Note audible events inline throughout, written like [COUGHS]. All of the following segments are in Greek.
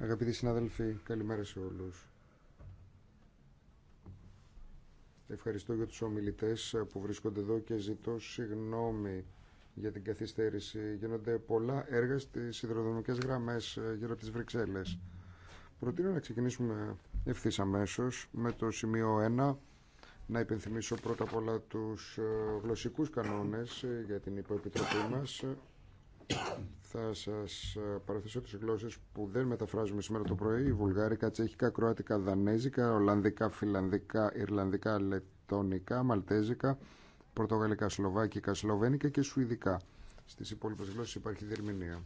Αγαπητοί συνάδελφοι, καλημέρα σε όλους. Ευχαριστώ για τους ομιλητές που βρίσκονται εδώ και ζητώ συγγνώμη για την καθυστέρηση. Γίνονται πολλά έργα στις υδροδρομικές γραμμές ε, γύρω από τις Βρυξέλλες. Προτείνω να ξεκινήσουμε ευθύ αμέσω με το σημείο 1. Να υπενθυμίσω πρώτα απ' όλα τους ε, γλωσσικούς κανόνες ε, για την υποεπιτροπή μας θα σας ε, παραθέσω τις γλώσσες που δεν μεταφράζουμε σήμερα το πρωί. Βουλγάρικα, τσέχικα, κροατικά, δανέζικα, ολλανδικά, φιλανδικά, ιρλανδικά, λετωνικά, μαλτέζικα, πορτογαλικά, σλοβάκικα, σλοβένικα και σουηδικά. Στις υπόλοιπες γλώσσες υπάρχει διερμηνία.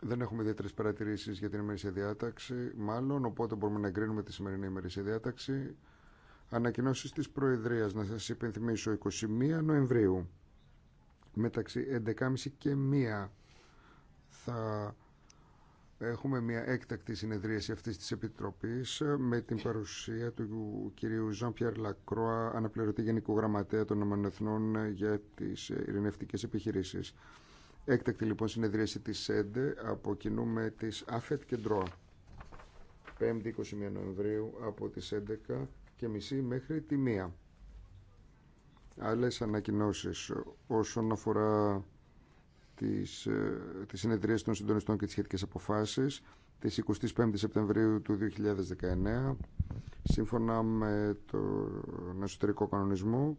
Δεν έχουμε ιδιαίτερε παρατηρήσει για την ημερήσια διάταξη, μάλλον, οπότε μπορούμε να εγκρίνουμε τη σημερινή ημερήσια διάταξη. Ανακοινώσεις της Προεδρίας, να σας υπενθυμίσω, 21 Νοεμβρίου, μεταξύ 11.30 και 1 θα έχουμε μια έκτακτη συνεδρίαση αυτής της Επιτροπής ε, με την παρουσία του κυρίου Ζαν Πιέρ Λακρόα, αναπληρωτή Γενικού Γραμματέα των ΟΕΕ για τις ε, ειρηνευτικές επιχειρήσεις. Έκτακτη λοιπόν συνεδρίαση της ΣΕΝΤΕ από κοινού με τις ΑΦΕΤ και ΝΤΡΟΑ. 5η 21 Νοεμβρίου από τις 11 και μισή μέχρι τη μία. Άλλες ανακοινώσεις όσον αφορά τις, ε, τις συνεδρίες των συντονιστών και τις σχετικές αποφάσεις της 25 Σεπτεμβρίου του 2019 σύμφωνα με τον εσωτερικό κανονισμό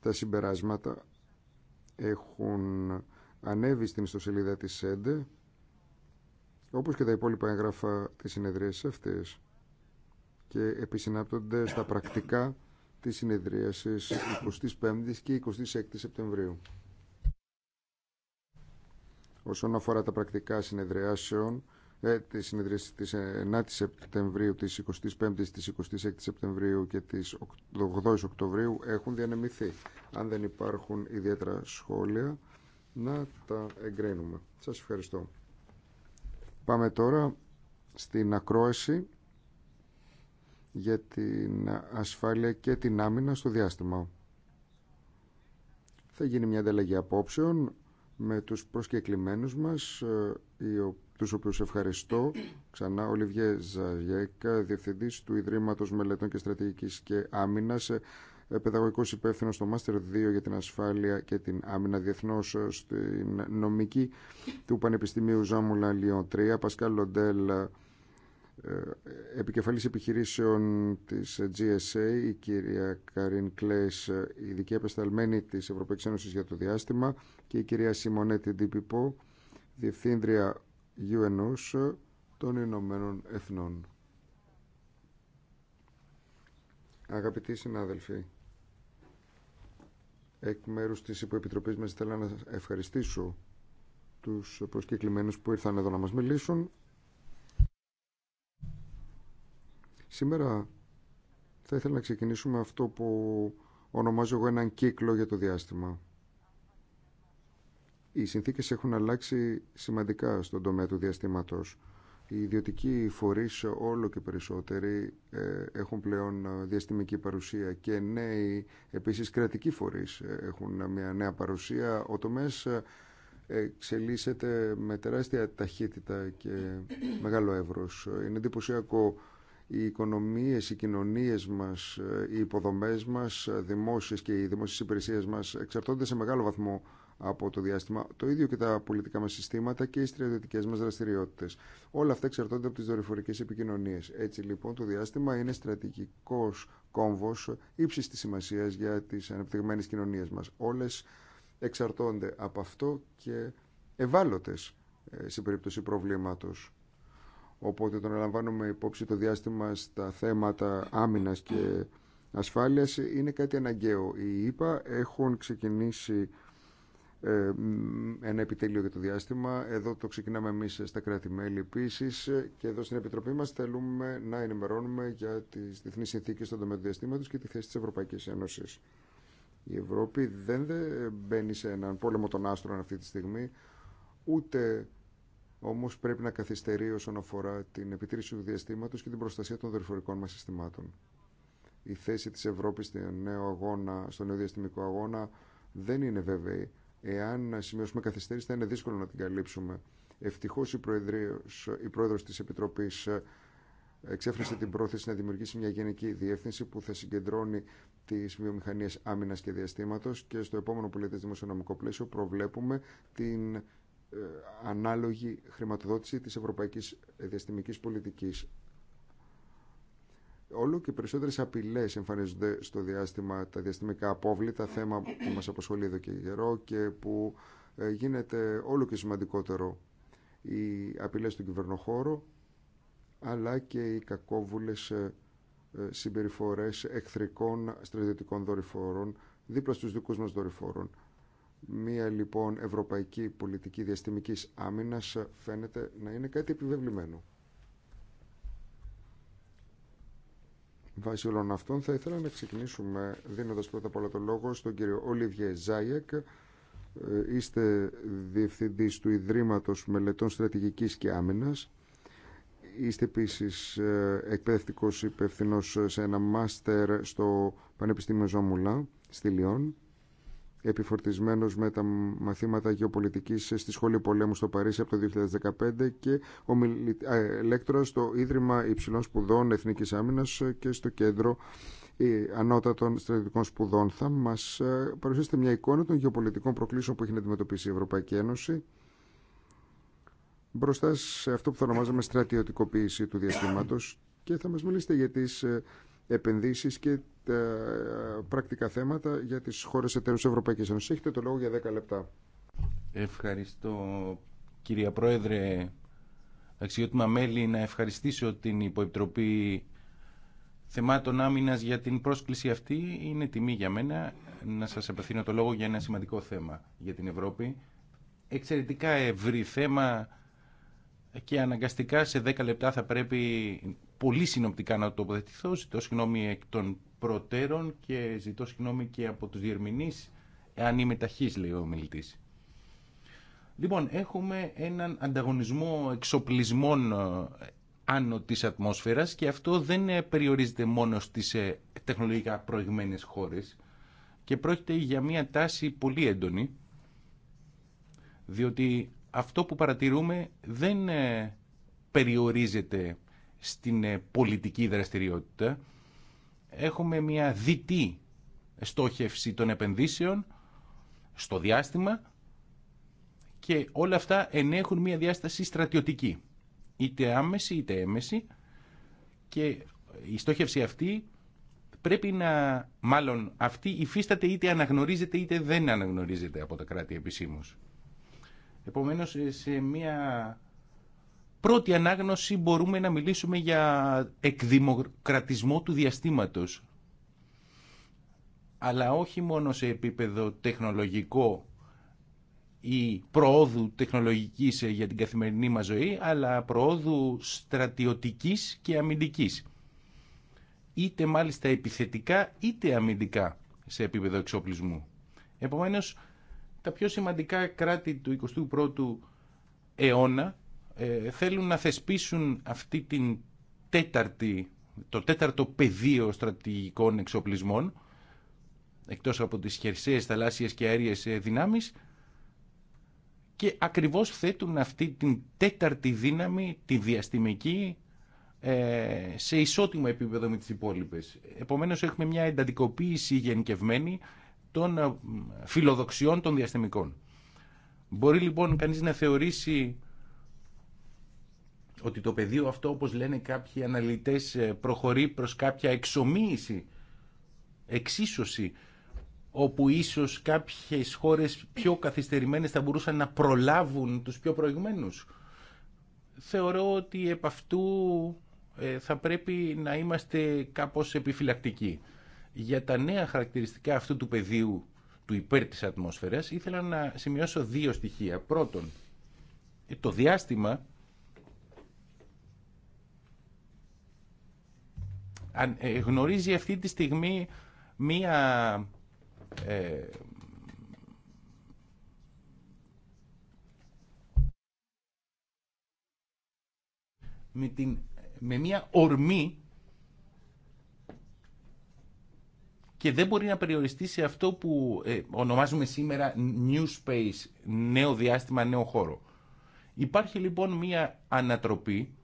τα συμπεράσματα έχουν ανέβει στην ιστοσελίδα της ΣΕΝΤΕ όπως και τα υπόλοιπα έγγραφα της συνεδρίας αυτής και επισυνάπτονται στα πρακτικά της συνεδρίασης 25ης και 26ης Σεπτεμβρίου. Όσον αφορά τα πρακτικά συνεδριάσεων, ε, τη συνεδρίαση της 9 η ε, Σεπτεμβρίου, της 25ης, της 26ης Σεπτεμβρίου και της 8ης Οκτωβρίου έχουν διανεμηθεί. Αν δεν υπάρχουν ιδιαίτερα σχόλια, να τα εγκρίνουμε. Σας ευχαριστώ. Πάμε τώρα στην ακρόαση για την ασφάλεια και την άμυνα στο διάστημα. Θα γίνει μια ανταλλαγή απόψεων με τους προσκεκλημένους μας, ε, τους οποίους ευχαριστώ ξανά, Ολιβιέ Ζαγιέκα, Διευθυντής του Ιδρύματος Μελετών και Στρατηγικής και Άμυνας, ε, παιδαγωγικός υπεύθυνος στο Μάστερ 2 για την ασφάλεια και την άμυνα διεθνώς ε, στην νομική του Πανεπιστημίου Ζάμουλα Λιον 3, Πασκάλ ε, επικεφαλής επιχειρήσεων της GSA, η κυρία Καρίν Κλέης, ε, ειδική επεσταλμένη της Ευρωπαϊκής Ένωσης για το διάστημα και η κυρία Σιμονέτη Ντίπιπο, διευθύντρια UNOS ε, των Ηνωμένων Εθνών. Αγαπητοί συνάδελφοι, εκ μέρους της Υποεπιτροπής μας θέλω να ευχαριστήσω τους προσκεκλημένους που ήρθαν εδώ να μας μιλήσουν Σήμερα θα ήθελα να ξεκινήσουμε αυτό που ονομάζω εγώ έναν κύκλο για το διάστημα. Οι συνθήκες έχουν αλλάξει σημαντικά στον τομέα του διαστήματος. Οι ιδιωτικοί φορείς όλο και περισσότεροι ε, έχουν πλέον ε, διαστημική παρουσία και νέοι επίσης κρατικοί φορείς ε, έχουν μια νέα παρουσία. Ο τομέας εξελίσσεται με τεράστια ταχύτητα και μεγάλο εύρος. Είναι εντυπωσιακό οι οικονομίες, οι κοινωνίες μας, οι υποδομές μας, δημόσιες και οι δημόσιες υπηρεσίες μας εξαρτώνται σε μεγάλο βαθμό από το διάστημα. Το ίδιο και τα πολιτικά μας συστήματα και οι στρατιωτικές μας δραστηριότητες. Όλα αυτά εξαρτώνται από τις δορυφορικές επικοινωνίες. Έτσι λοιπόν το διάστημα είναι στρατηγικός κόμβος ύψης της σημασίας για τις αναπτυγμένες κοινωνίες μας. Όλες εξαρτώνται από αυτό και ευάλωτες ε, σε περίπτωση προβλήματος. Οπότε το να λαμβάνουμε υπόψη το διάστημα στα θέματα άμυνας και ασφάλειας είναι κάτι αναγκαίο. Οι ΙΠΑ έχουν ξεκινήσει ε, ένα επιτέλειο για το διάστημα. Εδώ το ξεκινάμε εμείς στα κράτη-μέλη επίση και εδώ στην Επιτροπή μας θέλουμε να ενημερώνουμε για τις διεθνείς συνθήκε στον τομέα του διαστήματος και τη θέση τη Ευρωπαϊκή Ένωση. Η Ευρώπη δεν ε, μπαίνει σε έναν πόλεμο των άστρων αυτή τη στιγμή, ούτε Όμω πρέπει να καθυστερεί όσον αφορά την επιτήρηση του διαστήματο και την προστασία των δορυφορικών μα συστημάτων. Η θέση τη Ευρώπη στον νέο, διαστημικό αγώνα δεν είναι βέβαιη. Εάν σημειώσουμε καθυστέρηση θα είναι δύσκολο να την καλύψουμε. Ευτυχώ η, πρόεδρο τη Επιτροπή, ε, εξέφρασε την πρόθεση να δημιουργήσει μια γενική διεύθυνση που θα συγκεντρώνει τι βιομηχανίε άμυνα και διαστήματο και στο επόμενο πολιτισμό δημοσιονομικό πλαίσιο προβλέπουμε την ε, ανάλογη χρηματοδότηση της Ευρωπαϊκής ε, Διαστημικής Πολιτικής. Όλο και περισσότερες απειλές εμφανίζονται στο διάστημα, τα διαστημικά απόβλητα, θέμα που μας αποσχολεί εδώ και γερό και που ε, γίνεται όλο και σημαντικότερο οι απειλές του κυβερνοχώρου αλλά και οι κακόβουλες συμπεριφορές εχθρικών στρατιωτικών δορυφόρων δίπλα στους δικούς μας δορυφόρων Μία λοιπόν ευρωπαϊκή πολιτική διαστημικής άμυνας φαίνεται να είναι κάτι επιβεβλημένο. Βάσει όλων αυτών θα ήθελα να ξεκινήσουμε δίνοντας πρώτα απ' όλα το λόγο στον κύριο Ολιβιέ Ζάιεκ. Ε, είστε διευθυντής του Ιδρύματος Μελετών Στρατηγικής και Άμυνας. Είστε επίσης ε, εκπαιδευτικός υπευθυνός σε ένα μάστερ στο Πανεπιστήμιο Ζωμουλά στη Λιόν Επιφορτισμένο με τα μαθήματα γεωπολιτική στη Σχολή Πολέμου στο Παρίσι από το 2015 και ο ελέκτρο στο Ίδρυμα Υψηλών Σπουδών Εθνικής Άμυνας και στο Κέντρο ε, Ανώτατων Στρατιωτικών Σπουδών. Θα μας ε, παρουσιάσετε μια εικόνα των γεωπολιτικών προκλήσεων που έχει να αντιμετωπίσει η Ευρωπαϊκή Ένωση μπροστά σε αυτό που θα ονομάζαμε στρατιωτικοποίηση του διαστήματος και θα μας μιλήσετε για τις ε, επενδύσεις και τα ε, πρακτικά θέματα για τις χώρες εταίρους Ευρωπαϊκής Ένωσης. Έχετε το λόγο για 10 λεπτά. Ευχαριστώ κυρία Πρόεδρε, αξιότιμα μέλη, να ευχαριστήσω την Υποεπιτροπή Θεμάτων Άμυνας για την πρόσκληση αυτή. Είναι τιμή για μένα να σας απευθύνω το λόγο για ένα σημαντικό θέμα για την Ευρώπη. Εξαιρετικά ευρύ θέμα και αναγκαστικά σε 10 λεπτά θα πρέπει πολύ συνοπτικά να τοποθετηθώ. Ζητώ συγγνώμη εκ των προτέρων και ζητώ συγγνώμη και από τους διερμηνείς, αν είμαι ταχύς, λέει ο μιλητής. Λοιπόν, έχουμε έναν ανταγωνισμό εξοπλισμών ε, άνω της ατμόσφαιρας και αυτό δεν ε, περιορίζεται μόνο στις ε, τεχνολογικά προηγμένες χώρες και πρόκειται για μια τάση πολύ έντονη, διότι αυτό που παρατηρούμε δεν περιορίζεται στην ε, πολιτική δραστηριότητα. Έχουμε μια διτή στόχευση των επενδύσεων στο διάστημα και όλα αυτά ενέχουν μια διάσταση στρατιωτική, είτε άμεση είτε έμεση και η στόχευση αυτή πρέπει να, μάλλον αυτή υφίσταται είτε αναγνωρίζεται είτε δεν αναγνωρίζεται από τα κράτη επισήμως. Επομένως σε μια πρώτη ανάγνωση μπορούμε να μιλήσουμε για εκδημοκρατισμό του διαστήματος. Αλλά όχι μόνο σε επίπεδο τεχνολογικό ή προόδου τεχνολογικής για την καθημερινή μας ζωή, αλλά προόδου στρατιωτικής και αμυντικής. Είτε μάλιστα επιθετικά, είτε αμυντικά σε επίπεδο εξοπλισμού. Επομένως, τα πιο σημαντικά κράτη του 21ου αιώνα ε, θέλουν να θεσπίσουν αυτή την τέταρτη, το τέταρτο πεδίο στρατηγικών εξοπλισμών εκτός από τις χερσαίες θαλάσσιες και αέριες ε, δυνάμεις και ακριβώς θέτουν αυτή την τέταρτη δύναμη, τη διαστημική, ε, σε ισότιμο επίπεδο με τις υπόλοιπες. Επομένως έχουμε μια εντατικοποίηση γενικευμένη των φιλοδοξιών των διαστημικών. Μπορεί λοιπόν κανείς να θεωρήσει ότι το πεδίο αυτό, όπως λένε κάποιοι αναλυτές, ε, προχωρεί προς κάποια εξομοίηση, εξίσωση, όπου ίσως κάποιες χώρες πιο καθυστερημένες θα μπορούσαν να προλάβουν τους πιο προηγμένους. Θεωρώ ότι επ' αυτού ε, θα πρέπει να είμαστε κάπως επιφυλακτικοί. Για τα νέα χαρακτηριστικά αυτού του πεδίου του υπέρ της ατμόσφαιρας ήθελα να σημειώσω δύο στοιχεία. Πρώτον, ε, το διάστημα Ε, γνωρίζει αυτή τη στιγμή μία ε, με, μία ορμή και δεν μπορεί να περιοριστεί σε αυτό που ε, ονομάζουμε σήμερα new space, νέο διάστημα, νέο χώρο. Υπάρχει λοιπόν μία ανατροπή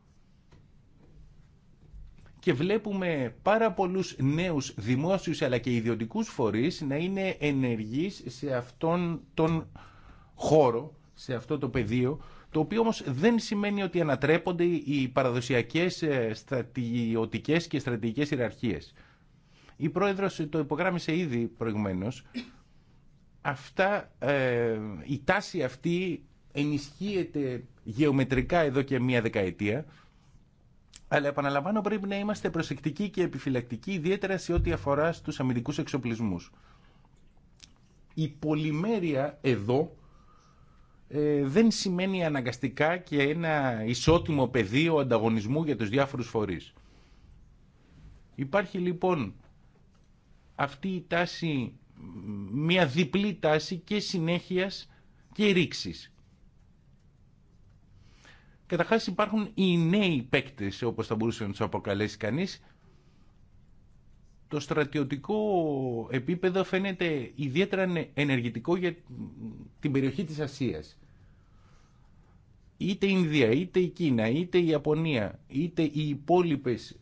και βλέπουμε πάρα πολλούς νέους δημόσιους αλλά και ιδιωτικούς φορείς να είναι ενεργείς σε αυτόν τον χώρο, σε αυτό το πεδίο, το οποίο όμως δεν σημαίνει ότι ανατρέπονται οι παραδοσιακές ε, στρατιωτικές και στρατηγικές ιεραρχίες. Η πρόεδρος το υπογράμμισε ήδη προηγουμένως. Αυτά, ε, η τάση αυτή ενισχύεται γεωμετρικά εδώ και μία δεκαετία αλλά επαναλαμβάνω πρέπει να είμαστε προσεκτικοί και επιφυλακτικοί, ιδιαίτερα σε ό,τι αφορά στους αμυντικούς εξοπλισμούς. Η πολυμέρεια εδώ ε, δεν σημαίνει αναγκαστικά και ένα ισότιμο πεδίο ανταγωνισμού για τους διάφορους φορείς. Υπάρχει λοιπόν αυτή η τάση, μια διπλή τάση και συνέχειας και ρήξης. Καταρχά υπάρχουν οι νέοι παίκτε, όπω θα μπορούσε να του αποκαλέσει κανεί. Το στρατιωτικό επίπεδο φαίνεται ιδιαίτερα ενεργητικό για την περιοχή της Ασίας. Είτε η Ινδία, είτε η Κίνα, είτε η Ιαπωνία, είτε οι υπόλοιπες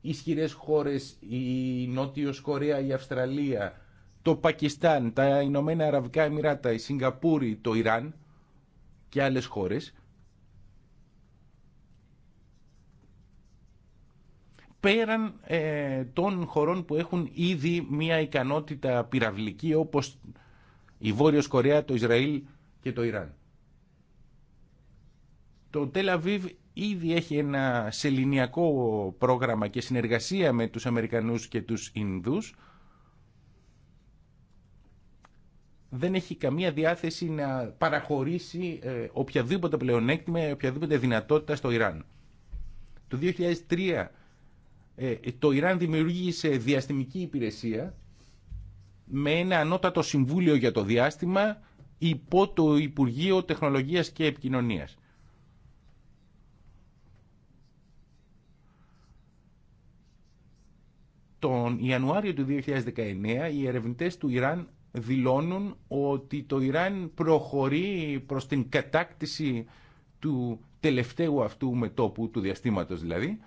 ισχυρές χώρες, η Νότιος Κορέα, η Αυστραλία, το Πακιστάν, τα Ηνωμένα Αραβικά Εμμυράτα, η Σιγκαπούρη, το Ιράν, και άλλες χώρες πέραν ε, των χωρών που έχουν ήδη μια ικανότητα πυραυλική όπως η Βόρειος Κορέα, το Ισραήλ και το Ιράν. Το Τελαβίβ ήδη έχει ένα σεληνιακό πρόγραμμα και συνεργασία με τους Αμερικανούς και τους Ινδούς δεν έχει καμία διάθεση να παραχωρήσει ε, οποιαδήποτε πλεονέκτημα, οποιαδήποτε δυνατότητα στο Ιράν. Το 2003 ε, το Ιράν δημιουργήσε διαστημική υπηρεσία με ένα ανώτατο συμβούλιο για το διάστημα υπό το Υπουργείο Τεχνολογίας και Επικοινωνίας. Τον Ιανουάριο του 2019 οι ερευνητές του Ιράν δηλώνουν ότι το Ιράν προχωρεί προς την κατάκτηση του τελευταίου αυτού μετόπου, του διαστήματος δηλαδή.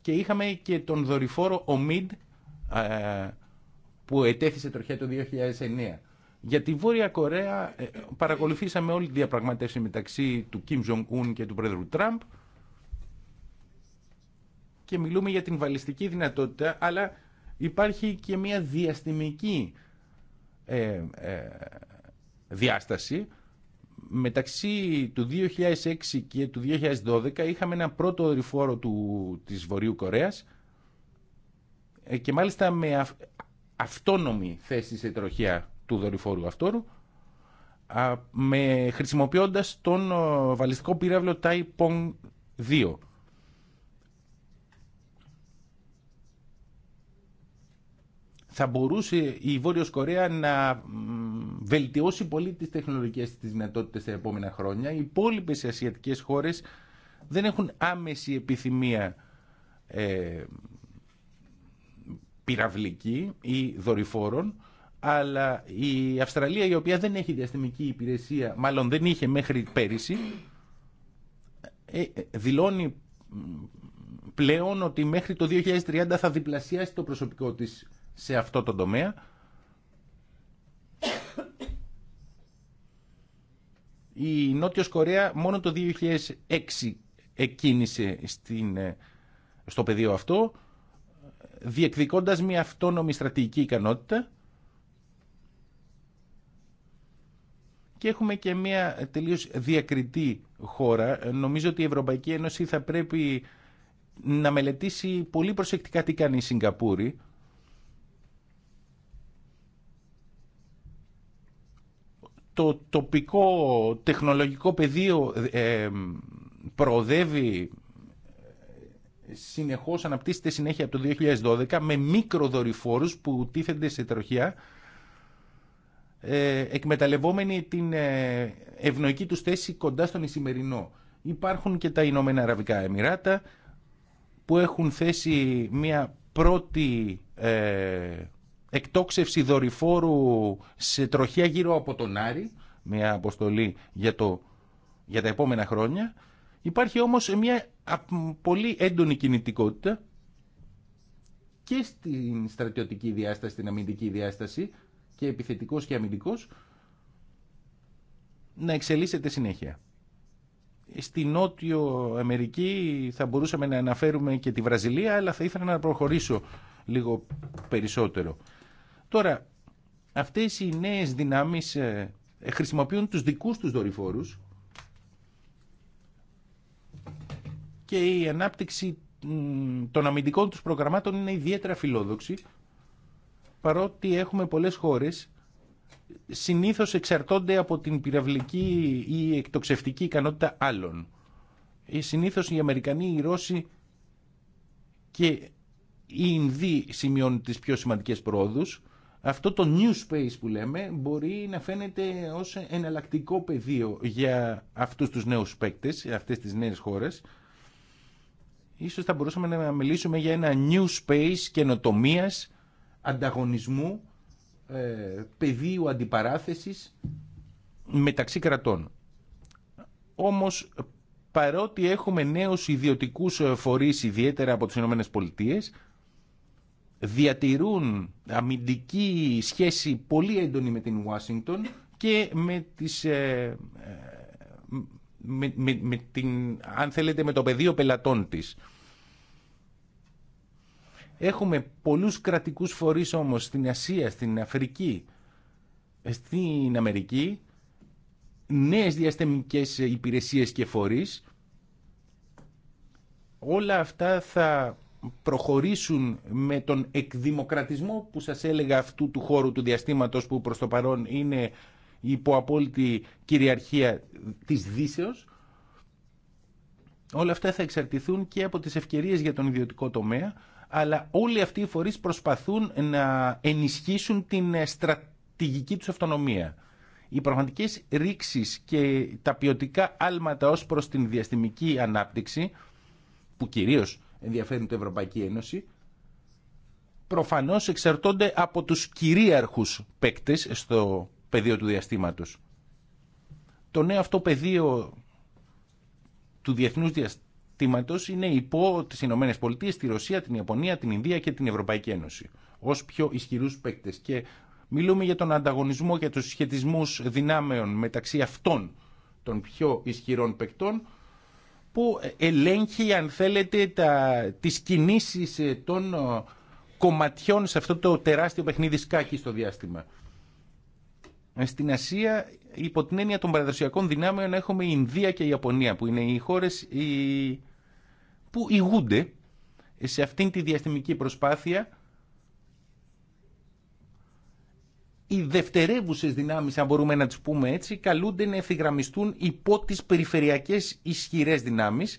Και είχαμε και τον δορυφόρο ΟΜΙΔ ε, που ετέθησε τροχιά το 2009. Για τη Βόρεια Κορέα ε, παρακολουθήσαμε όλη τη διαπραγματεύση μεταξύ του Κιμ Ζονγκούν και του πρόεδρου Τραμπ και μιλούμε για την βαλιστική δυνατότητα, αλλά υπάρχει και μια διαστημική ε, ε, διάσταση. Μεταξύ του 2006 και του 2012 είχαμε ένα πρώτο ρηφόρο του, της Βορείου Κορέας ε, και μάλιστα με αυτόνομη θέση σε τροχιά του δορυφόρου αυτόρου με, χρησιμοποιώντας τον βαλιστικό πύραυλο Taipong 2 θα μπορούσε η Βόρειος Κορέα να βελτιώσει πολύ τις τεχνολογικέ της δυνατότητες τα επόμενα χρόνια. Οι υπόλοιπε ασιατικέ χώρες δεν έχουν άμεση επιθυμία ε, πυραυλική ή δορυφόρων, αλλά η Αυστραλία η οποία δεν έχει διαστημική υπηρεσία, μάλλον δεν είχε μέχρι πέρυσι, ε, ε, δηλώνει πλέον ότι μέχρι το 2030 θα διπλασιάσει το προσωπικό της σε αυτό το τομέα. Η Νότιος Κορέα μόνο το 2006 εκκίνησε στην, ε, στο πεδίο αυτό, διεκδικώντας μια αυτόνομη στρατηγική ικανότητα και έχουμε και μια τελείως διακριτή χώρα. Νομίζω ότι η Ευρωπαϊκή Ένωση θα πρέπει να μελετήσει πολύ προσεκτικά τι κάνει η Σιγκαπούρη, το τοπικό τεχνολογικό πεδίο ε, ε, προοδεύει ε, συνεχώς αναπτύσσεται συνέχεια από το 2012 με μικροδορυφόρους που τίθενται σε τροχιά εκμεταλλευόμενοι την ευνοϊκή του θέση κοντά στον Ισημερινό. Υπάρχουν και τα Ηνωμένα Αραβικά Εμμυράτα που έχουν θέσει μια πρώτη εκτόξευση δορυφόρου σε τροχιά γύρω από τον Άρη, μια αποστολή για, το, για τα επόμενα χρόνια. Υπάρχει όμως μια πολύ έντονη κινητικότητα και στην στρατιωτική διάσταση, στην αμυντική διάσταση και επιθετικός και αμυντικός να εξελίσσεται συνέχεια. Στη Νότιο Αμερική θα μπορούσαμε να αναφέρουμε και τη Βραζιλία αλλά θα ήθελα να προχωρήσω λίγο περισσότερο. Τώρα, αυτές οι νέες δυνάμεις ε, χρησιμοποιούν τους δικούς τους δορυφόρους και η ανάπτυξη των αμυντικών τους προγραμμάτων είναι ιδιαίτερα φιλόδοξη παρότι έχουμε πολλές χώρες συνήθως εξαρτώνται από την πυραυλική ή εκτοξευτική ικανότητα άλλων. Ε, συνήθως οι Αμερικανοί, οι Ρώσοι και οι Ινδοί σημειώνουν τις πιο σημαντικές πρόοδους αυτό το new space που λέμε μπορεί να φαίνεται ως εναλλακτικό πεδίο για αυτούς τους νέους παίκτες, αυτές τις νέες χώρες. Ίσως θα μπορούσαμε να μιλήσουμε για ένα new space καινοτομία, ανταγωνισμού, ε, πεδίου αντιπαράθεσης μεταξύ κρατών. Όμως παρότι έχουμε νέους ιδιωτικούς φορείς ιδιαίτερα από τις ΗΠΑ, διατηρούν αμυντική σχέση πολύ έντονη με την Ουάσιγκτον και με τις... Ε, ε, με την, αν θέλετε, με το πεδίο πελατών της. Έχουμε πολλούς κρατικούς φορείς όμως στην Ασία, στην Αφρική, στην Αμερική, νέες διαστημικές υπηρεσίες και φορείς. Όλα αυτά θα προχωρήσουν με τον εκδημοκρατισμό που σας έλεγα αυτού του χώρου του διαστήματος που προς το παρόν είναι υπό απόλυτη κυριαρχία της Δύσεως. Όλα αυτά θα εξαρτηθούν και από τις ευκαιρίες για τον ιδιωτικό τομέα, αλλά όλοι αυτοί οι φορείς προσπαθούν να ενισχύσουν την στρατηγική τους αυτονομία. Οι πραγματικέ ρήξεις και τα ποιοτικά άλματα ως προς την διαστημική ανάπτυξη, που κυρίως ενδιαφέρουν την Ευρωπαϊκή Ένωση, προφανώς εξαρτώνται από τους κυρίαρχους παίκτες στο πεδίο του διαστήματος. Το νέο αυτό πεδίο του διεθνούς διαστήματος είναι υπό τις Ηνωμένες Πολιτείες, τη Ρωσία, την Ιαπωνία, την Ινδία και την Ευρωπαϊκή Ένωση ως πιο ισχυρούς παίκτες και μιλούμε για τον ανταγωνισμό και τους σχετισμούς δυνάμεων μεταξύ αυτών των πιο ισχυρών παικτών που ελέγχει αν θέλετε τα, τις κινήσεις ε, των ε, κομματιών σε αυτό το τεράστιο παιχνίδι σκάκι στο διάστημα. Ε, στην Ασία, υπό την έννοια των παραδοσιακών δυνάμεων, έχουμε η Ινδία και η Ιαπωνία, που είναι οι χώρες που ηγούνται σε αυτήν τη διαστημική προσπάθεια οι δευτερεύουσε δυνάμει αν μπορούμε να τις πούμε έτσι, καλούνται να ευθυγραμμιστούν υπό τις περιφερειακές ισχυρές δυνάμεις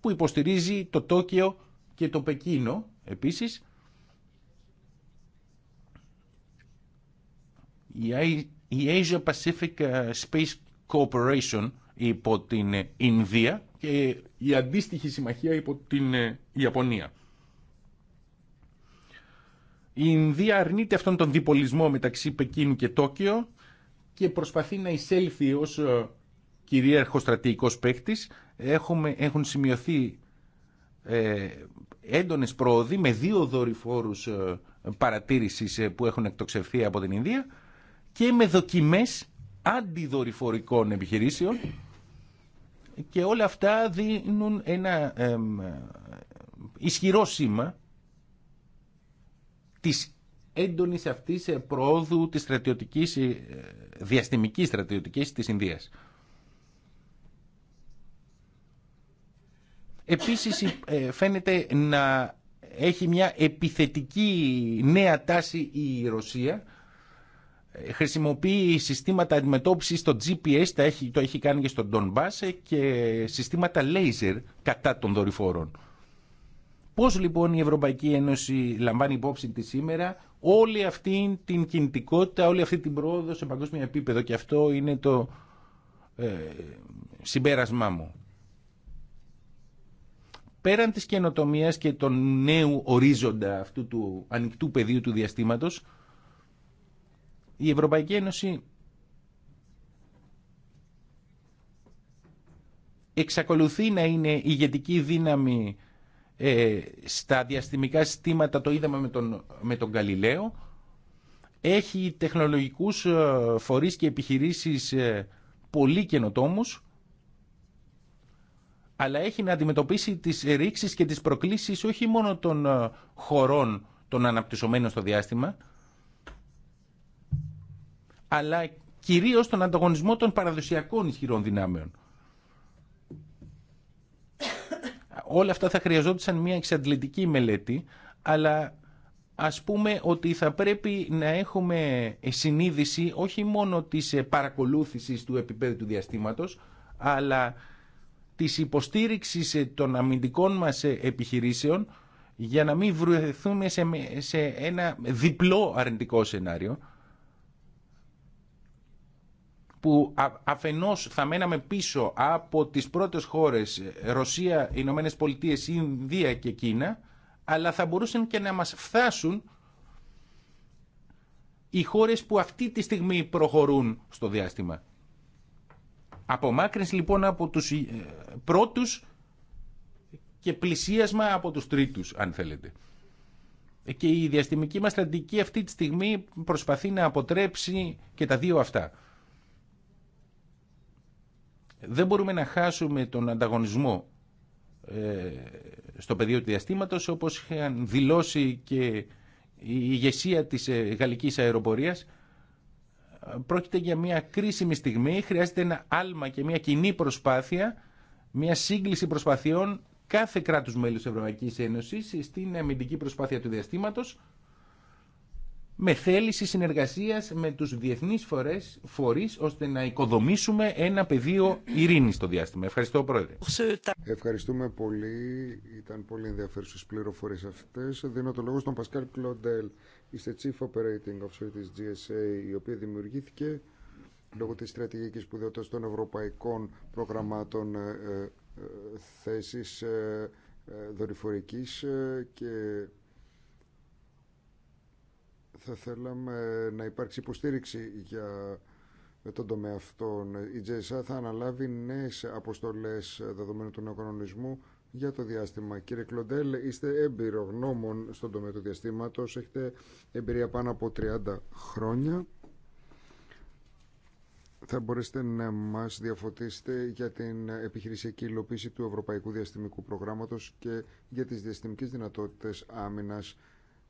που υποστηρίζει το Τόκιο και το Πεκίνο επίσης. Η Asia Pacific ε, Space Cooperation υπό την ε, Ινδία και η αντίστοιχη συμμαχία υπό την ε, Ιαπωνία. Η Ινδία αρνείται αυτόν τον διπολισμό μεταξύ Πεκίνου και Τόκιο και προσπαθεί να εισέλθει ως ε, κυρίαρχο στρατηγικός παίκτης. Έχουμε, έχουν σημειωθεί ε, έντονες προοδοί με δύο δορυφόρους ε, παρατήρησης ε, που έχουν εκτοξευθεί από την Ινδία και με δοκιμές αντιδορυφορικών επιχειρήσεων και όλα αυτά δίνουν ένα ισχυρό σήμα της έντονης αυτής ε, προόδου της στρατιωτικής, ε, διαστημικής στρατιωτικής της Ινδίας. Επίσης ε, φαίνεται να έχει μια επιθετική νέα τάση η Ρωσία. Χρησιμοποιεί συστήματα αντιμετώπισης στο GPS, το έχει κάνει και στον Donbass και συστήματα laser κατά των δορυφόρων. Πώς λοιπόν η Ευρωπαϊκή Ένωση λαμβάνει υπόψη τη σήμερα όλη αυτή την κινητικότητα, όλη αυτή την πρόοδο σε παγκόσμιο επίπεδο και αυτό είναι το ε, συμπέρασμά μου. Πέραν της καινοτομία και των νέου ορίζοντα αυτού του ανοιχτού πεδίου του διαστήματος, η Ευρωπαϊκή Ένωση εξακολουθεί να είναι ηγετική δύναμη ε, στα διαστημικά συστήματα, το είδαμε με τον, με τον έχει τεχνολογικούς ε, φορείς και επιχειρήσεις ε, πολύ καινοτόμους, αλλά έχει να αντιμετωπίσει τις ρήξεις και τις προκλήσεις όχι μόνο των ε, χωρών των αναπτυσσομένων στο διάστημα, αλλά κυρίως τον ανταγωνισμό των παραδοσιακών ισχυρών δυνάμεων. όλα αυτά θα χρειαζόντουσαν μια εξαντλητική μελέτη, αλλά ας πούμε ότι θα πρέπει να έχουμε συνείδηση όχι μόνο της ε, παρακολούθησης του επίπεδου του διαστήματος, αλλά της υποστήριξης ε, των αμυντικών μας ε, επιχειρήσεων για να μην βρεθούμε σε ένα διπλό αρνητικό σενάριο που αφενός θα μέναμε πίσω από τις πρώτες χώρες ε, Ρωσία, Ηνωμένε Πολιτείε, Ινδία και Κίνα αλλά θα μπορούσαν και να μας φτάσουν οι χώρες που αυτή τη στιγμή προχωρούν στο διάστημα. Απομάκρυνση λοιπόν από τους ε, πρώτους και πλησίασμα από τους τρίτους αν θέλετε. Και η διαστημική μας στρατηγική αυτή τη στιγμή προσπαθεί να αποτρέψει και τα δύο αυτά δεν μπορούμε να χάσουμε τον ανταγωνισμό ε, στο πεδίο του διαστήματος όπως είχαν δηλώσει και η ηγεσία της ε, γαλλικής αεροπορίας πρόκειται για μια κρίσιμη στιγμή χρειάζεται ένα άλμα και μια κοινή προσπάθεια μια σύγκληση προσπαθειών κάθε κράτους μέλους Ευρωπαϊκής Ένωσης στην αμυντική προσπάθεια του διαστήματος με θέληση συνεργασίας με τους διεθνείς φορεί φορείς ώστε να οικοδομήσουμε ένα πεδίο ειρήνης στο διάστημα. Ευχαριστώ Πρόεδρε. Ευχαριστούμε πολύ. Ήταν πολύ ενδιαφέρουσες πληροφορίες αυτές. Δίνω το λόγο στον Πασκάλ Κλοντέλ. Είστε Chief Operating Officer της GSA, η οποία δημιουργήθηκε λόγω της στρατηγικής σπουδαιότητας των ευρωπαϊκών προγραμμάτων ε, ε, ε, ε, ε δορυφορικής και θα θέλαμε να υπάρξει υποστήριξη για τον τομέα αυτόν. Η JSA θα αναλάβει νέες αποστολές δεδομένου του νέου κανονισμού για το διάστημα. Κύριε Κλοντέλ, είστε έμπειρο γνώμων στον τομέα του διαστήματος. Έχετε εμπειρία πάνω από 30 χρόνια. Θα μπορέσετε να μας διαφωτίσετε για την επιχειρησιακή υλοποίηση του Ευρωπαϊκού Διαστημικού Προγράμματος και για τις διαστημικές δυνατότητες άμυνας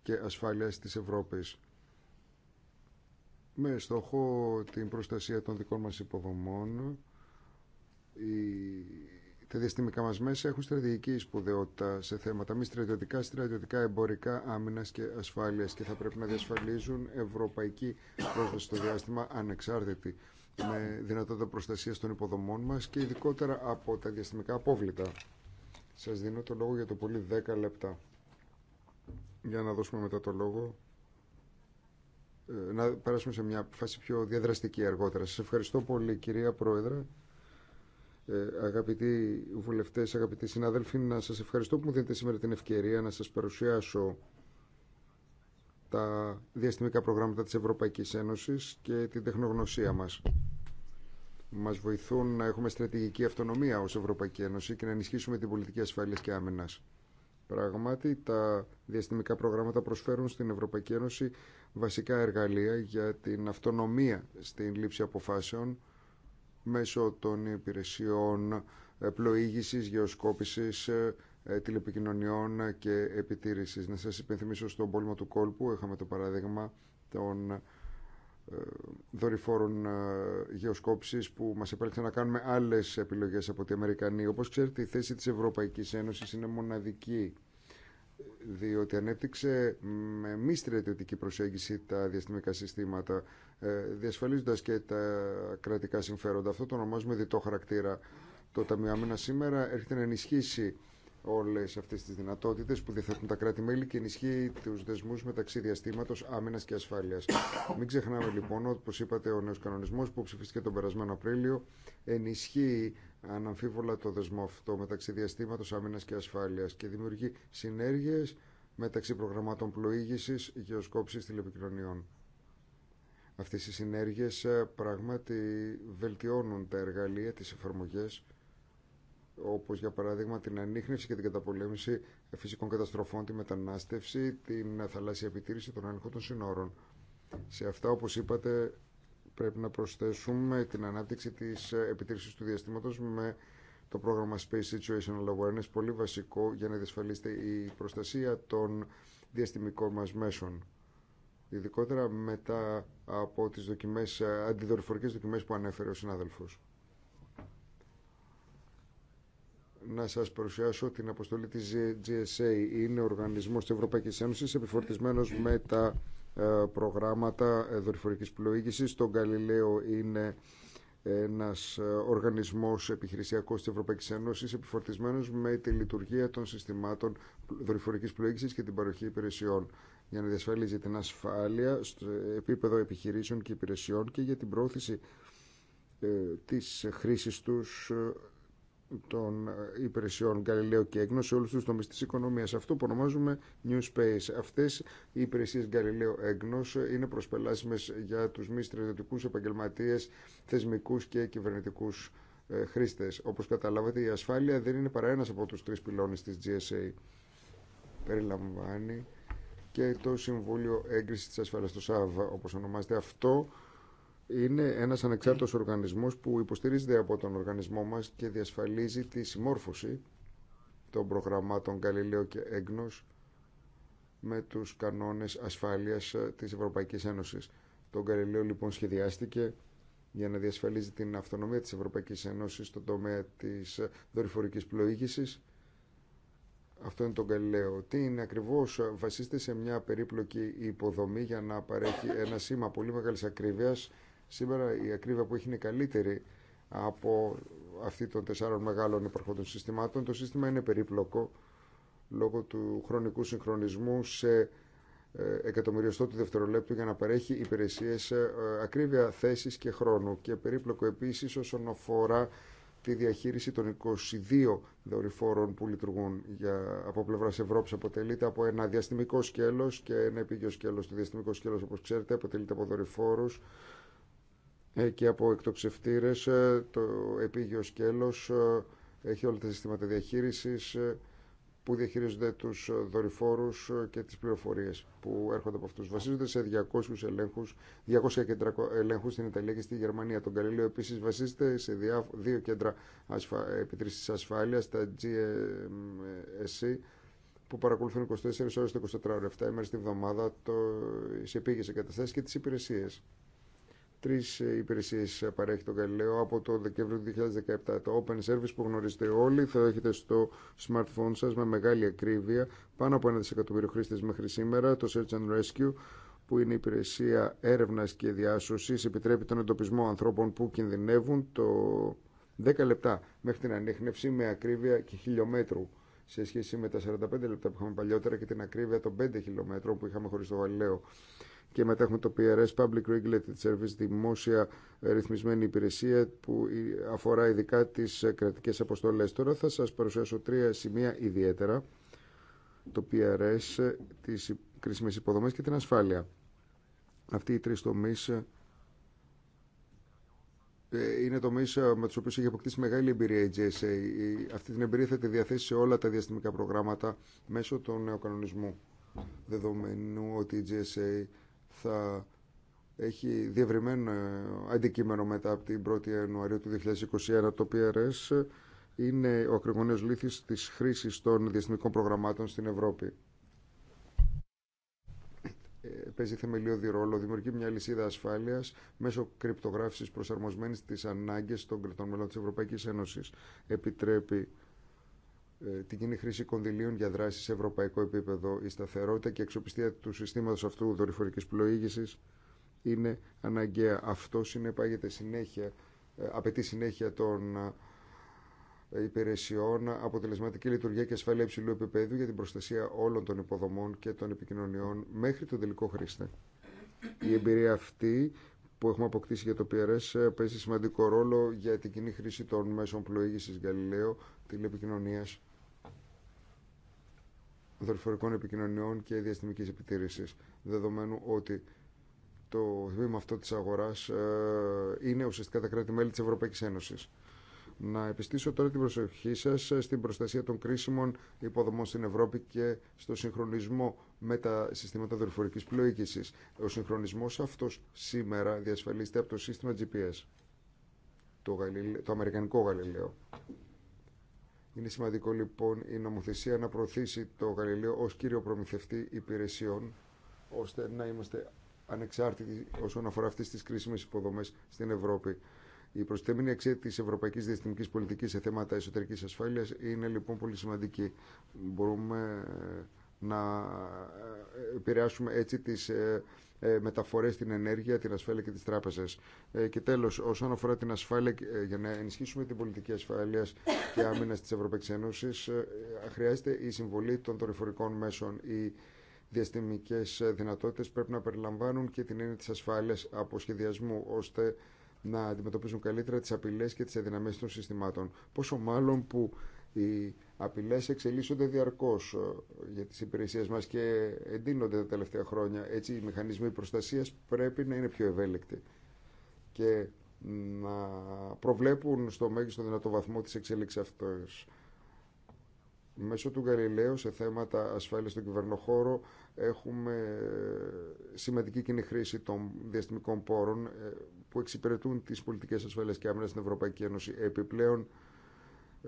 και ασφάλειας της Ευρώπης με στόχο την προστασία των δικών μας υποδομών. Τα διαστημικά μας μέσα έχουν στρατηγική σπουδαιότητα σε θέματα μη στρατιωτικά, στρατιωτικά, εμπορικά, άμυνας και ασφάλειας και θα πρέπει να διασφαλίζουν ευρωπαϊκή πρόσβαση στο διάστημα ανεξάρτητη με δυνατότητα προστασίας των υποδομών μας και ειδικότερα από τα διαστημικά απόβλητα. Σας δίνω το λόγο για το πολύ 10 λεπτά για να δώσουμε μετά το λόγο ε, να περάσουμε σε μια φάση πιο διαδραστική αργότερα. Σας ευχαριστώ πολύ κυρία Πρόεδρε, ε, αγαπητοί βουλευτές, αγαπητοί συνάδελφοι, να σας ευχαριστώ που μου δίνετε σήμερα την ευκαιρία να σας παρουσιάσω τα διαστημικά προγράμματα της Ευρωπαϊκής Ένωσης και την τεχνογνωσία μας. Μας βοηθούν να έχουμε στρατηγική αυτονομία ως Ευρωπαϊκή Ένωση και να ενισχύσουμε την πολιτική ασφάλειας και άμυνας. Πράγματι, τα διαστημικά προγράμματα προσφέρουν στην Ευρωπαϊκή Ένωση βασικά εργαλεία για την αυτονομία στην λήψη αποφάσεων μέσω των υπηρεσιών ε, πλοήγησης, γεωσκόπησης, ε, ε, τηλεπικοινωνιών και επιτήρησης. Να σας υπενθυμίσω στον πόλεμο του κόλπου, είχαμε το παράδειγμα των ε, δορυφόρων ε, γεωσκόψης που μας επέλεξαν να κάνουμε άλλες επιλογές από τη Αμερικανή. Όπως ξέρετε η θέση της Ευρωπαϊκής Ένωσης είναι μοναδική διότι ανέπτυξε με μη στρατιωτική προσέγγιση τα διαστημικά συστήματα ε, διασφαλίζοντας και τα κρατικά συμφέροντα. Αυτό το ονομάζουμε διτό χαρακτήρα. Το Ταμείο σήμερα έρχεται να ενισχύσει Όλε αυτέ τι δυνατότητε που διαθέτουν τα κράτη-μέλη και ενισχύει του δεσμού μεταξύ διαστήματο, άμυνας και ασφάλεια. Μην ξεχνάμε λοιπόν ότι, είπατε, ο νέο κανονισμό που ψηφίστηκε τον περασμένο Απρίλιο ενισχύει αναμφίβολα το δεσμό αυτό μεταξύ διαστήματο άμυνας και ασφάλεια και δημιουργεί συνέργειε μεταξύ προγραμμάτων πλοήγησης, γεωσκόψης τηλεπικοινωνιών. Αυτές οι συνέργειες ε, πράγματι βελτιώνουν τα εργαλεία, τις εφαρμογές όπως για παράδειγμα την ανείχνευση και την καταπολέμηση φυσικών καταστροφών, τη μετανάστευση, την θαλάσσια επιτήρηση των ανοιχτών των συνόρων. Σε αυτά, όπως είπατε, πρέπει να προσθέσουμε την ανάπτυξη της επιτήρησης του διαστήματος με το πρόγραμμα Space Situational Awareness, πολύ βασικό για να διασφαλίσετε η προστασία των διαστημικών μας μέσων. Ειδικότερα μετά από τις δοκιμές, αντιδορυφορικές δοκιμές που ανέφερε ο συνάδελφος. να σας παρουσιάσω την αποστολή της GSA. Είναι ο οργανισμός της Ευρωπαϊκής Ένωσης επιφορτισμένος με τα ε, προγράμματα ε, δορυφορικής πλοήγησης. Το Galileo είναι ένας ε, οργανισμός επιχειρησιακός της Ευρωπαϊκής Ένωσης επιφορτισμένος με τη λειτουργία των συστημάτων δορυφορικής πλοήγησης και την παροχή υπηρεσιών για να διασφαλίζει την ασφάλεια στο επίπεδο επιχειρήσεων και υπηρεσιών και για την πρόθεση της χρήσης τους των ε, υπηρεσιών Galileo και Έγνος σε όλου του τομεί τη οικονομίας. Αυτό που ονομάζουμε New Space. Αυτέ οι υπηρεσίε Galileo έγνωση είναι προσπελάσιμε για του μη στρατιωτικού επαγγελματίε, θεσμικούς και κυβερνητικού ε, χρήστε. Όπω καταλάβατε η ασφάλεια δεν είναι παρά ένα από του τρει πυλώνε τη GSA. Περιλαμβάνει και το Συμβούλιο Εγκριση τη Ασφάλεια, το ΣΑΒ, όπω ονομάζεται αυτό, είναι ένας ανεξάρτητος οργανισμό που υποστηρίζεται από τον οργανισμό μα και διασφαλίζει τη συμμόρφωση των προγραμμάτων Γαλιλαίο και Έγκνο με τους κανόνε ασφάλεια ε, της Ευρωπαϊκή Ένωσης. Το Γαλιλαίο λοιπόν σχεδιάστηκε για να διασφαλίζει την αυτονομία της Ευρωπαϊκής Ένωσης στον τομέα της ε, δορυφορικής πλοήγησης. Αυτό είναι το Γαλιλαίο. Τι είναι ακριβώς, ε, βασίστε σε μια περίπλοκη υποδομή για να παρέχει ένα σήμα πολύ μεγάλη ακρίβεια. Σήμερα η ακρίβεια που έχει είναι καλύτερη από αυτή των τεσσάρων μεγάλων υπαρχόντων συστημάτων. Το σύστημα είναι περίπλοκο λόγω του χρονικού συγχρονισμού σε ε, εκατομμυριωστό του δευτερολέπτου για να παρέχει υπηρεσίε ε, ακρίβεια θέση και χρόνου και περίπλοκο επίση, όσον αφορά τη διαχείριση των 22 δορυφόρων που λειτουργούν για, από πλευρά Ευρώπη αποτελείται από ένα διαστημικό σκέλο και ένα επίγειο σκέλο. Το διαστημικό σκέλο, όπω ξέρετε, αποτελείται από δορυφόρου και από εκτοξευτήρες ε, το επίγειο σκέλος ε, έχει όλα τα συστήματα διαχείρισης ε, που διαχειρίζονται τους δορυφόρους και τις πληροφορίες που έρχονται από αυτούς. Βασίζονται σε 200 ελέγχους, 200 κέντρα ελέγχους στην Ιταλία και στη Γερμανία. Τον Καλήλιο επίσης βασίζεται σε δύο κέντρα ασφα... επιτρήσης ασφάλειας, τα GSC, που παρακολουθούν 24 ώρες το 24 ώρες, 7 ημέρες τη βδομάδα, το... σε επίγειες εγκαταστάσεις και τις υπηρεσίες. Τρει ε, υπηρεσίε ε, παρέχει το Γαλιλαίο από το Δεκέμβριο του 2017. Το Open Service που γνωρίζετε όλοι θα έχετε στο smartphone σα με μεγάλη ακρίβεια πάνω από ένα δισεκατομμύριο Χρήστε μέχρι σήμερα. Το Search and Rescue που είναι η υπηρεσία έρευνα και διάσωση. επιτρέπει τον εντοπισμό ανθρώπων που κινδυνεύουν το 10 λεπτά μέχρι την ανείχνευση με ακρίβεια και χιλιόμετρου σε σχέση με τα 45 λεπτά που είχαμε παλιότερα και την ακρίβεια των 5 χιλιόμετρων που είχαμε χωρί το Γαλιλαίο και μετά έχουμε το PRS, Public Regulated Service, δημόσια ρυθμισμένη υπηρεσία που αφορά ειδικά τις ε, κρατικές αποστολές. Τώρα θα σας παρουσιάσω τρία σημεία ιδιαίτερα, το PRS, ε, τις κρίσιμες υποδομές και την ασφάλεια. Αυτοί οι τρεις τομείς ε, είναι τομεί με του οποίου έχει αποκτήσει μεγάλη εμπειρία η GSA. Αυτή την εμπειρία θα τη διαθέσει σε όλα τα διαστημικά προγράμματα μέσω του νέου κανονισμού. Δεδομένου ότι η GSA θα έχει διευρυμένο αντικείμενο μετά από την 1η Ιανουαρίου του 2021 το PRS είναι ο ακριβωνιός λήθης της χρήσης των διαστημικών προγραμμάτων στην Ευρώπη. Ε, παίζει θεμελιώδη ρόλο, δημιουργεί μια λυσίδα ασφάλεια μέσω κρυπτογράφηση προσαρμοσμένη στι ανάγκε των κρατών μελών τη Ευρωπαϊκή Ένωση. Επιτρέπει ε, την κοινή χρήση κονδυλίων για δράση σε ευρωπαϊκό επίπεδο. Η σταθερότητα και η αξιοπιστία του συστήματο αυτού δορυφορική πλοήγηση είναι αναγκαία. Αυτό συνεπάγεται συνέχεια, ε, απαιτεί συνέχεια των ε, υπηρεσιών, αποτελεσματική λειτουργία και ασφάλεια υψηλού επίπεδου για την προστασία όλων των υποδομών και των επικοινωνιών μέχρι τον τελικό χρήστη. Η εμπειρία αυτή που έχουμε αποκτήσει για το PRS παίζει σημαντικό ρόλο για την κοινή χρήση των μέσων πλοήγησης Γαλιλαίου, τηλεπικοινωνίας δορυφορικών επικοινωνιών και διαστημικής επιτήρησης, δεδομένου ότι το βήμα αυτό της αγοράς ε, είναι ουσιαστικά τα κράτη-μέλη της Ευρωπαϊκής Ένωσης. Να επιστήσω τώρα την προσοχή σας ε, στην προστασία των κρίσιμων υποδομών στην Ευρώπη και στο συγχρονισμό με τα συστήματα δορυφορικής πλοήγησης. Ο συγχρονισμός αυτός σήμερα διασφαλίζεται από το σύστημα GPS, το, το αμερικανικό Γαλιλαίο. Είναι σημαντικό λοιπόν η νομοθεσία να προωθήσει το Γαλιλαίο ως κύριο προμηθευτή υπηρεσιών ώστε να είμαστε ανεξάρτητοι όσον αφορά αυτές τις κρίσιμες υποδομές στην Ευρώπη. Η προσθέμενη αξία τη ευρωπαϊκή διαστημική πολιτική σε θέματα εσωτερική ασφάλεια είναι λοιπόν πολύ σημαντική. Μπορούμε να ε, επηρεάσουμε έτσι τις ε, ε, μεταφορές, στην ενέργεια, την ασφάλεια και τις τράπεζες. Και τέλος, όσον αφορά την ασφάλεια, για να ενισχύσουμε την πολιτική ασφάλειας και άμυνας της Ευρωπαϊκής Ένωσης, χρειάζεται η συμβολή των δορυφορικών μέσων. Οι διαστημικές δυνατότητες πρέπει να περιλαμβάνουν και την έννοια της ασφάλειας από σχεδιασμού, ώστε να αντιμετωπίζουν καλύτερα τις απειλές και τις αδυναμίες των συστημάτων. Πόσο μάλλον που Απειλέ εξελίσσονται διαρκώς ε, για τις υπηρεσίες μας και εντείνονται τα τελευταία χρόνια. Έτσι οι μηχανισμοί προστασίας πρέπει να είναι πιο ευέλικτοι και να προβλέπουν στο μέγιστο δυνατό βαθμό τις εξέλιξει αυτέ. Μέσω του Γαλιλαίου σε θέματα ασφάλειας στον κυβερνοχώρο έχουμε ε, σημαντική κοινή χρήση των διαστημικών πόρων ε, που εξυπηρετούν τις πολιτικές ασφάλειας και άμυνας στην Ευρωπαϊκή Ένωση. Επιπλέον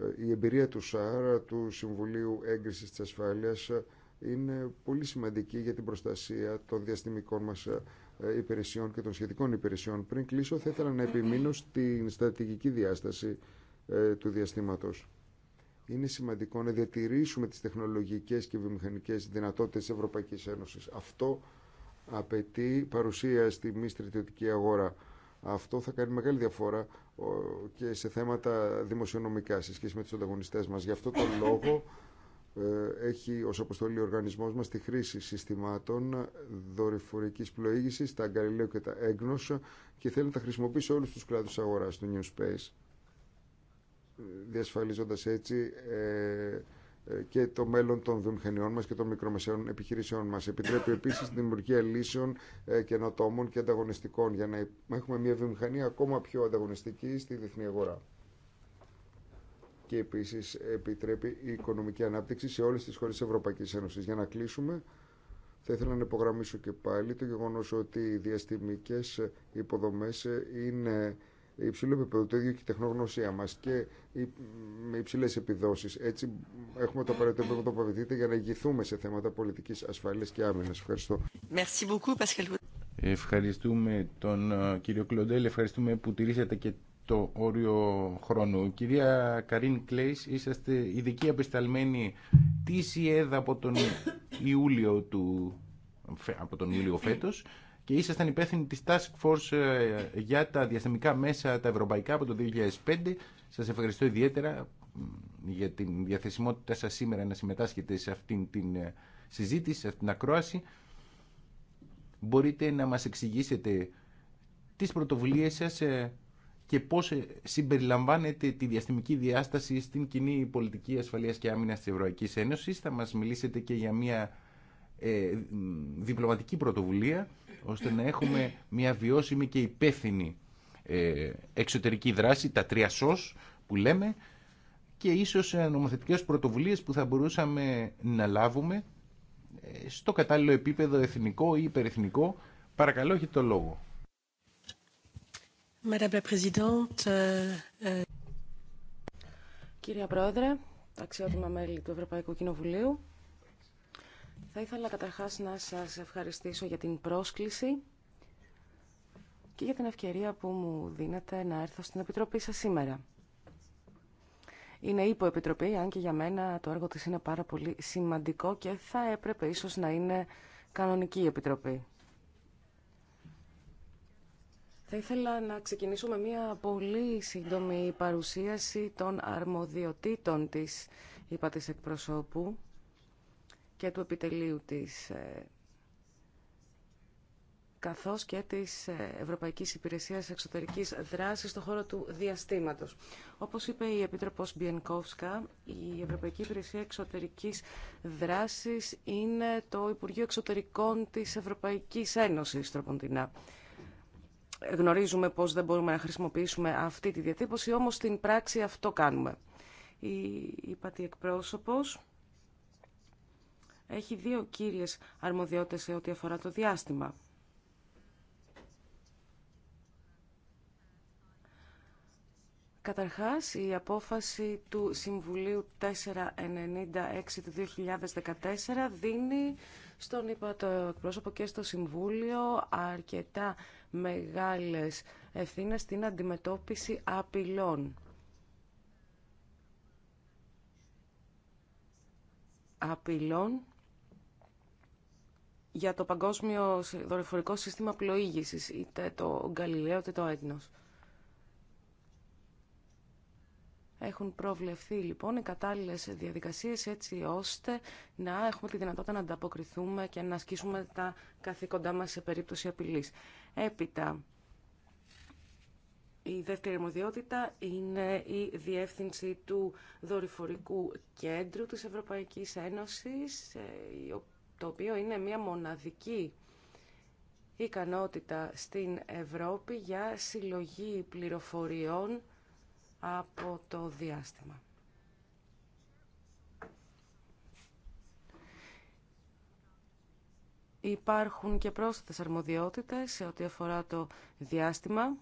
ε, η εμπειρία του ΣΑΡ, του Συμβουλίου Έγκρισης της Ασφάλειας, ε, είναι πολύ σημαντική για την προστασία των διαστημικών μας ε, υπηρεσιών και των σχετικών υπηρεσιών. Πριν κλείσω, θα ήθελα να επιμείνω στην στρατηγική διάσταση του διαστήματος. Είναι σημαντικό να διατηρήσουμε τις τεχνολογικές και βιομηχανικές δυνατότητες της Ευρωπαϊκής Ένωσης. Αυτό απαιτεί παρουσία στη μη στρατιωτική αγορά. Αυτό θα κάνει μεγάλη διαφορά και σε θέματα δημοσιονομικά σε σχέση με τους ανταγωνιστές μας. Γι' αυτό τον [COUGHS] λόγο ε, έχει ως αποστολή ο οργανισμός μας τη χρήση συστημάτων δορυφορικής πλοήγησης, τα αγκαλιλαίου και τα Έγνος και θέλει να τα χρησιμοποιήσει όλους τους κλάδους αγοράς του New Space ε, διασφαλίζοντας έτσι ε, ε, και το μέλλον των βιομηχανιών μας και των μικρομεσαίων επιχειρήσεων μας. Επιτρέπει επίσης την δημιουργία λύσεων ε, καινοτόμων και ανταγωνιστικών για να έχουμε μια βιομηχανία ακόμα πιο ανταγωνιστική στη διεθνή αγορά. Και επίσης επιτρέπει η οικονομική ανάπτυξη σε όλες τις χώρες της Ευρωπαϊκής Ένωσης. Για να κλείσουμε, θα ήθελα να υπογραμμίσω και πάλι το γεγονός ότι οι διαστημικές υποδομές ε, είναι υψηλού επίπεδο, το ίδιο και η τεχνογνωσία μα και με υψηλέ επιδόσει. Έτσι, έχουμε το απαραίτητο το που απαιτείται για να ηγηθούμε σε θέματα πολιτική ασφάλεια και άμυνα. Ευχαριστώ. Ευχαριστούμε τον ε, κύριο Κλοντέλ, ευχαριστούμε που τηρήσατε και το όριο χρόνου. Κυρία Καρίν Κλέης, είσαστε ειδική απεσταλμένη της ΙΕΔ από τον Ιούλιο του από τον Ιούλιο φέτος και ήσασταν υπεύθυνοι της Task Force ε, για τα διαστημικά μέσα τα ευρωπαϊκά από το 2005. Σας ευχαριστώ ιδιαίτερα για την διαθεσιμότητά σας σήμερα να συμμετάσχετε σε αυτήν την ε, συζήτηση, σε αυτήν την ακρόαση. Μπορείτε να μας εξηγήσετε τις πρωτοβουλίες σας ε, και πώς συμπεριλαμβάνετε τη διαστημική διάσταση στην κοινή πολιτική ασφαλείας και άμυνας της Ευρωπαϊκής Ένωσης. Θα μας μιλήσετε και για μια ε, διπλωματική πρωτοβουλία ώστε να έχουμε μια βιώσιμη και υπεύθυνη ε, εξωτερική δράση, τα τρία σως που λέμε και ίσως ε, νομοθετικές πρωτοβουλίες που θα μπορούσαμε να λάβουμε στο κατάλληλο επίπεδο εθνικό ή υπερεθνικό. Παρακαλώ, έχετε το λόγο. Κυρία Πρόεδρε, αξιότιμα μέλη του Ευρωπαϊκού Κοινοβουλίου, θα ήθελα καταρχάς να σας ευχαριστήσω για την πρόσκληση και για την ευκαιρία που μου δίνετε να έρθω στην Επιτροπή σας σήμερα. Είναι υπο-επιτροπή, αν και για μένα το έργο της είναι πάρα πολύ σημαντικό και θα έπρεπε ίσως να είναι κανονική επιτροπή. Θα ήθελα να ξεκινήσω με μια πολύ σύντομη παρουσίαση των αρμοδιοτήτων της υπα της εκπροσώπου και του επιτελείου της ε, καθώς και της ε, Ευρωπαϊκής Υπηρεσίας Εξωτερικής Δράσης στον χώρο του διαστήματος. Όπως είπε η Επίτροπος Μπιενκόφσκα, η Ευρωπαϊκή Υπηρεσία Εξωτερικής Δράσης είναι το Υπουργείο Εξωτερικών της Ευρωπαϊκής Ένωσης, τροποντινά. Γνωρίζουμε πώς δεν μπορούμε να χρησιμοποιήσουμε αυτή τη διατύπωση, όμως στην πράξη αυτό κάνουμε. Η, η πατή εκπρόσωπος έχει δύο κύριες αρμοδιότητες σε ό,τι αφορά το διάστημα. Καταρχάς, η απόφαση του Συμβουλίου 496 του 2014 δίνει στον υπατό εκπρόσωπο και στο Συμβούλιο αρκετά μεγάλες ευθύνες στην αντιμετώπιση απειλών. Απειλών για το παγκόσμιο δορυφορικό σύστημα πλοήγησης, είτε το Γκαλιλαίο είτε το Έγνος. Έχουν προβλεφθεί λοιπόν οι κατάλληλε διαδικασίες έτσι ώστε να έχουμε τη δυνατότητα να ανταποκριθούμε και να ασκήσουμε τα καθήκοντά μας σε περίπτωση απειλής. Έπειτα, η δεύτερη αρμοδιότητα είναι η διεύθυνση του δορυφορικού κέντρου της Ευρωπαϊκής Ένωσης, ε, το οποίο είναι μια μοναδική ικανότητα στην Ευρώπη για συλλογή πληροφοριών από το διάστημα. Υπάρχουν και πρόσθετες αρμοδιότητες σε ό,τι αφορά το διάστημα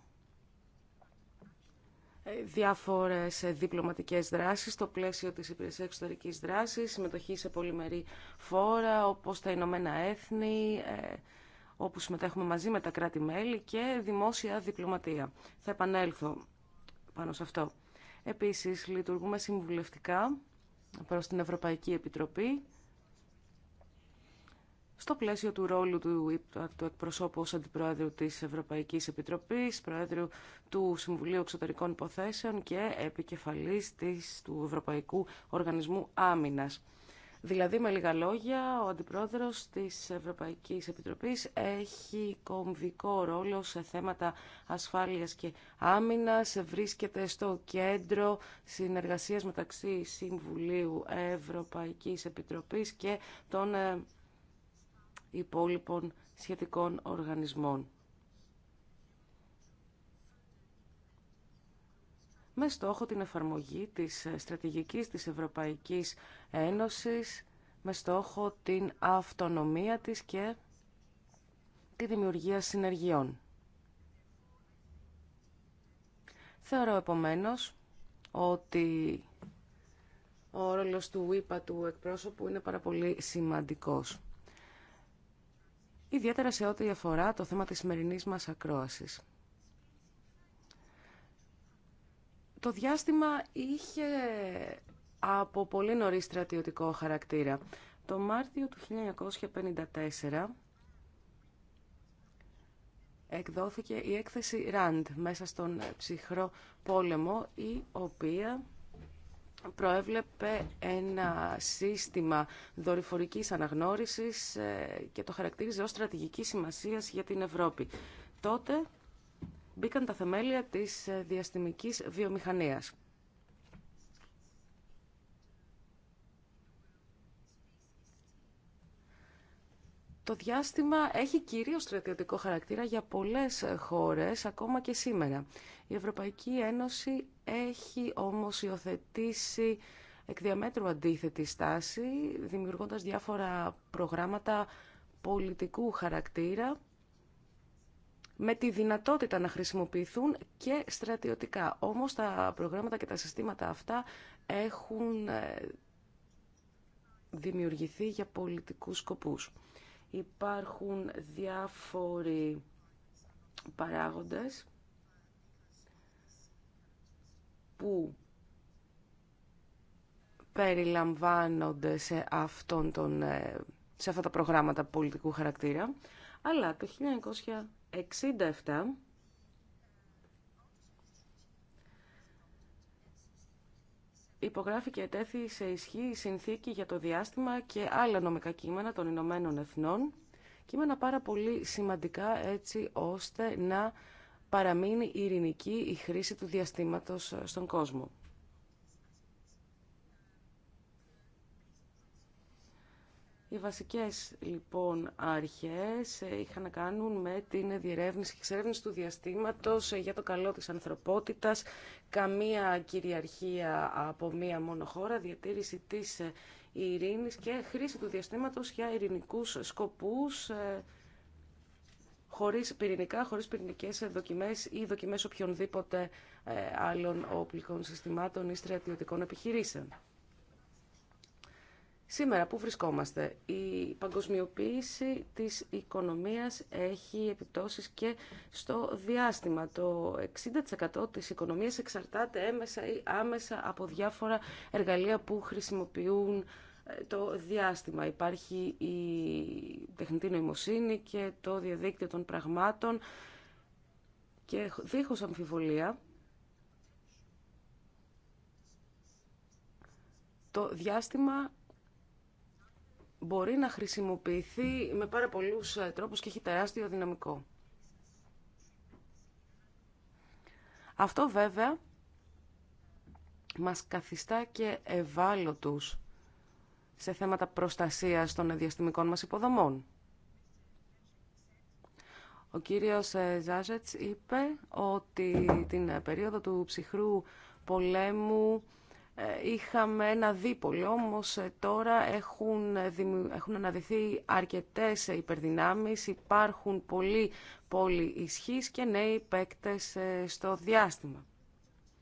διάφορες διπλωματικές δράσεις στο πλαίσιο της υπηρεσίας εξωτερικής δράσης, συμμετοχή σε πολυμερή φόρα όπως τα Ηνωμένα Έθνη, ε, όπου συμμετέχουμε μαζί με τα κράτη-μέλη και δημόσια διπλωματία. Θα επανέλθω πάνω σε αυτό. Επίσης, λειτουργούμε συμβουλευτικά προς την Ευρωπαϊκή Επιτροπή στο πλαίσιο του ρόλου του, του εκπροσώπου ως Αντιπρόεδρου της Ευρωπαϊκής Επιτροπής, Πρόεδρου του Συμβουλίου Εξωτερικών Υποθέσεων και επικεφαλής της, του Ευρωπαϊκού Οργανισμού Άμυνας. Δηλαδή, με λίγα λόγια, ο Αντιπρόεδρος της Ευρωπαϊκής Επιτροπής έχει κομβικό ρόλο σε θέματα ασφάλειας και άμυνας, βρίσκεται στο κέντρο συνεργασίας μεταξύ Συμβουλίου Ευρωπαϊκής Επιτροπής και των ε, υπόλοιπων σχετικών οργανισμών. με στόχο την εφαρμογή της στρατηγικής της Ευρωπαϊκής Ένωσης, με στόχο την αυτονομία της και τη δημιουργία συνεργειών. Θεωρώ επομένως ότι ο ρόλος του ΙΠΑ του εκπρόσωπου είναι πάρα πολύ σημαντικός ιδιαίτερα σε ό,τι αφορά το θέμα της σημερινή μας ακρόασης. Το διάστημα είχε από πολύ νωρί στρατιωτικό χαρακτήρα. Το Μάρτιο του 1954 εκδόθηκε η έκθεση RAND μέσα στον ψυχρό πόλεμο, η οποία προέβλεπε ένα σύστημα δορυφορικής αναγνώρισης ε, και το χαρακτήριζε ως στρατηγική σημασίας για την Ευρώπη. Τότε μπήκαν τα θεμέλια της ε, διαστημικής βιομηχανίας. το διάστημα έχει κυρίω στρατιωτικό χαρακτήρα για πολλέ χώρες, ακόμα και σήμερα. Η Ευρωπαϊκή Ένωση έχει όμω υιοθετήσει εκ διαμέτρου αντίθετη στάση, δημιουργώντα διάφορα προγράμματα πολιτικού χαρακτήρα, με τη δυνατότητα να χρησιμοποιηθούν και στρατιωτικά. Όμως τα προγράμματα και τα συστήματα αυτά έχουν ε, δημιουργηθεί για πολιτικούς σκοπούς. Υπάρχουν διάφοροι παράγοντες που περιλαμβάνονται σε, αυτόν τον, ε, σε αυτά τα προγράμματα πολιτικού χαρακτήρα. Αλλά το 1967 υπογράφει και ετέθη σε ισχύ η συνθήκη για το διάστημα και άλλα νομικά κείμενα των Ηνωμένων Εθνών, κείμενα πάρα πολύ σημαντικά έτσι ώστε να παραμείνει ειρηνική η χρήση του διαστήματος στον κόσμο. Οι βασικές λοιπόν αρχές ε, είχαν να κάνουν με την διερεύνηση και εξερεύνηση του διαστήματος ε, για το καλό της ανθρωπότητας, καμία κυριαρχία από μία μόνο χώρα, διατήρηση της ε, ειρήνης και χρήση του διαστήματος για ειρηνικούς σκοπούς, χωρίς πυρηνικά, χωρίς πυρηνικές δοκιμές ή δοκιμές οποιονδήποτε άλλων όπλικων συστημάτων ή στρατιωτικών επιχειρήσεων. Σήμερα που βρισκόμαστε, η παγκοσμιοποίηση της οικονομίας έχει επιπτώσεις και στο διάστημα. Το 60% της οικονομίας εξαρτάται έμεσα ή άμεσα από διάφορα εργαλεία που χρησιμοποιούν ε, το διάστημα. Υπάρχει η τεχνητή νοημοσύνη και το διαδίκτυο των πραγμάτων και δίχως αμφιβολία το διάστημα μπορεί να χρησιμοποιηθεί με πάρα πολλούς ε, τρόπους και έχει τεράστιο δυναμικό. Αυτό βέβαια μας καθιστά και ευάλωτους σε θέματα προστασίας των διαστημικών μας υποδομών. Ο κύριος ε, Ζάζετς είπε ότι την περίοδο του ψυχρού πολέμου ε, είχαμε ένα δίπολο, όμως ε, τώρα έχουν, ε, έχουν αναδυθεί αρκετές υπερδυνάμεις, υπάρχουν πολλοί πόλοι ισχύς και νέοι παίκτες στο διάστημα.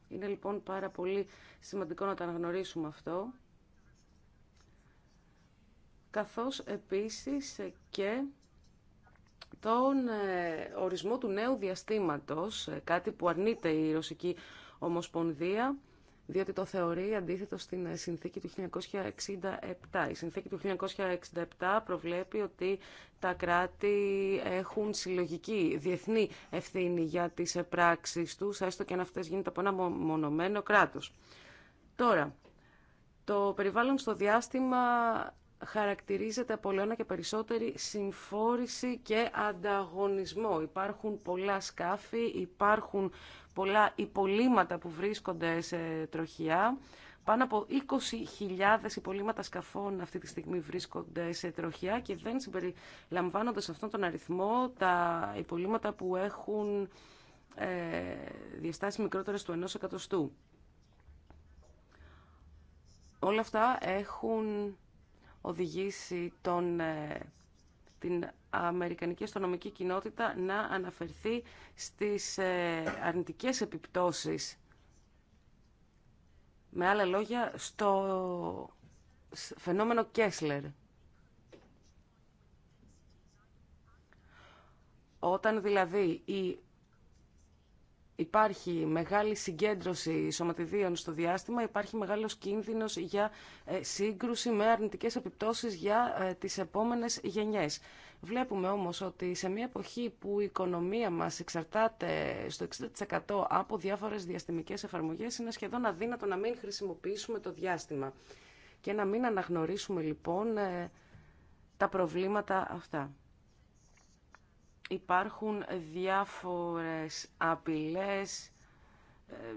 Είναι λοιπόν πάρα πολύ σημαντικό να τα αναγνωρίσουμε αυτό, καθώς επίσης και τον ορισμό του νέου διαστήματος, κάτι που αρνείται η Ρωσική Ομοσπονδία, διότι το θεωρεί αντίθετο στην συνθήκη του 1967. Η συνθήκη του 1967 προβλέπει ότι τα κράτη έχουν συλλογική διεθνή ευθύνη για τις πράξεις τους, έστω και αν αυτές γίνεται από ένα μονομένο κράτος. Τώρα, το περιβάλλον στο διάστημα χαρακτηρίζεται από λεώνα και περισσότερη συμφόρηση και ανταγωνισμό. Υπάρχουν πολλά σκάφη, υπάρχουν πολλά υπολείμματα που βρίσκονται σε τροχιά. Πάνω από 20.000 υπολείμματα σκαφών αυτή τη στιγμή βρίσκονται σε τροχιά και δεν συμπεριλαμβάνονται σε αυτόν τον αριθμό τα υπολείμματα που έχουν ε, διαστάσεις μικρότερες του 1 εκατοστού. Όλα αυτά έχουν οδηγήσει τον ε, την Αμερικανική Αστρονομική Κοινότητα να αναφερθεί στις ε, αρνητικές επιπτώσεις. Με άλλα λόγια, στο φαινόμενο Κέσλερ. Όταν δηλαδή η υπάρχει μεγάλη συγκέντρωση σωματιδίων στο διάστημα, υπάρχει μεγάλος κίνδυνος για ε, σύγκρουση με αρνητικές επιπτώσεις για ε, τις επόμενες γενιές. Βλέπουμε όμως ότι σε μια εποχή που η οικονομία μας εξαρτάται στο 60% από διάφορες διαστημικές εφαρμογές, είναι σχεδόν αδύνατο να μην χρησιμοποιήσουμε το διάστημα και να μην αναγνωρίσουμε λοιπόν ε, τα προβλήματα αυτά υπάρχουν διάφορες απειλές, ε,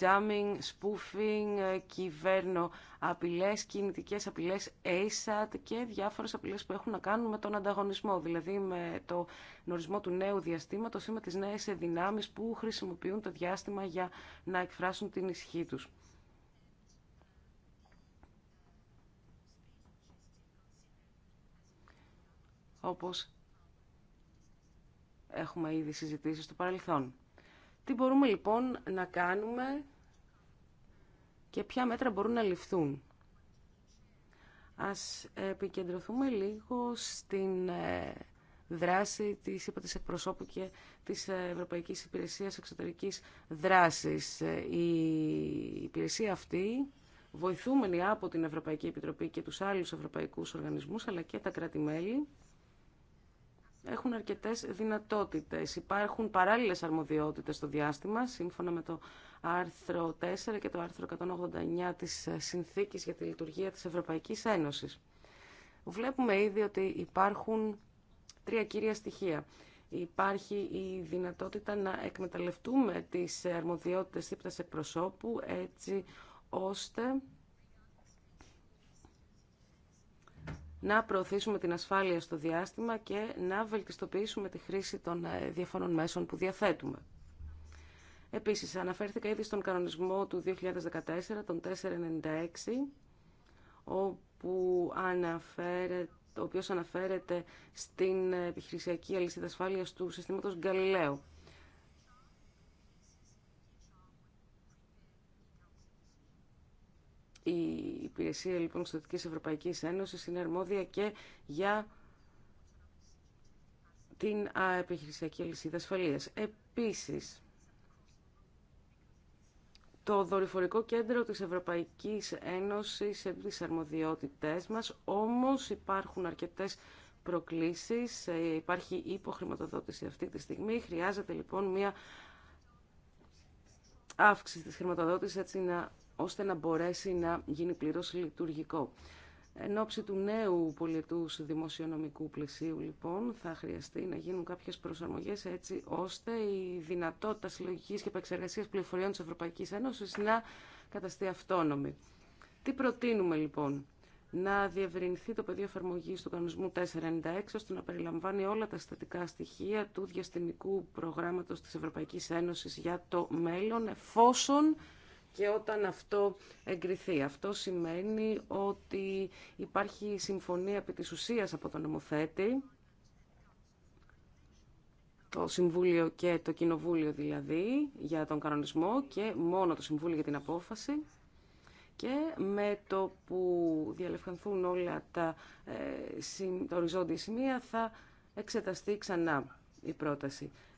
jamming, spoofing, ε, κυβέρνο απειλές, κινητικές απειλές, ASAT και διάφορες απειλές που έχουν να κάνουν με τον ανταγωνισμό, δηλαδή με το γνωρισμό του νέου διαστήματος ή με τις νέες δυνάμεις που χρησιμοποιούν το διάστημα για να εκφράσουν την ισχύ τους. Όπως έχουμε ήδη συζητήσει στο παρελθόν. Τι μπορούμε λοιπόν να κάνουμε και ποια μέτρα μπορούν να ληφθούν. Ας επικεντρωθούμε λίγο στην ε, δράση της, είπα, εκπροσώπου και της ε, Ευρωπαϊκής Υπηρεσίας Εξωτερικής Δράσης. Ε, η υπηρεσία αυτή, βοηθούμενη από την Ευρωπαϊκή Επιτροπή και τους άλλους ευρωπαϊκούς οργανισμούς, αλλά και τα κράτη-μέλη, έχουν αρκετέ δυνατότητες. Υπάρχουν παράλληλες αρμοδιότητες στο διάστημα, σύμφωνα με το άρθρο 4 και το άρθρο 189 της Συνθήκης για τη Λειτουργία της Ευρωπαϊκής Ένωσης. Βλέπουμε ήδη ότι υπάρχουν τρία κύρια στοιχεία. Υπάρχει η δυνατότητα να εκμεταλλευτούμε τις αρμοδιότητες τύπτας εκπροσώπου έτσι ώστε να προωθήσουμε την ασφάλεια στο διάστημα και να βελτιστοποιήσουμε τη χρήση των ε, διαφόρων μέσων που διαθέτουμε. Επίσης, αναφέρθηκα ήδη στον κανονισμό του 2014, τον 496, όπου αναφέρεται ο οποίος αναφέρεται στην επιχειρησιακή αλυσίδα ασφάλειας του συστήματος Γκαλιλαίου. Η Υπηρεσία λοιπόν στατική Ευρωπαϊκής Ένωσης είναι αρμόδια και για την επιχειρησιακή αλυσίδα ασφαλεία. Επίσης, το δορυφορικό κέντρο της Ευρωπαϊκής Ένωσης έχει τις αρμοδιότητές μας, όμως υπάρχουν αρκετές προκλήσεις, ε, υπάρχει υποχρηματοδότηση αυτή τη στιγμή, χρειάζεται λοιπόν μια αύξηση της χρηματοδότησης έτσι να ώστε να μπορέσει να γίνει πλήρως λειτουργικό. Εν ώψη του νέου πολιτού δημοσιονομικού πλαισίου, λοιπόν, θα χρειαστεί να γίνουν κάποιε προσαρμογέ έτσι ώστε η δυνατότητα συλλογική και επεξεργασία πληροφοριών τη Ευρωπαϊκή Ένωση να καταστεί αυτόνομη. Τι προτείνουμε, λοιπόν, να διευρυνθεί το πεδίο εφαρμογή του κανονισμού 496 ώστε να περιλαμβάνει όλα τα στατικά στοιχεία του διαστημικού προγράμματο τη Ευρωπαϊκή Ένωση για το μέλλον, εφόσον και όταν αυτό εγκριθεί. Αυτό σημαίνει ότι υπάρχει συμφωνία επί της ουσίας από τον νομοθέτη, το Συμβούλιο και το Κοινοβούλιο δηλαδή για τον κανονισμό και μόνο το Συμβούλιο για την απόφαση και με το που διαλευκανθούν όλα τα, ε, τα οριζόντια σημεία θα εξεταστεί ξανά η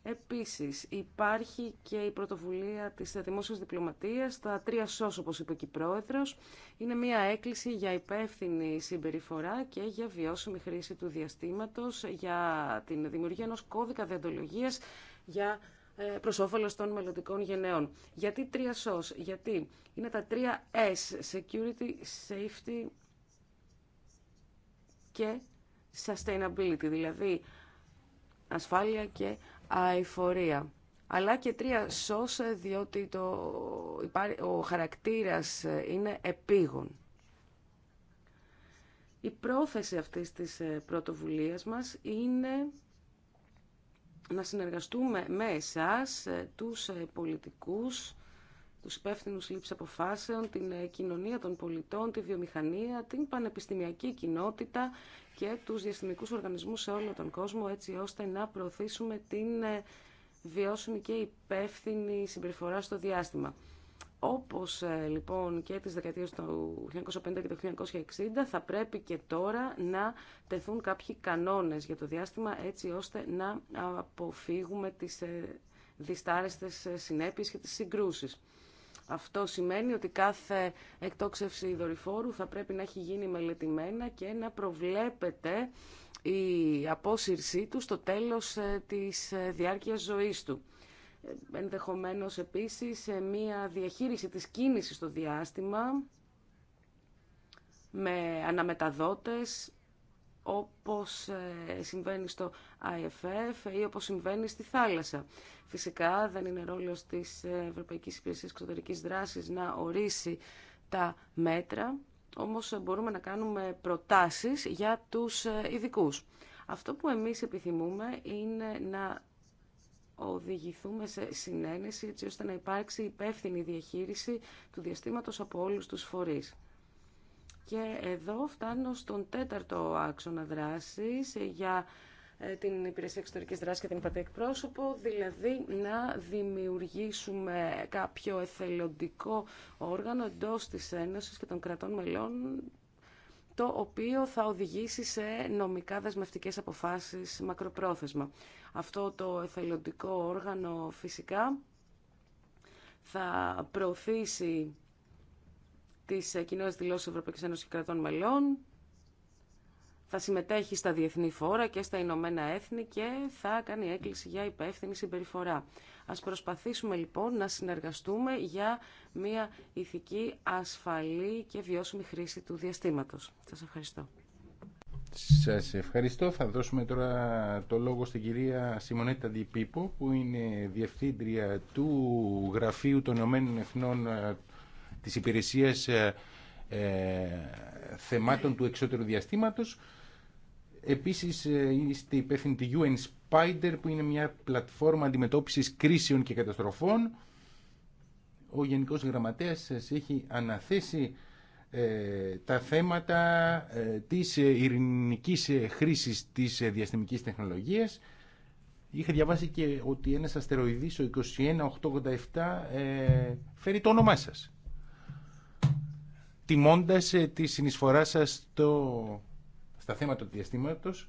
Επίσης, υπάρχει και η πρωτοβουλία της δημόσιας διπλωματίας, τα τρία σως, όπως είπε και η Πρόεδρος. Είναι μια έκκληση για υπεύθυνη συμπεριφορά και για βιώσιμη χρήση του διαστήματος, για την δημιουργία ενός κώδικα διαντολογίας για ε, προς των μελλοντικών γενναίων. Γιατί τρία σως, γιατί είναι τα τρία S, security, safety και sustainability, δηλαδή ασφάλεια και αηφορία. Αλλά και τρία σώσε διότι το, ο χαρακτήρας είναι επίγον. Η πρόθεση αυτής της ε, πρωτοβουλίας μας είναι να συνεργαστούμε με εσάς, ε, τους ε, πολιτικούς, του υπεύθυνου λήψη αποφάσεων, την ε, κοινωνία των πολιτών, τη βιομηχανία, την πανεπιστημιακή κοινότητα και τους διαστημικούς οργανισμούς σε όλο τον κόσμο, έτσι ώστε να προωθήσουμε την ε, βιώσιμη και υπεύθυνη συμπεριφορά στο διάστημα. Όπως ε, λοιπόν και τις δεκαετίες του 1950 και του 1960 θα πρέπει και τώρα να τεθούν κάποιοι κανόνες για το διάστημα έτσι ώστε να αποφύγουμε τις διστάρεστες συνέπειες και τις συγκρούσεις. Αυτό σημαίνει ότι κάθε εκτόξευση δορυφόρου θα πρέπει να έχει γίνει μελετημένα και να προβλέπεται η απόσυρσή του στο τέλος ε, της ε, διάρκειας ζωής του. Ε, ενδεχομένως επίσης μία διαχείριση της κίνησης στο διάστημα με αναμεταδότες όπως ε, συμβαίνει στο IFF ή όπως συμβαίνει στη θάλασσα. Φυσικά δεν είναι ρόλος της Ευρωπαϊκής Υπηρεσίας Εξωτερικής Δράσης να ορίσει τα μέτρα, όμως μπορούμε να κάνουμε προτάσεις για τους ε, ειδικού. Αυτό που εμείς επιθυμούμε είναι να οδηγηθούμε σε συνένεση έτσι ώστε να υπάρξει υπεύθυνη διαχείριση του διαστήματος από όλους τους φορείς. Και εδώ φτάνω στον τέταρτο άξονα δράσης για ε, την Υπηρεσία εξωτερική δράση και την Υπατή Εκπρόσωπο, δηλαδή να δημιουργήσουμε κάποιο εθελοντικό όργανο εντό τη Ένωση και των κρατών μελών, το οποίο θα οδηγήσει σε νομικά δεσμευτικές αποφάσεις μακροπρόθεσμα. Αυτό το εθελοντικό όργανο φυσικά θα προωθήσει τις κοινέ δηλώσεις Ευρωπαϊκής Ένωσης και κρατών μελών, θα συμμετέχει στα διεθνή φόρα και στα Ηνωμένα Έθνη και θα κάνει έκκληση για υπεύθυνη συμπεριφορά. Ας προσπαθήσουμε λοιπόν να συνεργαστούμε για μια ηθική, ασφαλή και βιώσιμη χρήση του διαστήματος. Σας ευχαριστώ. Σας ευχαριστώ. Θα δώσουμε τώρα το λόγο στην κυρία Σιμονέτα Διπίπο που είναι διευθύντρια του Γραφείου των Ηνωμένων Εθνών της ε, ε, θεμάτων του εξώτερου διαστήματος. Επίσης ε, είστε υπεύθυνοι του UN Spider που είναι μια πλατφόρμα αντιμετώπισης κρίσεων και καταστροφών. Ο Γενικός Γραμματέας σας έχει αναθέσει ε, τα θέματα της ειρηνικής χρήσης της διαστημικής τεχνολογίας. Είχα διαβάσει και ότι ένας αστεροειδής, ο 21887, φέρει το όνομά σας τιμώντας ε, τη συνεισφορά σας στο, στα θέματα του διαστήματος.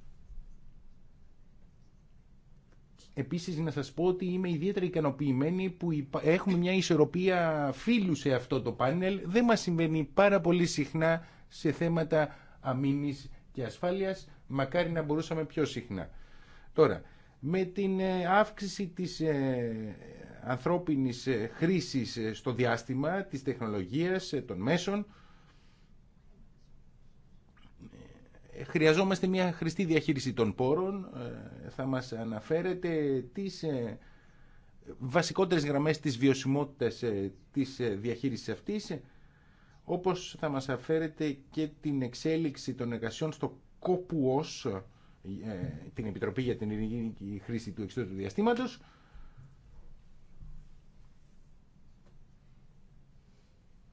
Επίσης να σας πω ότι είμαι ιδιαίτερα ικανοποιημένη που έχουμε μια ισορροπία φίλου σε αυτό το πάνελ. Δεν μας συμβαίνει πάρα πολύ συχνά σε θέματα αμήνης και ασφάλειας. Μακάρι να μπορούσαμε πιο συχνά. Τώρα, με την ε, αύξηση της ε, ανθρώπινης χρήσης στο διάστημα, της τεχνολογίας, των μέσων, Χρειαζόμαστε μια χρηστή διαχείριση των πόρων. Ε, θα μας αναφέρετε τις ε, βασικότερες γραμμές της βιωσιμότητας ε, της διαχείρισης αυτής, όπως θα μας αφέρετε και την εξέλιξη των εργασιών στο ΚΟΠΟΥΟΣ, την Επιτροπή για την Ειρηνική Χρήση του Εξωτερικού Διαστήματος,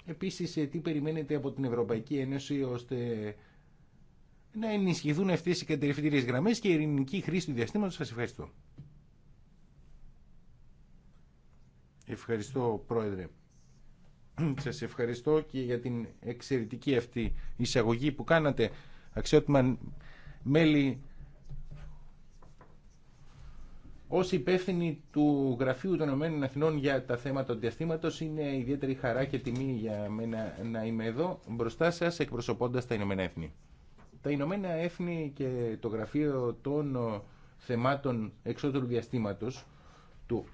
Επίσης, τι περιμένετε από την Ευρωπαϊκή Ένωση ώστε να ενισχυθούν αυτέ οι κατευθυντήριε γραμμέ και η ειρηνική χρήση του διαστήματο. Σα ευχαριστώ. Ευχαριστώ, Πρόεδρε. Σα ευχαριστώ και για την εξαιρετική αυτή εισαγωγή που κάνατε, αξιότιμα μέλη Ω υπεύθυνη του Γραφείου των Ηνωμένων Αθηνών για τα θέματα του διαστήματος είναι ιδιαίτερη χαρά και τιμή για μένα να είμαι εδώ μπροστά σα, εκπροσωπώντα τα Ηνωμένα Έθνη. Τα Ηνωμένα Έθνη και το Γραφείο των ε, Θεμάτων Εξώτερου Διαστήματος, του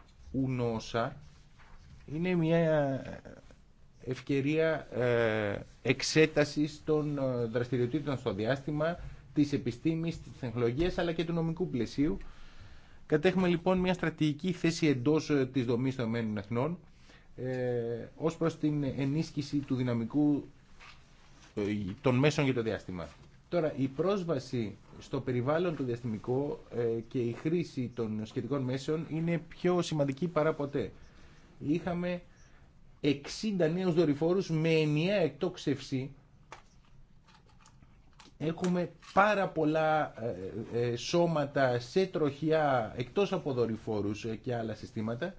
UNOSA, είναι μια ε, ευκαιρία ε, εξέτασης των δραστηριοτήτων στο διάστημα, της επιστήμης, της τεχνολογίας αλλά και του νομικού πλαισίου. Κατέχουμε λοιπόν μια στρατηγική θέση εντός της δομής των Ηνωμένων Εθνών ως προς την ενίσχυση του δυναμικού των μέσων για το διάστημα. Τώρα, η πρόσβαση στο περιβάλλον του διαστημικό ε, και η χρήση των σχετικών μέσων είναι πιο σημαντική παρά ποτέ. Είχαμε 60 νέους δορυφόρους με ενιαία εκτόξευση. Έχουμε πάρα πολλά ε, ε, σώματα σε τροχιά εκτός από δορυφόρους και άλλα συστήματα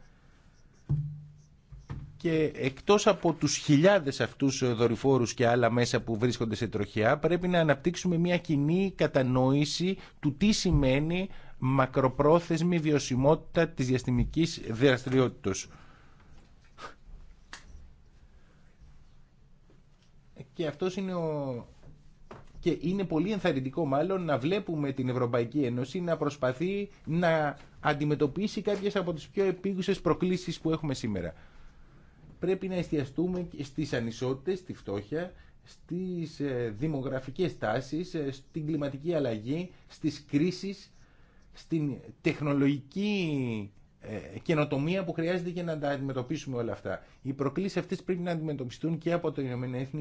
και εκτός από τους χιλιάδες αυτούς δορυφόρους και άλλα μέσα που βρίσκονται σε τροχιά πρέπει να αναπτύξουμε μια κοινή κατανόηση του τι σημαίνει μακροπρόθεσμη βιωσιμότητα της διαστημικής δραστηριότητας. Και αυτό είναι ο... Και είναι πολύ ενθαρρυντικό μάλλον να βλέπουμε την Ευρωπαϊκή Ένωση να προσπαθεί να αντιμετωπίσει κάποιες από τις πιο επίγουσες προκλήσεις που έχουμε σήμερα πρέπει να εστιαστούμε στις ανισότητες, στη φτώχεια, στις ε, δημογραφικές τάσεις, ε, στην κλιματική αλλαγή, στις κρίσεις, στην τεχνολογική ε, καινοτομία που χρειάζεται για να τα αντιμετωπίσουμε όλα αυτά. Οι προκλήσει αυτέ πρέπει να αντιμετωπιστούν και από το ΗΕ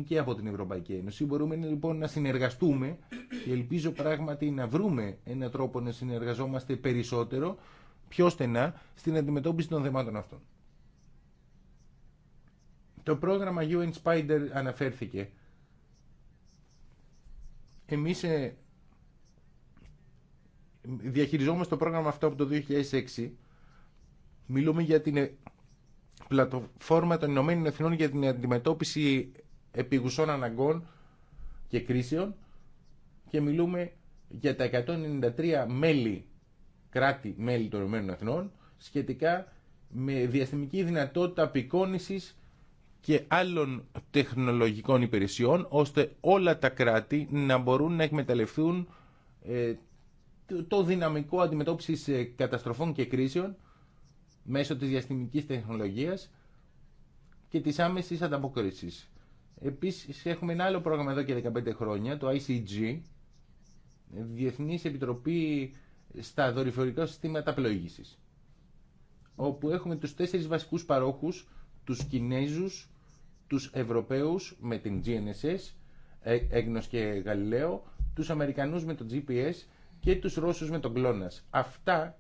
και από την Ευρωπαϊκή Ένωση. Μπορούμε λοιπόν να συνεργαστούμε και ελπίζω πράγματι να βρούμε έναν τρόπο να συνεργαζόμαστε περισσότερο, πιο στενά, στην αντιμετώπιση των θεμάτων αυτών. Το πρόγραμμα UN Spider αναφέρθηκε. Εμείς ε, διαχειριζόμαστε το πρόγραμμα αυτό από το 2006. Μιλούμε για την ε, πλατφόρμα των Ηνωμένων Εθνών για την αντιμετώπιση επιγουσών αναγκών και κρίσεων και μιλούμε για τα 193 μέλη, κράτη μέλη των Ηνωμένων Εθνών σχετικά με διαστημική δυνατότητα απεικόνησης και άλλων τεχνολογικών υπηρεσιών ώστε όλα τα κράτη να μπορούν να εκμεταλλευτούν ε, το δυναμικό αντιμετώπισης ε, καταστροφών και κρίσεων μέσω της διαστημικής τεχνολογίας και της άμεσης ανταποκρίσης. Επίσης έχουμε ένα άλλο πρόγραμμα εδώ και 15 χρόνια, το ICG, Διεθνής Επιτροπή στα Δορυφορικά Συστήματα Πλοήγησης, όπου έχουμε τους τέσσερις βασικούς παρόχους τους Κινέζους, τους Ευρωπαίους με την GNSS, ε, έγνωσκε και Γαλιλαίο, τους Αμερικανούς με το GPS και τους Ρώσους με τον Κλώνας. Αυτά,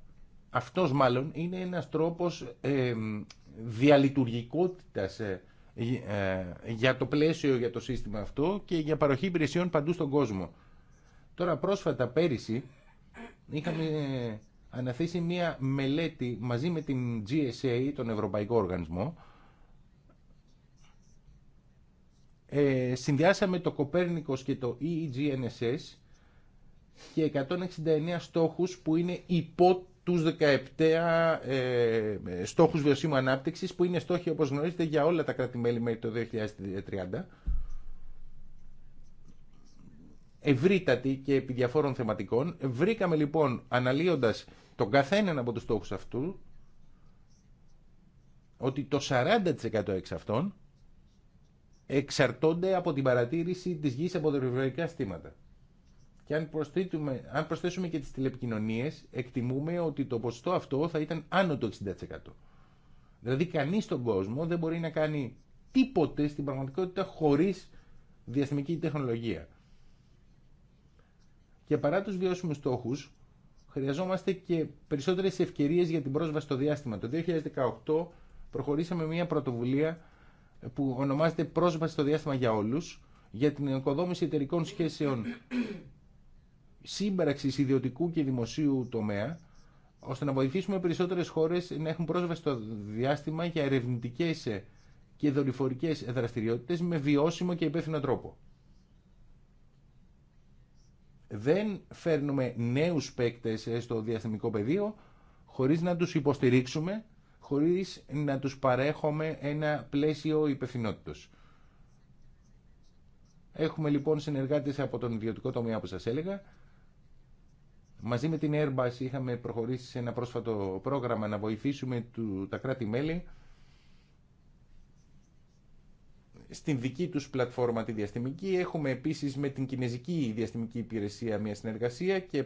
αυτός μάλλον είναι ένας τρόπος ε, διαλειτουργικότητας για το πλαίσιο, για το σύστημα αυτό και για παροχή υπηρεσιών παντού στον κόσμο. Τώρα πρόσφατα πέρυσι είχαμε ε, αναθέσει μία μελέτη μαζί με την GSA, τον Ευρωπαϊκό Οργανισμό, ε, συνδυάσαμε το Κοπέρνικος και το EEGNSS και 169 στόχους που είναι υπό τους 17 ε, στόχους βιωσίμου ανάπτυξης που είναι στόχοι όπως γνωρίζετε για όλα τα κράτη-μέλη μέχρι το 2030 ευρύτατη και επί διαφόρων θεματικών. Βρήκαμε λοιπόν, αναλύοντας τον καθέναν από τους στόχους αυτού, ότι το 40% εξ αυτών εξαρτώνται από την παρατήρηση της γης από δορυφορικά στήματα. Και αν, προσθέσουμε και τις τηλεπικοινωνίες, εκτιμούμε ότι το ποσοστό αυτό θα ήταν άνω το 60%. Δηλαδή κανείς στον κόσμο δεν μπορεί να κάνει τίποτε στην πραγματικότητα χωρίς διαστημική τεχνολογία. Και παρά τους βιώσιμους στόχους, χρειαζόμαστε και περισσότερες ευκαιρίες για την πρόσβαση στο διάστημα. Το 2018 προχωρήσαμε μια πρωτοβουλία που ονομάζεται πρόσβαση στο διάστημα για όλους για την οικοδόμηση εταιρικών σχέσεων σύμπραξη ιδιωτικού και δημοσίου τομέα ώστε να βοηθήσουμε περισσότερες χώρες να έχουν πρόσβαση στο διάστημα για ερευνητικές και δορυφορικές δραστηριότητες με βιώσιμο και υπεύθυνο τρόπο. Δεν φέρνουμε νέους παίκτες στο διαστημικό πεδίο χωρίς να τους υποστηρίξουμε χωρίς να τους παρέχουμε ένα πλαίσιο υπευθυνότητος. Έχουμε λοιπόν συνεργάτες από τον ιδιωτικό τομέα που σας έλεγα. Μαζί με την Airbus είχαμε προχωρήσει σε ένα πρόσφατο πρόγραμμα να βοηθήσουμε τα κράτη-μέλη στην δική τους πλατφόρμα τη διαστημική. Έχουμε επίσης με την Κινέζικη Διαστημική Υπηρεσία μια συνεργασία και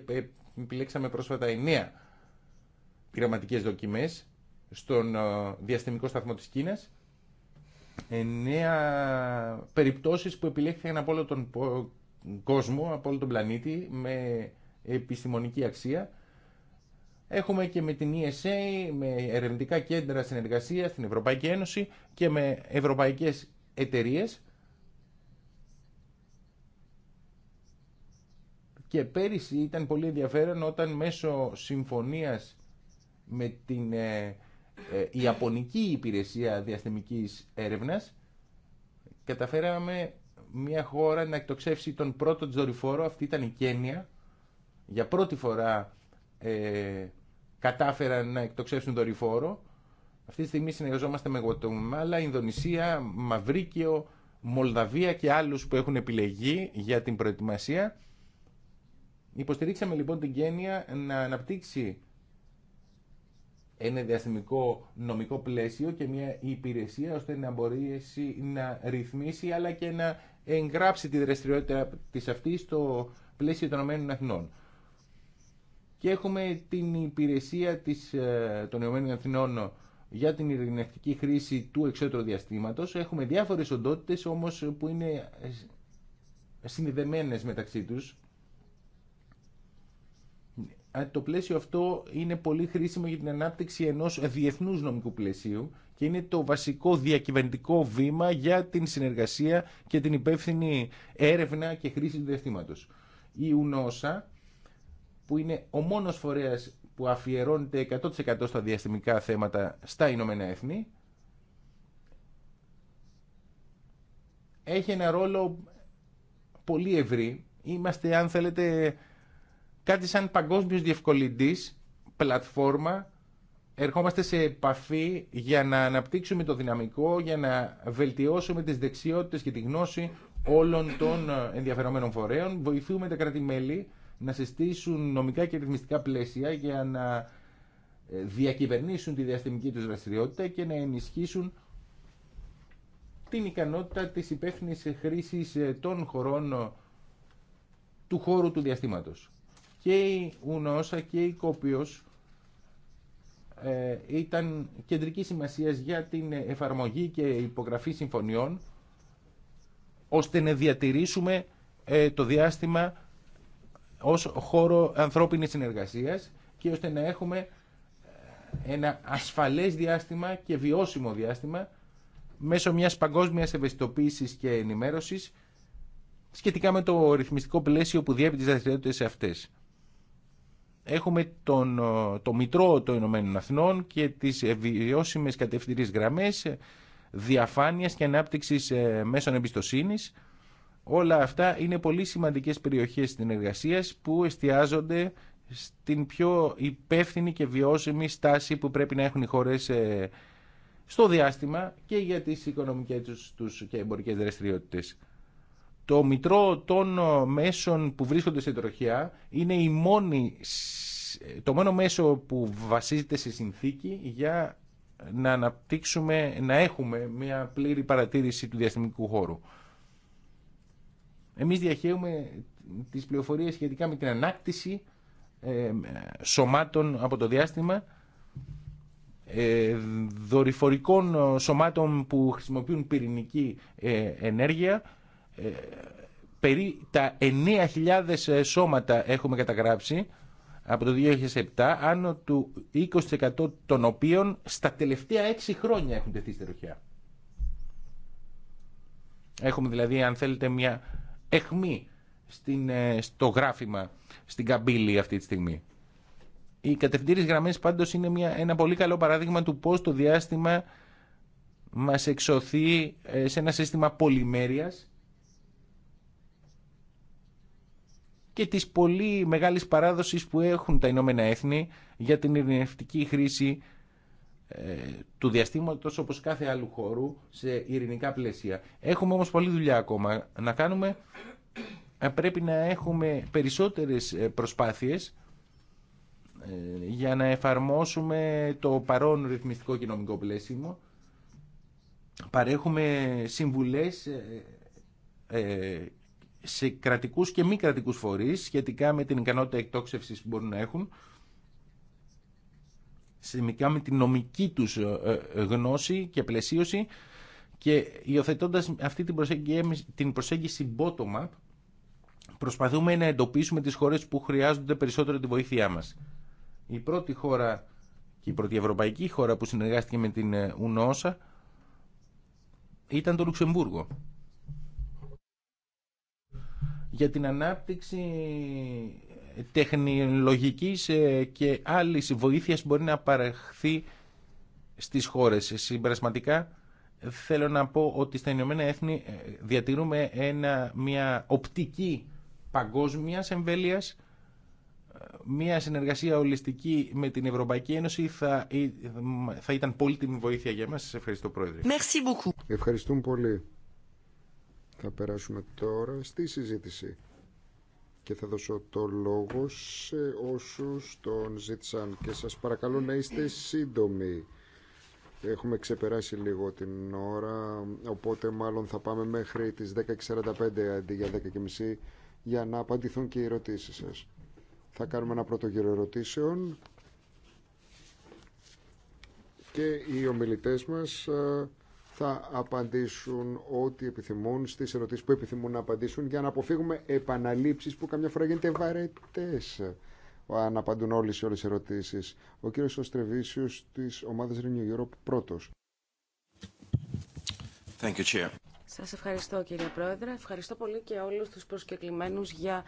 επιλέξαμε πρόσφατα εννέα πειραματικές δοκιμές στον ε, διαστημικό σταθμό της Κίνας. Εννέα περιπτώσεις που επιλέχθηκαν από όλο τον κόσμο, από όλο τον πλανήτη, με επιστημονική αξία. Έχουμε και με την ESA, με ερευνητικά κέντρα συνεργασία, στην Ευρωπαϊκή Ένωση και με ευρωπαϊκές εταιρείες. Και πέρυσι ήταν πολύ ενδιαφέρον όταν μέσω συμφωνίας με την ε, ε, η Ιαπωνική Υπηρεσία Διαστημικής Έρευνας καταφέραμε μια χώρα να εκτοξεύσει τον πρώτο δορυφόρο, αυτή ήταν η Κένια. Για πρώτη φορά ε, κατάφεραν να εκτοξεύσουν δορυφόρο. Αυτή τη στιγμή συνεργαζόμαστε με Γουατεμάλα, Ινδονησία, Μαυρίκιο, Μολδαβία και άλλους που έχουν επιλεγεί για την προετοιμασία. Υποστηρίξαμε λοιπόν την Κένια να αναπτύξει ένα διαστημικό νομικό πλαίσιο και μια υπηρεσία ώστε να μπορέσει να ρυθμίσει αλλά και να εγγράψει τη δραστηριότητα της αυτή στο πλαίσιο των ΗΠΑ. Και έχουμε την υπηρεσία της, ε, των ΗΠΑ για την ειρηνευτική χρήση του εξώτερου διαστήματος. Έχουμε διάφορες οντότητες όμως που είναι ε, συνδεμένες μεταξύ τους το πλαίσιο αυτό είναι πολύ χρήσιμο για την ανάπτυξη ενός διεθνούς νομικού πλαισίου και είναι το βασικό διακυβερνητικό βήμα για την συνεργασία και την υπεύθυνη έρευνα και χρήση του διαστήματος. Η UNOSA, που είναι ο μόνος φορέας που αφιερώνεται 100% στα διαστημικά θέματα στα Ηνωμένα Έθνη, έχει ένα ρόλο πολύ ευρύ. Είμαστε, αν θέλετε, κάτι σαν παγκόσμιος διευκολυντής, πλατφόρμα, ερχόμαστε σε επαφή για να αναπτύξουμε το δυναμικό, για να βελτιώσουμε τις δεξιότητες και τη γνώση όλων των ε, ενδιαφερομένων φορέων. Βοηθούμε τα κράτη-μέλη να συστήσουν νομικά και ρυθμιστικά πλαίσια για να ε, διακυβερνήσουν τη διαστημική τους δραστηριότητα και να ενισχύσουν την ικανότητα της υπεύθυνης χρήσης ε, των χωρών του χώρου του διαστήματος και η ΟΝΟΣΑ και η Κόπιος ε, ήταν κεντρική σημασία για την εφαρμογή και υπογραφή συμφωνιών ώστε να διατηρήσουμε ε, το διάστημα ως χώρο ανθρώπινης συνεργασίας και ώστε να έχουμε ε, ένα ασφαλές διάστημα και βιώσιμο διάστημα μέσω μιας παγκόσμιας ευαισθητοποίησης και ενημέρωσης σχετικά με το ρυθμιστικό πλαίσιο που διέπει τις δραστηριότητες αυτές έχουμε τον, το Μητρό των Ηνωμένων Αθνών και τις βιώσιμε κατευθυντήριες γραμμές διαφάνειας και ανάπτυξης ε, μέσων εμπιστοσύνης. Όλα αυτά είναι πολύ σημαντικές περιοχές στην εργασία που εστιάζονται στην πιο υπεύθυνη και βιώσιμη στάση που πρέπει να έχουν οι χώρες ε, στο διάστημα και για τις οικονομικές τους και εμπορικές δραστηριότητες το μητρό των ε, μέσων που βρίσκονται στην τροχιά είναι η μόνη, ε, το μόνο μέσο που βασίζεται σε συνθήκη για να αναπτύξουμε, να έχουμε μια πλήρη παρατήρηση του διαστημικού χώρου. Εμείς διαχέουμε τις πληροφορίες σχετικά με την ανάκτηση ε, σωμάτων από το διάστημα, δορυφορικών σωμάτων που χρησιμοποιούν πυρηνική ενέργεια, ε, περί τα 9.000 ε, σώματα έχουμε καταγράψει από το 2007, άνω του 20% των οποίων στα τελευταία 6 χρόνια έχουν τεθεί στη ροχιά. Έχουμε δηλαδή, αν θέλετε, μια εχμή στην, ε, στο γράφημα, στην καμπύλη αυτή τη στιγμή. Οι κατευθυντήριες γραμμές πάντως είναι μια, ένα πολύ καλό παράδειγμα του πώς το διάστημα μας εξωθεί σε ένα σύστημα πολυμέρειας και της πολύ μεγάλης παράδοσης που έχουν τα Ηνωμένα Έθνη για την ειρηνευτική χρήση ε, του διαστήματος όπως κάθε άλλου χώρου σε ειρηνικά πλαίσια. Έχουμε όμως πολλή δουλειά ακόμα να κάνουμε. Ε, πρέπει να έχουμε περισσότερες ε, προσπάθειες για να εφαρμόσουμε το παρόν ρυθμιστικό και νομικό πλαίσιο. Παρέχουμε συμβουλές σε κρατικούς και μη κρατικούς φορείς σχετικά με την ικανότητα εκτόξευσης που μπορούν να έχουν, σχετικά με την νομική τους ε, ε, γνώση και πλαισίωση και υιοθετώντα αυτή την προσέγγιση, την προσέγγιση bottom-up προσπαθούμε να εντοπίσουμε τις χώρες που χρειάζονται περισσότερο τη βοήθειά μας. Η πρώτη χώρα και η πρώτη ευρωπαϊκή χώρα που συνεργάστηκε με την UNOSA ε, ήταν το Λουξεμβούργο για την ανάπτυξη ε, τεχνολογικής ε, και άλλης βοήθειας που μπορεί να παραχθεί στις χώρες. Συμπερασματικά θέλω να πω ότι στα Ηνωμένα Έθνη ε, διατηρούμε ένα, μια οπτική παγκόσμιας εμβέλειας μια συνεργασία ολιστική με την Ευρωπαϊκή Ένωση θα, θα ήταν πολύτιμη βοήθεια για μας. Σας ευχαριστώ Πρόεδρε. Ευχαριστούμε πολύ. Θα περάσουμε τώρα στη συζήτηση και θα δώσω το λόγο σε όσους τον ζήτησαν και σας παρακαλώ να είστε σύντομοι. Έχουμε ξεπεράσει λίγο την ώρα, οπότε μάλλον θα πάμε μέχρι τις 10.45 αντί για 10.30 για να απαντηθούν και οι ερωτήσεις σας. Θα κάνουμε ένα πρώτο γύρο ερωτήσεων και οι ομιλητές μας θα απαντήσουν ό,τι επιθυμούν στις ερωτήσεις που επιθυμούν να απαντήσουν για να αποφύγουμε επαναλήψεις που καμιά φορά γίνεται βαρετές αν απαντούν όλες σε όλες οι ερωτήσεις. Ο κύριος Οστρεβίσιος της ομάδας Renew Europe πρώτος. Thank you, Chair. Σας ευχαριστώ κύριε Πρόεδρε. Ευχαριστώ πολύ και όλους τους προσκεκλημένους για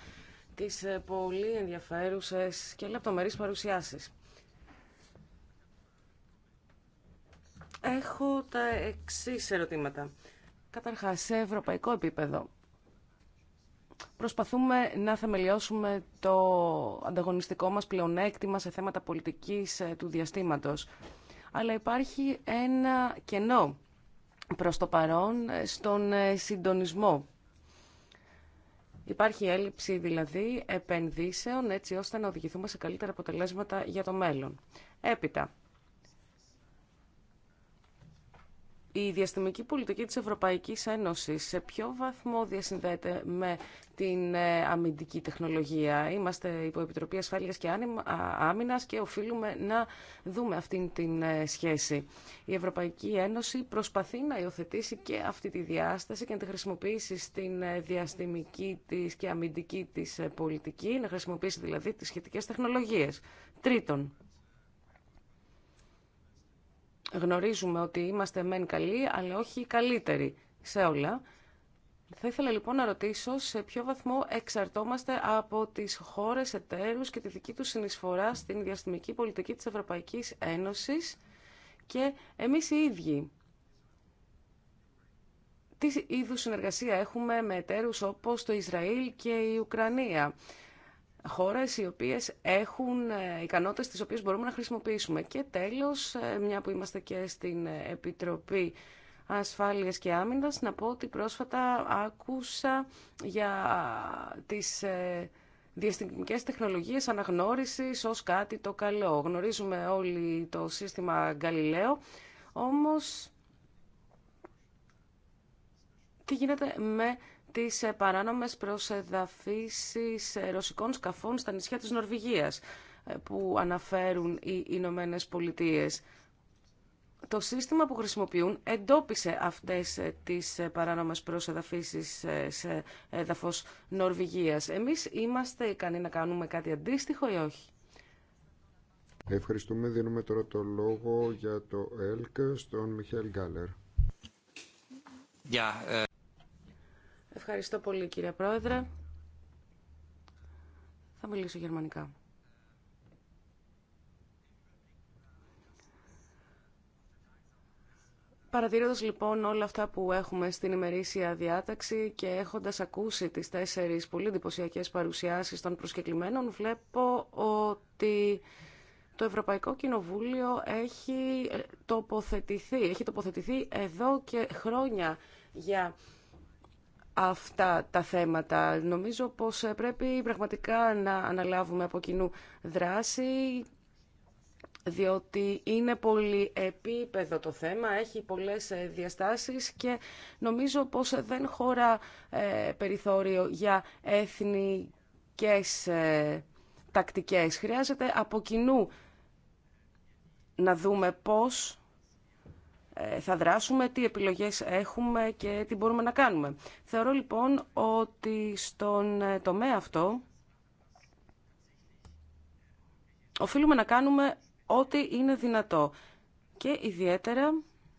τις ε, πολύ ενδιαφέρουσες και λεπτομερείς παρουσιάσεις. Έχω τα εξή ερωτήματα. Καταρχά, σε ευρωπαϊκό επίπεδο, προσπαθούμε να θεμελιώσουμε το ανταγωνιστικό μας πλεονέκτημα σε θέματα πολιτικής ε, του διαστήματος. Αλλά υπάρχει ένα κενό προς το παρόν ε, στον ε, συντονισμό. Υπάρχει έλλειψη δηλαδή επενδύσεων έτσι ώστε να οδηγηθούμε σε καλύτερα αποτελέσματα για το μέλλον. Έπειτα, η διαστημική πολιτική της Ευρωπαϊκής Ένωσης σε ποιο βαθμό διασυνδέεται με την ε, αμυντική τεχνολογία. Είμαστε υπό Επιτροπή Ασφάλειας και Άμυνας και οφείλουμε να δούμε αυτήν την ε, σχέση. Η Ευρωπαϊκή Ένωση προσπαθεί να υιοθετήσει και αυτή τη διάσταση και να τη χρησιμοποιήσει στην ε, διαστημική της και αμυντική της πολιτική, να χρησιμοποιήσει δηλαδή τις σχετικές τεχνολογίες. Τρίτον, Γνωρίζουμε ότι είμαστε μεν καλοί, αλλά όχι καλύτεροι σε όλα. Θα ήθελα λοιπόν να ρωτήσω σε ποιο βαθμό εξαρτώμαστε από τις χώρες εταίρους και τη δική τους συνεισφορά στην διαστημική πολιτική της Ευρωπαϊκής Ένωσης και εμείς οι ίδιοι. Τι είδους συνεργασία έχουμε με εταίρους όπως το Ισραήλ και η Ουκρανία χώρες οι οποίες έχουν ε, ικανότητες τις οποίες μπορούμε να χρησιμοποιήσουμε. Και τέλος, ε, μια που είμαστε και στην ε, Επιτροπή Ασφάλειας και Άμυνας, να πω ότι πρόσφατα άκουσα για τις διαστημικές τεχνολογίες αναγνώρισης ως κάτι το καλό. Γνωρίζουμε όλοι το σύστημα Galileo, όμως τι γίνεται με τις ε, παράνομες προσεδαφίσεις ε, ρωσικών σκαφών στα νησιά της Νορβηγίας ε, που αναφέρουν οι Ηνωμένε Πολιτείε. Το σύστημα που χρησιμοποιούν εντόπισε αυτές τις παράνομες προσεδαφίσεις σε έδαφος Νορβηγίας. Εμείς είμαστε ικανοί να κάνουμε κάτι αντίστοιχο ή όχι. Ευχαριστούμε. Δίνουμε τώρα το λόγο για το ΕΛΚ στον Μιχαήλ Γκάλερ. Ευχαριστώ πολύ κύριε Πρόεδρε. Θα μιλήσω γερμανικά. Παρατηρώντας λοιπόν όλα αυτά που έχουμε στην ημερήσια διάταξη και έχοντας ακούσει τις τέσσερις πολύ εντυπωσιακέ παρουσιάσεις των προσκεκλημένων, βλέπω ότι το Ευρωπαϊκό Κοινοβούλιο έχει τοποθετηθεί, έχει τοποθετηθεί εδώ και χρόνια για αυτά τα θέματα. Νομίζω πως ε, πρέπει πραγματικά να αναλάβουμε από κοινού δράση, διότι είναι πολύ επίπεδο το θέμα, έχει πολλές ε, διαστάσεις και νομίζω πως δεν χώρα ε, περιθώριο για εθνικές τακτικές. Χρειάζεται από κοινού να δούμε πώς ε, θα δράσουμε, τι επιλογές έχουμε και τι μπορούμε να κάνουμε. Θεωρώ λοιπόν ότι στον ε, τομέα αυτό οφείλουμε να κάνουμε ό,τι είναι δυνατό. Και ιδιαίτερα,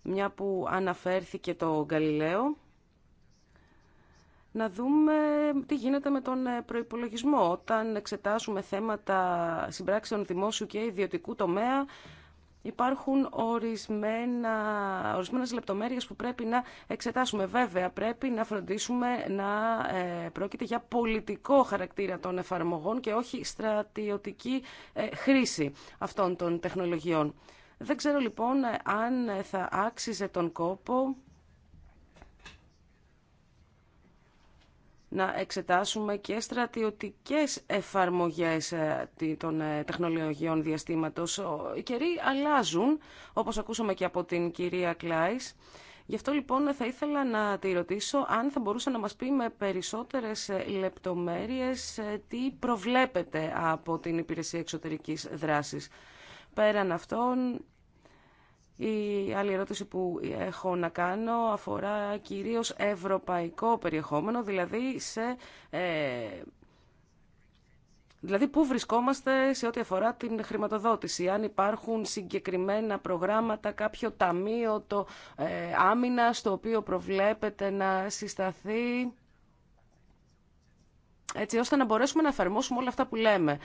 μια που αναφέρθηκε το Γκαλιλαίο, να δούμε τι γίνεται με τον ε, προϋπολογισμό. Όταν εξετάζουμε θέματα συμπράξεων δημόσιου και ιδιωτικού τομέα, υπάρχουν ορισμένα, ορισμένες λεπτομέρειες που πρέπει να εξετάσουμε. Βέβαια, πρέπει να φροντίσουμε να ε, πρόκειται για πολιτικό χαρακτήρα των εφαρμογών και όχι στρατιωτική ε, χρήση αυτών των τεχνολογιών. Δεν ξέρω λοιπόν αν θα άξιζε τον κόπο να εξετάσουμε και στρατιωτικές εφαρμογές ε, των ε, τεχνολογιών διαστήματος. Οι καιροί αλλάζουν, όπως ακούσαμε και από την κυρία Κλάις. Γι' αυτό λοιπόν θα ήθελα να τη ρωτήσω αν θα μπορούσε να μας πει με περισσότερες ε, λεπτομέρειες τι προβλέπεται από την Υπηρεσία Εξωτερικής Δράσης. Πέραν αυτών, η άλλη ερώτηση που έχω να κάνω αφορά κυρίως ευρωπαϊκό περιεχόμενο, δηλαδή σε... Ε, δηλαδή πού βρισκόμαστε σε ό,τι αφορά την χρηματοδότηση, αν υπάρχουν συγκεκριμένα προγράμματα, κάποιο ταμείο, το ε, άμυνα στο οποίο προβλέπεται να συσταθεί, έτσι ώστε να μπορέσουμε να εφαρμόσουμε όλα αυτά που λέμε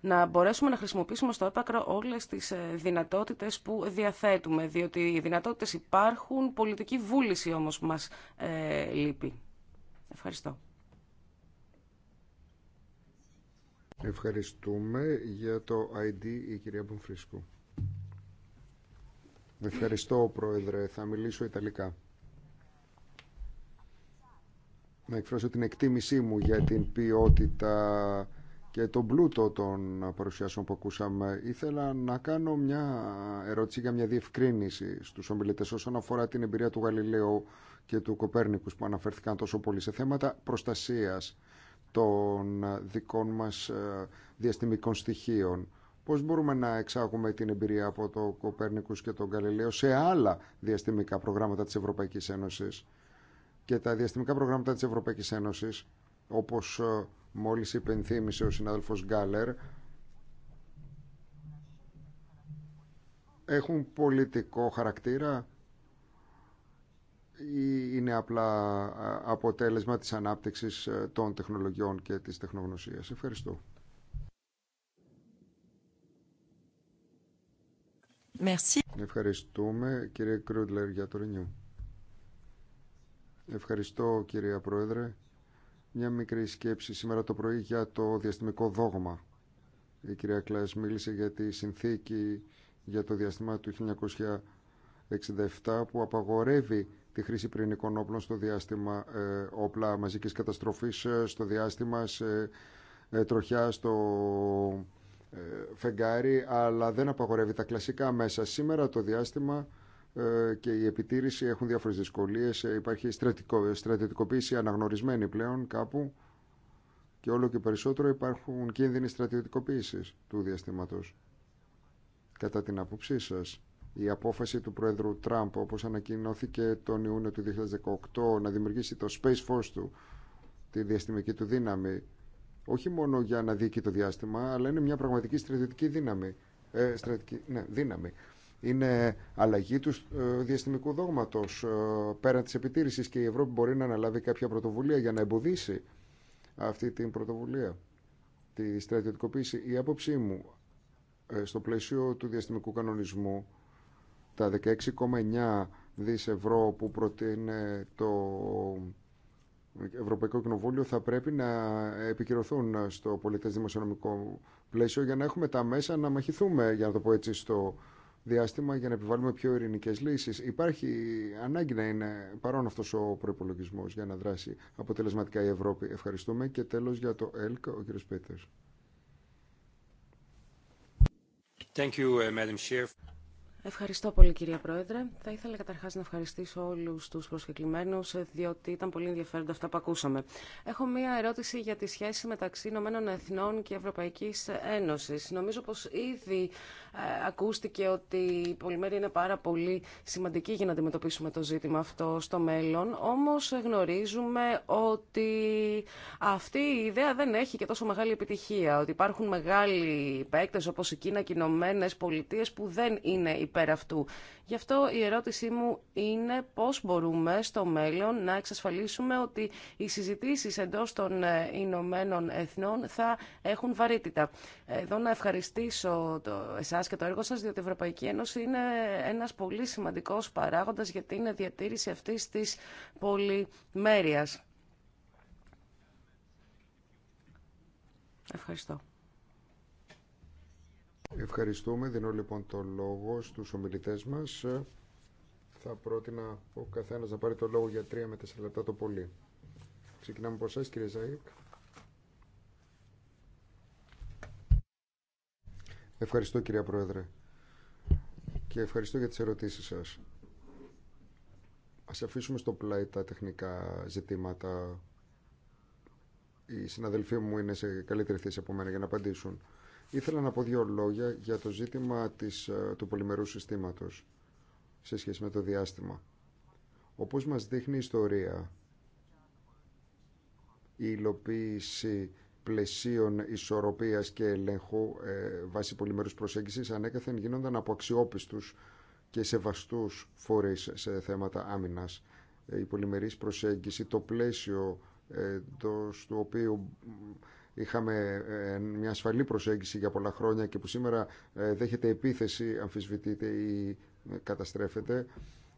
να μπορέσουμε να χρησιμοποιήσουμε στο έπακρο όλες τις ε, δυνατότητες που διαθέτουμε, διότι οι δυνατότητες υπάρχουν, πολιτική βούληση όμως μας ε, λείπει. Ευχαριστώ. Ευχαριστούμε για το ID η κυρία Μπομφρίσκου. Ευχαριστώ, Πρόεδρε. Θα μιλήσω Ιταλικά. Να εκφράσω την εκτίμησή μου για την ποιότητα και τον πλούτο των παρουσιάσεων που ακούσαμε. Ήθελα να κάνω μια ερώτηση για μια διευκρίνηση στους ομιλητές όσον αφορά την εμπειρία του Γαλιλαίου και του Κοπέρνικου που αναφέρθηκαν τόσο πολύ σε θέματα προστασίας των δικών μας ε, διαστημικών στοιχείων. Πώς μπορούμε να εξάγουμε την εμπειρία από το Κοπέρνικου και τον Γαλιλαίο σε άλλα διαστημικά προγράμματα τη Ευρωπαϊκή Ένωση Και τα διαστημικά προγράμματα τη Ευρωπαϊκή Ένωση, όπω. Ε, μόλις υπενθύμησε ο συνάδελφος Γκάλερ έχουν πολιτικό χαρακτήρα ή είναι απλά αποτέλεσμα της ανάπτυξης ε, των τεχνολογιών και της τεχνογνωσίας. Ευχαριστώ. Merci. Ευχαριστούμε κύριε Κρούντλερ για το Ρηνιού. Ευχαριστώ κυρία Πρόεδρε. Μια μικρή σκέψη σήμερα το πρωί για το διαστημικό δόγμα. Η κυρία Κλάς μίλησε για τη συνθήκη για το διαστημά του 1967 που απαγορεύει τη χρήση πυρηνικών όπλων στο διάστημα, ε, όπλα μαζικής καταστροφής ε, στο διάστημα, σε ε, τροχιά στο φεγγάρι, αλλά δεν απαγορεύει τα κλασικά μέσα. Σήμερα το διάστημα ε, και η επιτήρηση έχουν διάφορες δυσκολίε, ε, Υπάρχει στρατιωτικοποίηση αναγνωρισμένη πλέον κάπου και όλο και περισσότερο υπάρχουν κίνδυνοι στρατιωτικοποίηση του διαστηματο Κατά την άποψή σα. η απόφαση του Πρόεδρου Τραμπ, όπω ανακοινώθηκε τον Ιούνιο του 2018, να δημιουργήσει το Space Force του, τη διαστημική του δύναμη, όχι μόνο για να δίκει το διάστημα, αλλά είναι μια πραγματική στρατιωτική δύναμη. Ε, ναι, δύναμη είναι αλλαγή του ε, διαστημικού δόγματος ε, πέραν τη επιτήρησης και η Ευρώπη μπορεί να αναλάβει κάποια πρωτοβουλία για να εμποδίσει αυτή την πρωτοβουλία, τη στρατιωτικοποίηση. Η άποψή μου ε, στο πλαίσιο του διαστημικού κανονισμού τα 16,9 δις ευρώ που προτείνει το Ευρωπαϊκό Κοινοβούλιο θα πρέπει να επικυρωθούν στο πολιτέ δημοσιονομικό πλαίσιο για να έχουμε τα μέσα να μαχηθούμε, για να το πω έτσι, στο διάστημα για να επιβάλλουμε πιο ειρηνικέ λύσει. Υπάρχει ανάγκη να είναι παρόν αυτό ο προπολογισμό για να δράσει αποτελεσματικά η Ευρώπη. Ευχαριστούμε. Και τέλο για το ΕΛΚ, ο κ. Πέτερ. Ευχαριστώ πολύ κυρία Πρόεδρε. Θα ήθελα καταρχάς να ευχαριστήσω όλους τους προσκεκλημένους, διότι ήταν πολύ ενδιαφέροντα αυτά που ακούσαμε. Έχω μία ερώτηση για τη σχέση μεταξύ Ηνωμένων Εθνών και Ευρωπαϊκής Ένωσης. Νομίζω πως ήδη ε, ακούστηκε ότι η πολυμέρεια είναι πάρα πολύ σημαντική για να αντιμετωπίσουμε το ζήτημα αυτό στο μέλλον, όμως γνωρίζουμε ότι αυτή η ιδέα δεν έχει και τόσο μεγάλη επιτυχία, ότι υπάρχουν μεγάλοι παίκτες όπως η Κίνα και οι Ηνωμένες Πολιτείες που δεν είναι Γι' αυτό η ερώτησή μου είναι πώς μπορούμε στο μέλλον να εξασφαλίσουμε ότι οι συζητήσεις εντός των ε, Ηνωμένων Εθνών θα έχουν βαρύτητα. Εδώ να ευχαριστήσω το, εσάς και το έργο σας, διότι η Ευρωπαϊκή Ένωση είναι ένας πολύ σημαντικός παράγοντας για την διατήρηση αυτής της πολυμέρειας. Ευχαριστώ. Ευχαριστούμε. Δίνω λοιπόν το λόγο στους ομιλητές μας. Θα πρότεινα ο καθένας να πάρει το λόγο για τρία με τέσσερα λεπτά το πολύ. Ξεκινάμε από εσάς κύριε Ζαϊκ. Ευχαριστώ κυρία Πρόεδρε και ευχαριστώ για τις ερωτήσεις σας. Ας αφήσουμε στο πλάι τα τεχνικά ζητήματα. Οι συναδελφοί μου είναι σε καλύτερη θέση από μένα για να απαντήσουν. Ήθελα να πω δύο λόγια για το ζήτημα της, ε, του πολυμερού συστήματος σε σχέση με το διάστημα. Όπως μας δείχνει η ιστορία, η υλοποίηση πλαισίων ισορροπίας και ελέγχου ε, βάσει πολυμερούς προσέγγισης ανέκαθεν γίνονταν από αξιόπιστους και σεβαστούς φορείς σε θέματα άμυνας. Ε, η πολυμερής προσέγγιση, το πλαίσιο ε, το, στο οποίο είχαμε ε, μια ασφαλή προσέγγιση για πολλά χρόνια και που σήμερα ε, δέχεται επίθεση, αμφισβητείται ή ε, καταστρέφεται,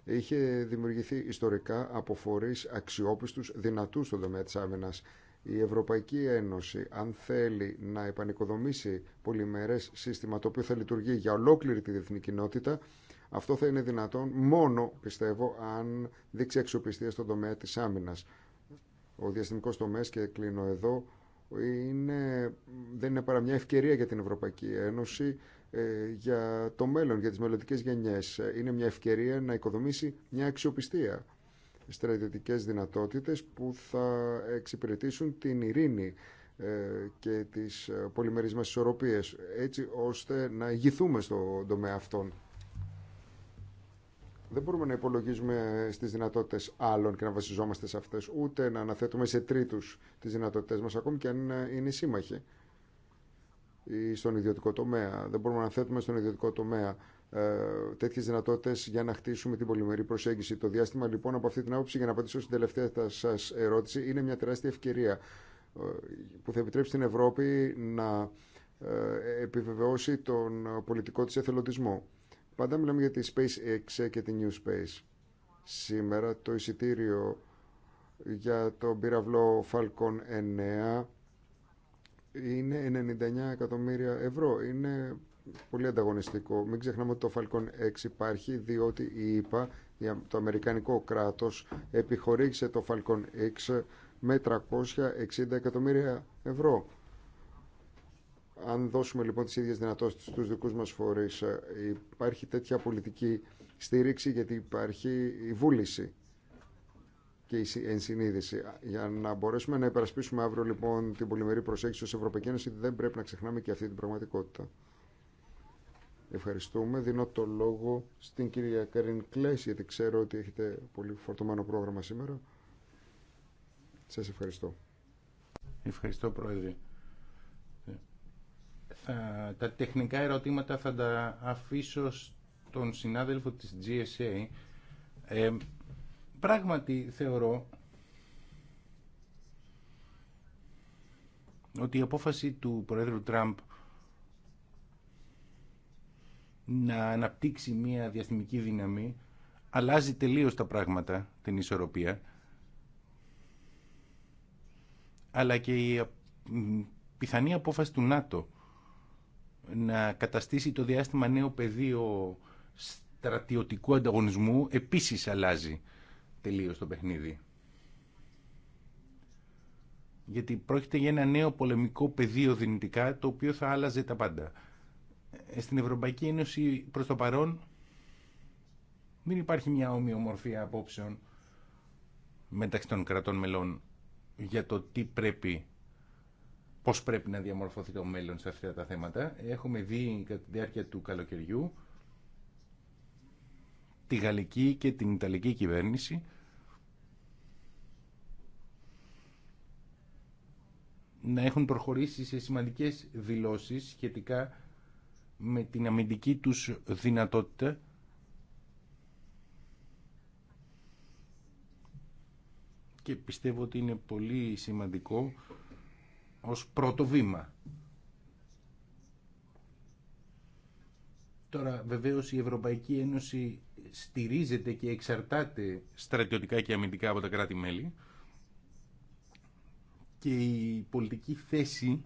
είχε δημιουργηθεί ιστορικά από φορεί αξιόπιστους, δυνατούς στον τομέα της άμυνας. Η Ευρωπαϊκή Ένωση, αν θέλει να επανοικοδομήσει πολυμερές σύστημα το οποίο θα λειτουργεί για ολόκληρη τη διεθνή κοινότητα, αυτό θα είναι δυνατόν μόνο, θα λειτουργεί στον τομέα τη αμυνα η ευρωπαικη ενωση αν θελει να επανοικοδομησει πολυμερε συστημα το οποιο θα λειτουργει για ολοκληρη τη διεθνη κοινοτητα αυτο θα ειναι δυνατον μονο πιστευω αν δειξει αξιοπιστια στον τομεα τη αμυνα Ο διαστημικό τομέα και κλείνω εδώ, είναι, δεν είναι παρά μια ευκαιρία για την Ευρωπαϊκή Ένωση ε, για το μέλλον, για τις μελλοντικέ γενιές. Είναι μια ευκαιρία να οικοδομήσει μια αξιοπιστία στρατιωτικές δυνατότητες που θα εξυπηρετήσουν την ειρήνη ε, και τις πολυμερείς μας ισορροπίες έτσι ώστε να ηγηθούμε στον τομέα αυτών. Δεν μπορούμε να υπολογίζουμε στι δυνατότητε άλλων και να βασιζόμαστε σε αυτέ, ούτε να αναθέτουμε σε τρίτου τι δυνατότητέ μα, ακόμη και αν είναι σύμμαχοι ή στον ιδιωτικό τομέα. Δεν μπορούμε να αναθέτουμε στον ιδιωτικό τομέα ε, τέτοιε δυνατότητε για να χτίσουμε την πολυμερή προσέγγιση. Το διάστημα λοιπόν από αυτή την άποψη, για να απαντήσω στην τελευταία σα ερώτηση, είναι μια τεράστια ευκαιρία ε, που θα επιτρέψει στην Ευρώπη να ε, επιβεβαιώσει τον πολιτικό τη εθελοντισμό. Πάντα μιλάμε για τη SpaceX και τη New Space. Σήμερα το εισιτήριο για τον πυραυλό Falcon 9 είναι 99 εκατομμύρια ευρώ. Είναι πολύ ανταγωνιστικό. Μην ξεχνάμε ότι το Falcon 6 υπάρχει διότι η ΕΠΑ, το Αμερικανικό κράτος, επιχορήγησε το Falcon 6 με 360 εκατομμύρια ευρώ. Αν δώσουμε λοιπόν τις ίδιες δυνατότητες στους δικούς μας φορείς, ε, υπάρχει τέτοια πολιτική στήριξη γιατί υπάρχει η βούληση και η ενσυνείδηση. Για να μπορέσουμε να υπερασπίσουμε αύριο λοιπόν την πολυμερή προσέγγιση ως Ευρωπαϊκή Ένωση, δεν πρέπει να ξεχνάμε και αυτή την πραγματικότητα. Ευχαριστούμε. Δίνω το λόγο στην κυρία Καρίν Κλέση γιατί ξέρω ότι έχετε πολύ φορτωμένο πρόγραμμα σήμερα. Σας ευχαριστώ. Ευχαριστώ, Πρόεδρε τα τεχνικά ερωτήματα θα τα αφήσω στον συνάδελφο της GSA. Ε, πράγματι θεωρώ ότι η απόφαση του Προέδρου Τραμπ να αναπτύξει μια διαστημική δύναμη αλλάζει τελείως τα πράγματα, την ισορροπία αλλά και η πιθανή απόφαση του ΝΑΤΟ να καταστήσει το διάστημα νέο πεδίο στρατιωτικού ανταγωνισμού επίσης αλλάζει τελείως το παιχνίδι. Γιατί πρόκειται για ένα νέο πολεμικό πεδίο δυνητικά το οποίο θα άλλαζε τα πάντα. Ε, στην Ευρωπαϊκή Ένωση προς το παρόν μην υπάρχει μια ομοιομορφία απόψεων μεταξύ των κρατών μελών για το τι πρέπει Πώ πρέπει να διαμορφωθεί το μέλλον σε αυτά τα θέματα. Έχουμε δει κατά τη διάρκεια του καλοκαιριού τη γαλλική και την ιταλική κυβέρνηση να έχουν προχωρήσει σε σημαντικές δηλώσεις σχετικά με την αμυντική τους δυνατότητα και πιστεύω ότι είναι πολύ σημαντικό ως πρώτο βήμα. Τώρα βεβαίως η Ευρωπαϊκή Ένωση στηρίζεται και εξαρτάται στρατιωτικά και αμυντικά από τα κράτη-μέλη και η πολιτική θέση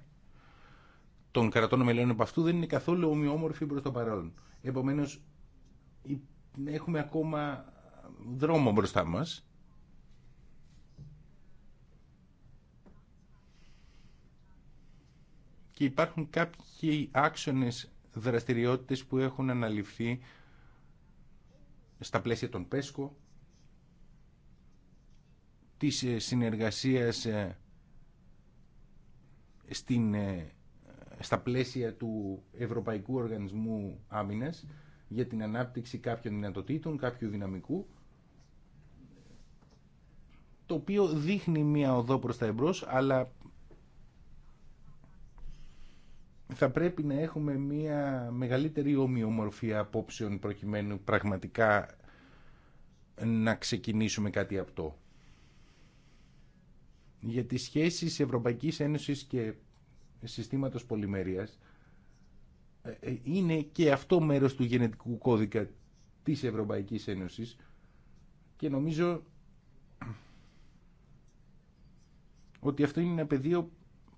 των κρατών μελών από αυτού δεν είναι καθόλου ομοιόμορφη προς το παρόν. Επομένως έχουμε ακόμα δρόμο μπροστά μας και υπάρχουν κάποιοι άξονες δραστηριότητες που έχουν αναλυφθεί στα πλαίσια των ΠΕΣΚΟ, της ε, συνεργασίας ε, στην, ε, στα πλαίσια του Ευρωπαϊκού Οργανισμού Άμυνας για την ανάπτυξη κάποιων δυνατοτήτων, κάποιου δυναμικού, το οποίο δείχνει μία οδό προς τα εμπρός, αλλά θα πρέπει να έχουμε μια μεγαλύτερη ομοιομορφία απόψεων προκειμένου πραγματικά να ξεκινήσουμε κάτι αυτό. Για τις σχέσεις Ευρωπαϊκής Ένωσης και συστήματος πολυμερίας ε, ε, είναι και αυτό μέρος του γενετικού κώδικα της Ευρωπαϊκής Ένωσης και νομίζω ότι αυτό είναι ένα πεδίο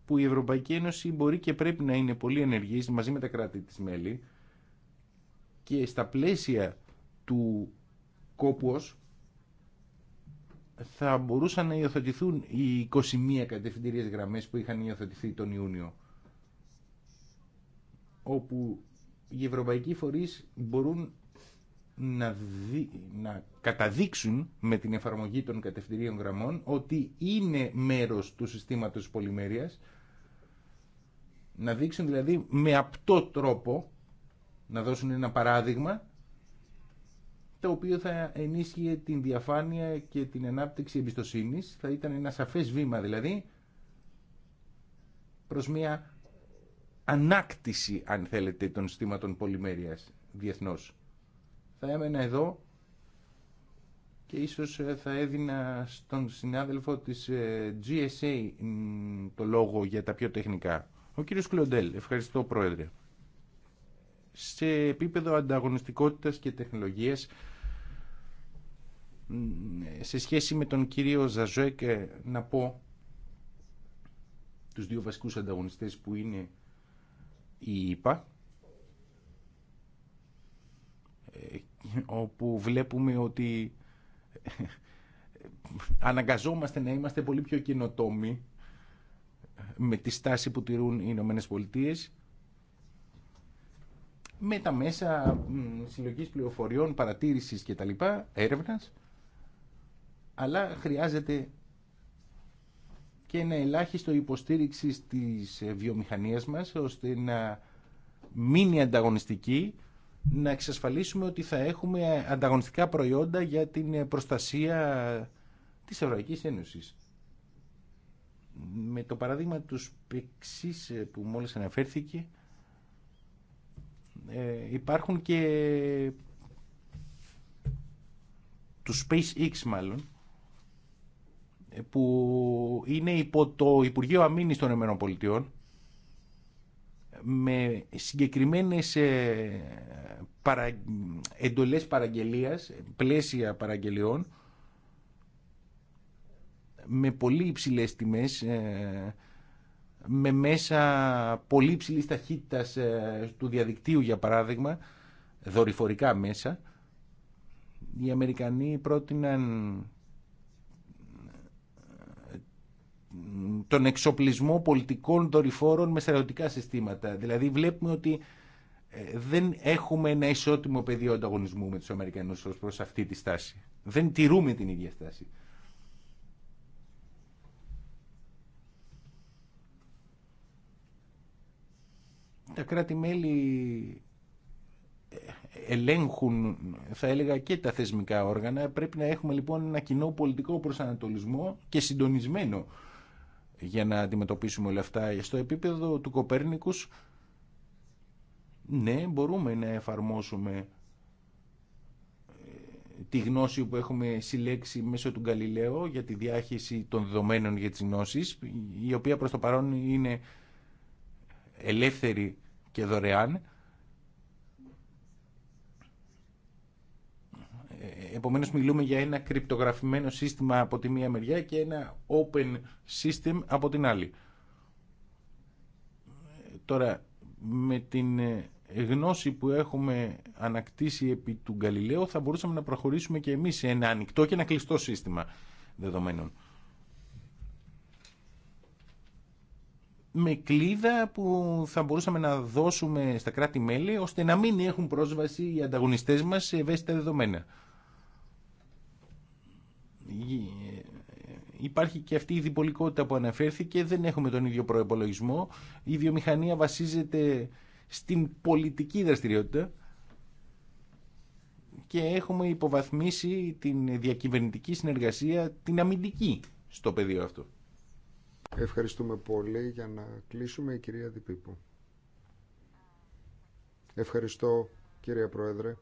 που η Ευρωπαϊκή Ένωση μπορεί και πρέπει να είναι πολύ ενεργή μαζί με τα κράτη της μέλη και στα πλαίσια του κόπουος θα μπορούσαν να υιοθετηθούν οι 21 κατευθυντήριες γραμμές που είχαν υιοθετηθεί τον Ιούνιο όπου οι ευρωπαϊκοί φορείς μπορούν να, να καταδείξουν με την εφαρμογή των κατευθυντήριων γραμμών ότι είναι μέρος του συστήματος πολυμέρειας να δείξουν δηλαδή με απτό τρόπο, να δώσουν ένα παράδειγμα, το οποίο θα ενίσχυε την διαφάνεια και την ανάπτυξη εμπιστοσύνης. Θα ήταν ένα σαφές βήμα δηλαδή προς μια ανάκτηση, αν θέλετε, των στήματων πολυμέρειας διεθνώς. Θα έμενα εδώ και ίσως ε, θα έδινα στον συνάδελφο της ε, GSA το λόγο για τα πιο τεχνικά. Ο κύριος Κλοντέλ, ευχαριστώ πρόεδρε. Σε επίπεδο ανταγωνιστικότητας και τεχνολογίας, σε σχέση με τον κύριο Ζαζόεκ, ε, να πω τους δύο βασικούς ανταγωνιστές που είναι η ΙΠΑ, ε, όπου βλέπουμε ότι ε, αναγκαζόμαστε να είμαστε πολύ πιο καινοτόμοι με τη στάση που τηρούν οι Ηνωμένε Πολιτείε με τα μέσα συλλογής πληροφοριών, παρατήρησης και τα λοιπά, έρευνας, αλλά χρειάζεται και ένα ελάχιστο υποστήριξη της ε, βιομηχανίας μας, ώστε να μείνει ανταγωνιστική, να εξασφαλίσουμε ότι θα έχουμε ανταγωνιστικά προϊόντα για την ε, προστασία της Ευρωπαϊκής Ένωσης με το παράδειγμα του ΣΠΕΞΙΣ ε, που μόλις αναφέρθηκε ε, υπάρχουν και του SpaceX μάλλον ε, που είναι υπό το Υπουργείο Αμήνης των πολιτειών με συγκεκριμένες παρα... εντολές παραγγελίας, πλαίσια παραγγελιών με πολύ υψηλές τιμές, ε, με μέσα πολύ υψηλή ταχύτητα ε, του διαδικτύου για παράδειγμα, δορυφορικά μέσα. Οι Αμερικανοί πρότειναν ε, τον εξοπλισμό πολιτικών δορυφόρων με στρατιωτικά συστήματα. Δηλαδή βλέπουμε ότι δεν έχουμε ένα ισότιμο πεδίο ανταγωνισμού με τους Αμερικανούς ως προς αυτή τη στάση. Δεν τηρούμε την ίδια στάση. τα κράτη-μέλη ε, ελέγχουν, θα έλεγα, και τα θεσμικά όργανα. Πρέπει να έχουμε λοιπόν ένα κοινό πολιτικό προσανατολισμό και συντονισμένο για να αντιμετωπίσουμε όλα αυτά. Στο επίπεδο του Κοπέρνικους, ναι, μπορούμε να εφαρμόσουμε ε, τη γνώση που έχουμε συλλέξει μέσω του Γκαλιλαίου για τη διάχυση των δεδομένων για τις γνώσεις, η οποία προς το παρόν είναι ελεύθερη και δωρεάν. Επομένως μιλούμε για ένα κρυπτογραφημένο σύστημα από τη μία μεριά και ένα open system από την άλλη. Τώρα, με την γνώση που έχουμε ανακτήσει επί του Γκαλιλαίου θα μπορούσαμε να προχωρήσουμε και εμείς σε ένα ανοιχτό και ένα κλειστό σύστημα δεδομένων. με κλίδα που θα μπορούσαμε να δώσουμε στα κράτη-μέλη ώστε να μην έχουν πρόσβαση οι ανταγωνιστές μας σε ευαίσθητα δεδομένα. Υπάρχει και αυτή η διπολικότητα που αναφέρθηκε, δεν έχουμε τον ίδιο προεπολογισμό. Η βιομηχανία βασίζεται στην πολιτική δραστηριότητα και έχουμε υποβαθμίσει την διακυβερνητική συνεργασία, την αμυντική στο πεδίο αυτό. Ευχαριστούμε πολύ. Για να κλείσουμε η κυρία Διπίπου. Ευχαριστώ κυρία Πρόεδρε.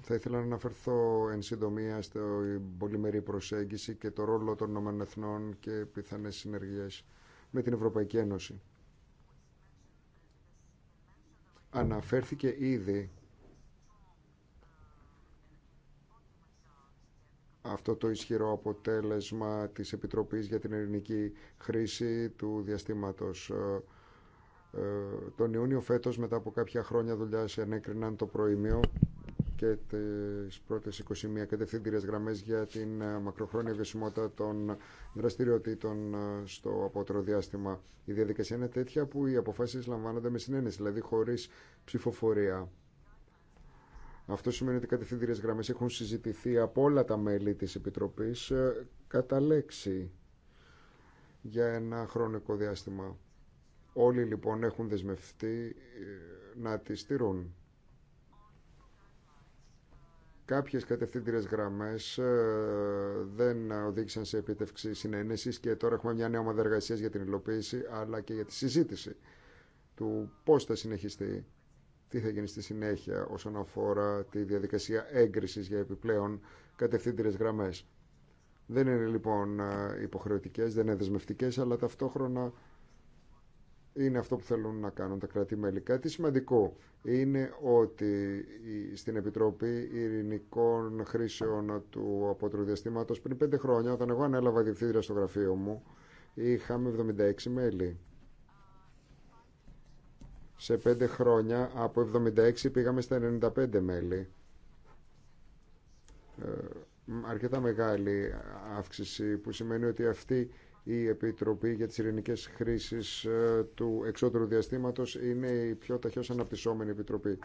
Θα ήθελα να αναφερθώ εν συντομία στην πολυμερή προσέγγιση και το ρόλο των Εθνών και πιθανές συνεργίες με την Ευρωπαϊκή Ένωση. Αναφέρθηκε ήδη αυτό το ισχυρό αποτέλεσμα της Επιτροπής για την Ελληνική Χρήση του διαστήματος. Ε, ε, τον Ιούνιο φέτος, μετά από κάποια χρόνια δουλειά, ανέκριναν το προημείο και τις πρώτες 21 κατευθύντηρες γραμμές για την ε, μακροχρόνια βιωσιμότητα των δραστηριοτήτων στο απότερο διάστημα. Η διαδικασία είναι τέτοια που οι αποφάσεις λαμβάνονται με συνένεση, δηλαδή χωρίς ψηφοφορία. Αυτό σημαίνει ότι οι κατευθυντήρες γραμμές έχουν συζητηθεί από όλα τα μέλη της Επιτροπής ε, κατά λέξη για ένα χρονικό διάστημα. Όλοι λοιπόν έχουν δεσμευτεί ε, να τη στηρούν. Κάποιες κατευθύντηρες γραμμές ε, δεν οδήγησαν σε επίτευξη συνένεσης και τώρα έχουμε μια νέα ομάδα εργασίας για την υλοποίηση αλλά και για τη συζήτηση του πώς θα συνεχιστεί τι θα γίνει στη συνέχεια όσον αφορά τη διαδικασία έγκρισης για επιπλέον κατευθύντηρες γραμμές. Δεν είναι λοιπόν ε, υποχρεωτικές, δεν είναι δεσμευτικές, αλλά ταυτόχρονα είναι αυτό που θέλουν να κάνουν τα κράτη-μέλη. Κάτι σημαντικό είναι ότι στην Επιτροπή Ειρηνικών Χρήσεων του Απότρου πριν πέντε χρόνια, όταν εγώ ανέλαβα διευθύντρια στο γραφείο μου, είχαμε 76 μέλη σε πέντε χρόνια από 76 πήγαμε στα 95 μέλη. Ε, αρκετά μεγάλη αύξηση που σημαίνει ότι αυτή η Επιτροπή για τις Ειρηνικές Χρήσεις ε, του Εξώτερου Διαστήματος είναι η πιο ταχύως αναπτυσσόμενη Επιτροπή.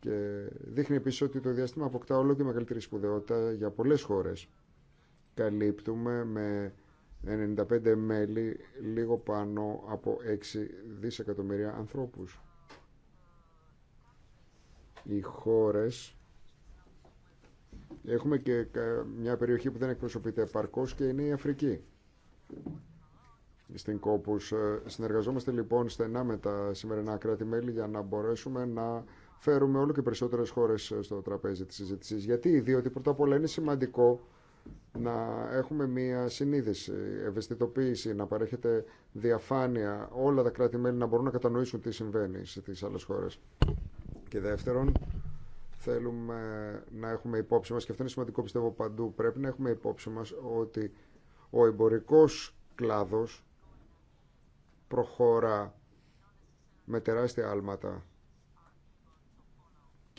Και δείχνει επίσης ότι το διάστημα αποκτά όλο και μεγαλύτερη σπουδαιότητα για πολλές χώρες. Καλύπτουμε με 95 μέλη, λίγο πάνω από 6 δισεκατομμύρια ανθρώπους. Οι χώρες... Έχουμε και μια περιοχή που δεν εκπροσωπείται επαρκώς και είναι η Αφρική. Στην Κόπους ε, συνεργαζόμαστε λοιπόν στενά με τα σημερινά κράτη-μέλη για να μπορέσουμε να φέρουμε όλο και περισσότερες χώρες ε, στο τραπέζι της συζήτησης. Γιατί, διότι πρώτα απ' όλα είναι σημαντικό να έχουμε μια συνείδηση, ευαισθητοποίηση, να παρέχεται διαφάνεια, όλα τα κράτη-μέλη να μπορούν να κατανοήσουν τι συμβαίνει στις άλλες χώρες. Και δεύτερον, θέλουμε να έχουμε υπόψη μας, και αυτό είναι σημαντικό πιστεύω παντού, πρέπει να έχουμε υπόψη μας ότι ο εμπορικός κλάδος προχώρα με τεράστια άλματα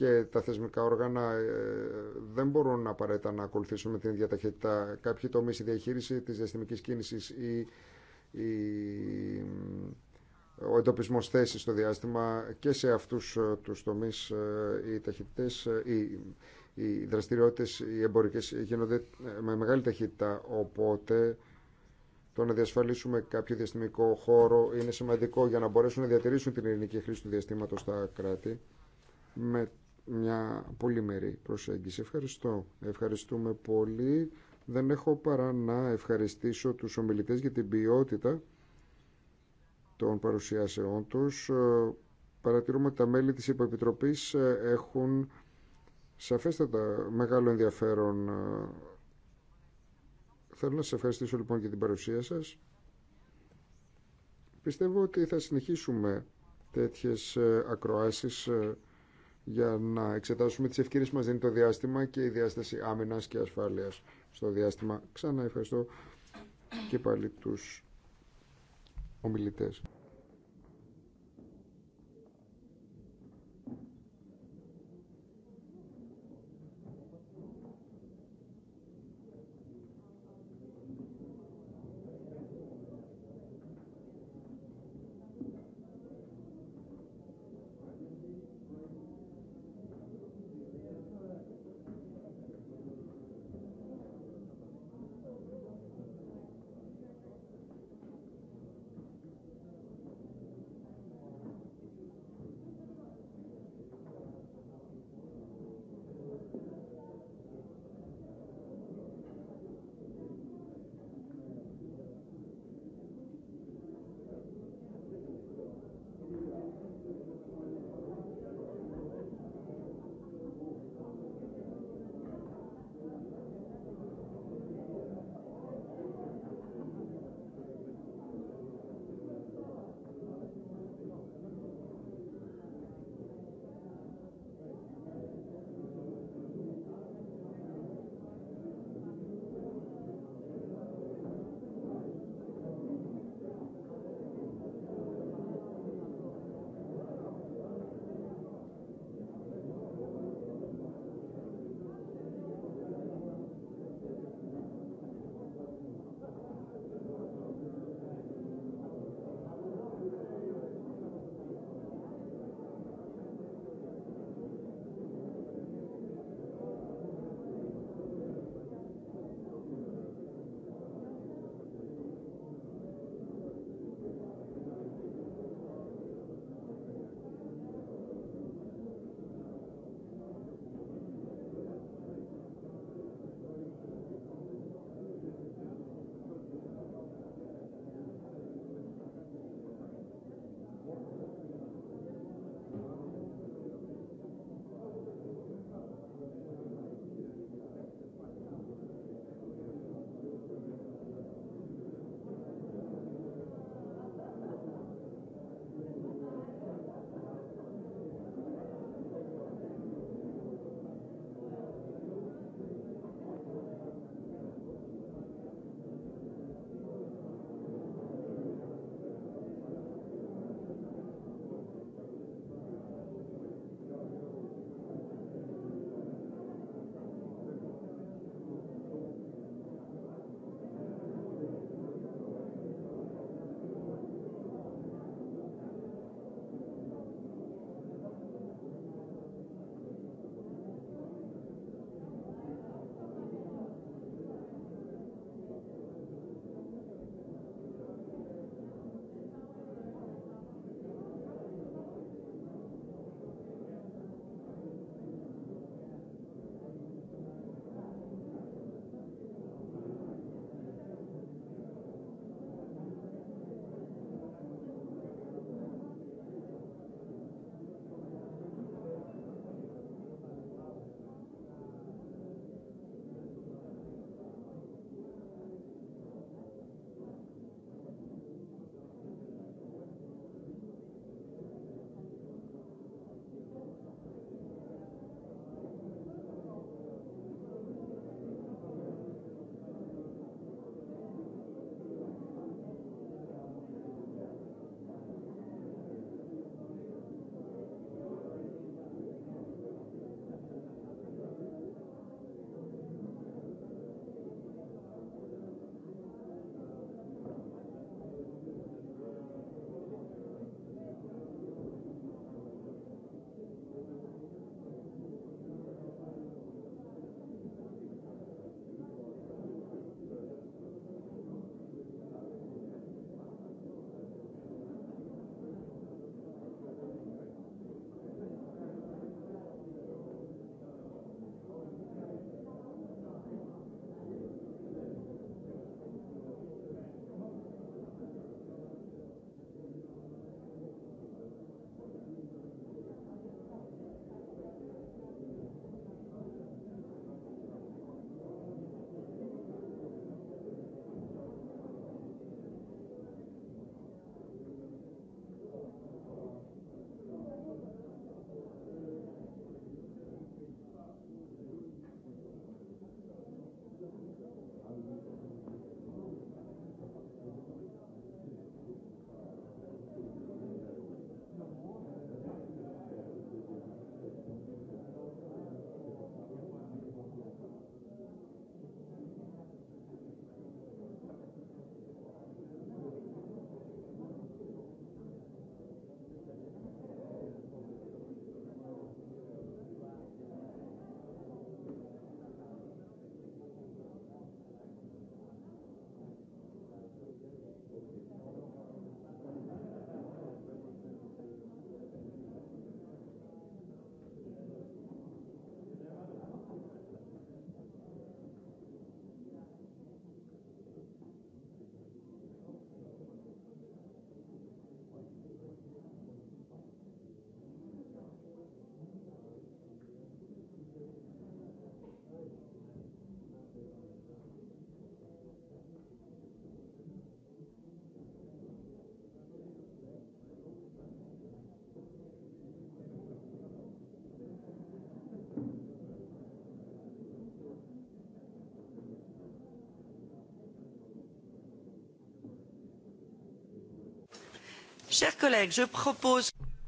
και τα θεσμικά όργανα ε, δεν μπορούν απαραίτητα να ακολουθήσουν με την ίδια ταχύτητα. Κάποιοι τομείς, η διαχείριση της διαστημικής κίνησης ή η, ο εντοπισμός θέσης στο διάστημα και σε αυτούς ε, τους τομείς ε, οι ταχύτητες, οι, οι δραστηριότητες, οι εμπορικές γίνονται με μεγάλη ταχύτητα, οπότε... Το να διασφαλίσουμε κάποιο διαστημικό χώρο είναι σημαντικό για να μπορέσουν να διατηρήσουν την ειρηνική χρήση του διαστήματος στα κράτη με μια πολυμερή προσέγγιση. Ευχαριστώ. Ευχαριστούμε πολύ. Δεν έχω παρά να ευχαριστήσω τους ομιλητές για την ποιότητα των παρουσιάσεών τους. Ε, παρατηρούμε ότι τα μέλη της Υποεπιτροπής ε, έχουν σαφέστατα μεγάλο ενδιαφέρον. Ε, θέλω να σας ευχαριστήσω λοιπόν για την παρουσία σας. Πιστεύω ότι θα συνεχίσουμε τέτοιες ακροάσεις για να εξετάσουμε τις ευκαιρίες που μας δίνει το διάστημα και η διάσταση άμυνας και ασφάλειας στο διάστημα. Ξανά ευχαριστώ και πάλι τους ομιλητές.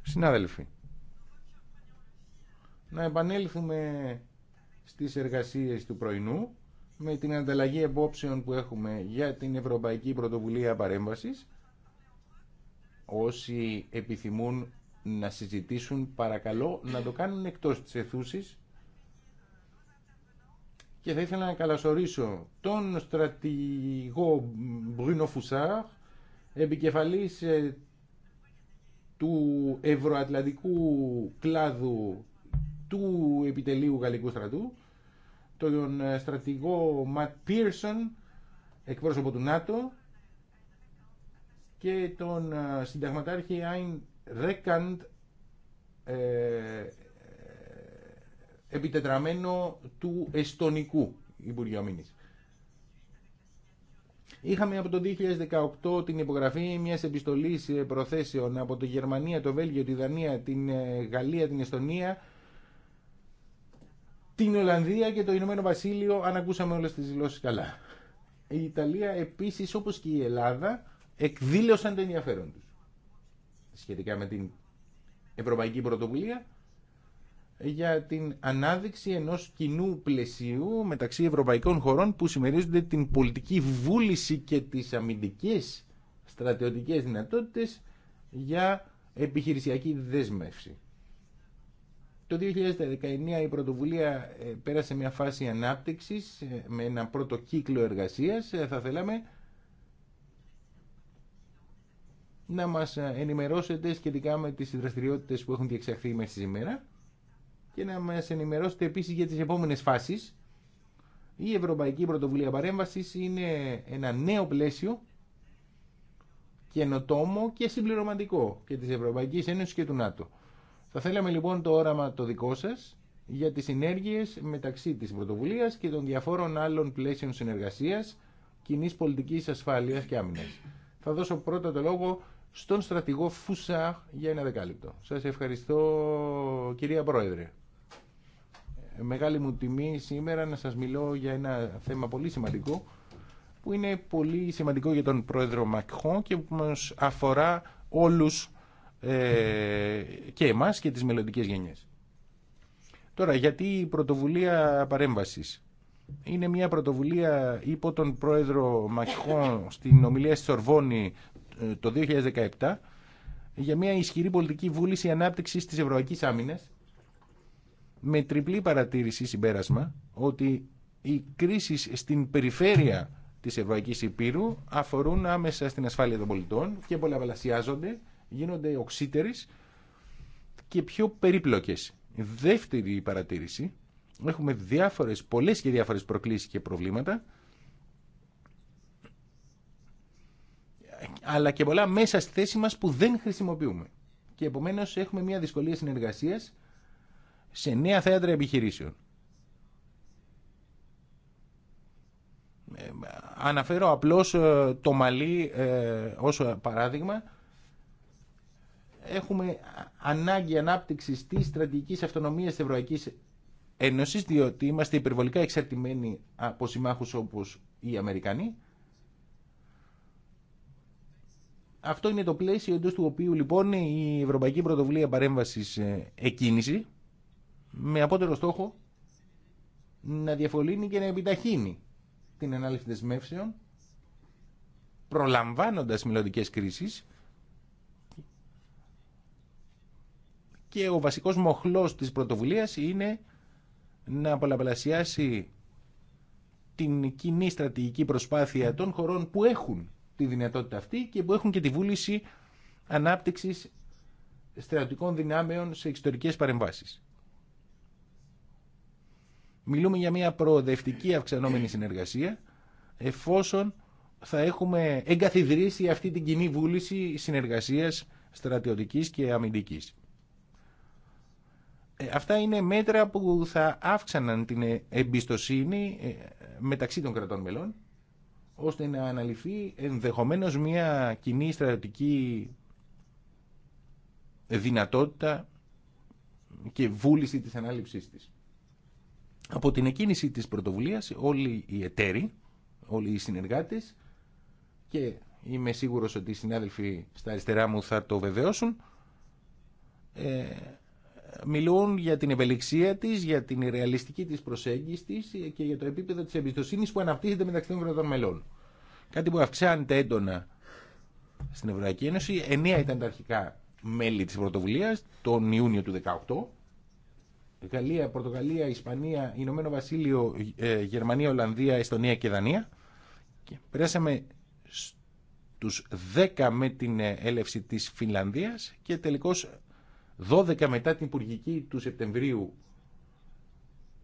Συνάδελφοι, να επανέλθουμε στις εργασίες του πρωινού με την ανταλλαγή επόψεων που έχουμε για την Ευρωπαϊκή Πρωτοβουλία Παρέμβασης. Όσοι επιθυμούν να συζητήσουν, παρακαλώ να το κάνουν εκτός της αιθούσης και θα ήθελα να καλασορίσω τον στρατηγό Μπρίνο Φουσάρ, επικεφαλής ε, του ευρωατλαντικού κλάδου του επιτελείου γαλλικού στρατού, τον ε, στρατηγό Ματ Πίρσον, εκπρόσωπο του ΝΑΤΟ, και τον ε, συνταγματάρχη Άιν Ρέκαντ, ε, επιτετραμένο του Εστονικού Υπουργείου Αμήνης. Είχαμε από το 2018 την υπογραφή μια επιστολής ε, προθέσεων από τη Γερμανία, το Βέλγιο, τη Δανία, την ε, Γαλλία, την Εστονία, την Ολλανδία και το Ηνωμένο Βασίλειο, αν ακούσαμε όλες τις δηλώσει καλά. Η Ιταλία επίσης, όπως και η Ελλάδα, εκδήλωσαν το ενδιαφέρον τους σχετικά με την Ευρωπαϊκή Πρωτοβουλία για την ανάδειξη ενός κοινού πλαισίου μεταξύ ευρωπαϊκών χωρών που συμμερίζονται την πολιτική βούληση και τις αμυντικές στρατιωτικές δυνατότητες για επιχειρησιακή δέσμευση. Το 2019 η πρωτοβουλία ε, πέρασε μια φάση ανάπτυξης ε, με ένα πρώτο κύκλο εργασίας. Ε, θα θέλαμε να μας ενημερώσετε σχετικά με τις δραστηριότητες που έχουν διεξαχθεί μέχρι σήμερα και να μα ενημερώσετε επίσης για τις επόμενες φάσεις. Η Ευρωπαϊκή Πρωτοβουλία Παρέμβασης είναι ένα νέο πλαίσιο καινοτόμο και συμπληρωματικό και τη Ευρωπαϊκή Ένωση και του ΝΑΤΟ. Θα θέλαμε λοιπόν το όραμα το δικό σα για τις συνέργειες μεταξύ της πρωτοβουλίας και των διαφόρων άλλων πλαίσιων συνεργασία κοινή πολιτική ασφάλεια και άμυνα. Θα δώσω πρώτα το λόγο στον στρατηγό Φουσά για ένα δεκάλεπτο. Σας ευχαριστώ κυρία Πρόεδρε μεγάλη μου τιμή σήμερα να σας μιλώ για ένα θέμα πολύ σημαντικό που είναι πολύ σημαντικό για τον πρόεδρο Μακχόν και που μας αφορά όλους ε, και εμάς και τις μελλοντικέ γενιές. Τώρα, γιατί η πρωτοβουλία παρέμβασης. Είναι μια πρωτοβουλία υπό τον πρόεδρο Μακχόν στην ομιλία στη Σορβόνη ε, το 2017 για μια ισχυρή πολιτική βούληση ανάπτυξης της Ευρωπαϊκής Άμυνας με τριπλή παρατήρηση συμπέρασμα ότι οι κρίσεις στην περιφέρεια της Ευρωπαϊκής Υπήρου αφορούν άμεσα στην ασφάλεια των πολιτών και πολλαπλασιάζονται, γίνονται οξύτερες και πιο περίπλοκες. Δεύτερη παρατήρηση, έχουμε διάφορες, πολλές και διάφορες προκλήσεις και προβλήματα αλλά και πολλά μέσα στη θέση μας που δεν χρησιμοποιούμε. Και επομένως έχουμε μια δυσκολία συνεργασίας σε νέα θέατρα επιχειρήσεων. Ε, αναφέρω απλώς ε, το Μαλή ε, ως παράδειγμα. Έχουμε ανάγκη ανάπτυξης της στρατηγικής αυτονομίας της Ευρωπαϊκής Ένωσης διότι είμαστε υπερβολικά εξαρτημένοι από συμμάχους όπως οι Αμερικανοί. Αυτό είναι το πλαίσιο εντός του οποίου λοιπόν η Ευρωπαϊκή Πρωτοβουλία Παρέμβασης εκκίνησε με απότερο στόχο να διαφωλύνει και να επιταχύνει την ανάληψη δεσμεύσεων προλαμβάνοντας μελλοντικές κρίσεις και ο βασικός μοχλός της πρωτοβουλίας είναι να πολλαπλασιάσει την κοινή στρατηγική προσπάθεια των χωρών που έχουν τη δυνατότητα αυτή και που έχουν και τη βούληση ανάπτυξης στρατιωτικών δυνάμεων σε εξωτερικές παρεμβάσεις. Μιλούμε για μια προοδευτική αυξανόμενη συνεργασία εφόσον θα έχουμε εγκαθιδρύσει αυτή την κοινή βούληση συνεργασίας στρατιωτικής και αμυντικής. Ε, αυτά είναι μέτρα που θα αύξαναν την εμπιστοσύνη ε, μεταξύ των κρατών μελών ώστε να αναλυθεί ενδεχομένως μια κοινή στρατιωτική δυνατότητα και βούληση της ανάληψής της. Από την εκκίνηση της πρωτοβουλίας όλοι οι εταίροι, όλοι οι συνεργάτες και είμαι σίγουρος ότι οι συνάδελφοι στα αριστερά μου θα το βεβαιώσουν ε, μιλούν για την ευελιξία της, για την ρεαλιστική της προσέγγιση της και για το επίπεδο της εμπιστοσύνης που αναπτύσσεται μεταξύ των κρατών μελών. Κάτι που αυξάνεται έντονα στην Ευρωπαϊκή Ένωση. Εννέα ήταν τα αρχικά μέλη της πρωτοβουλίας τον Ιούνιο του 2018 Γαλλία, Πορτογαλία, Ισπανία, Ηνωμένο Βασίλειο, ε, Γερμανία, Ολλανδία, Εστονία και Δανία. Και περάσαμε στους 10 με την ε, έλευση της Φινλανδίας και τελικώς 12 μετά την υπουργική του Σεπτεμβρίου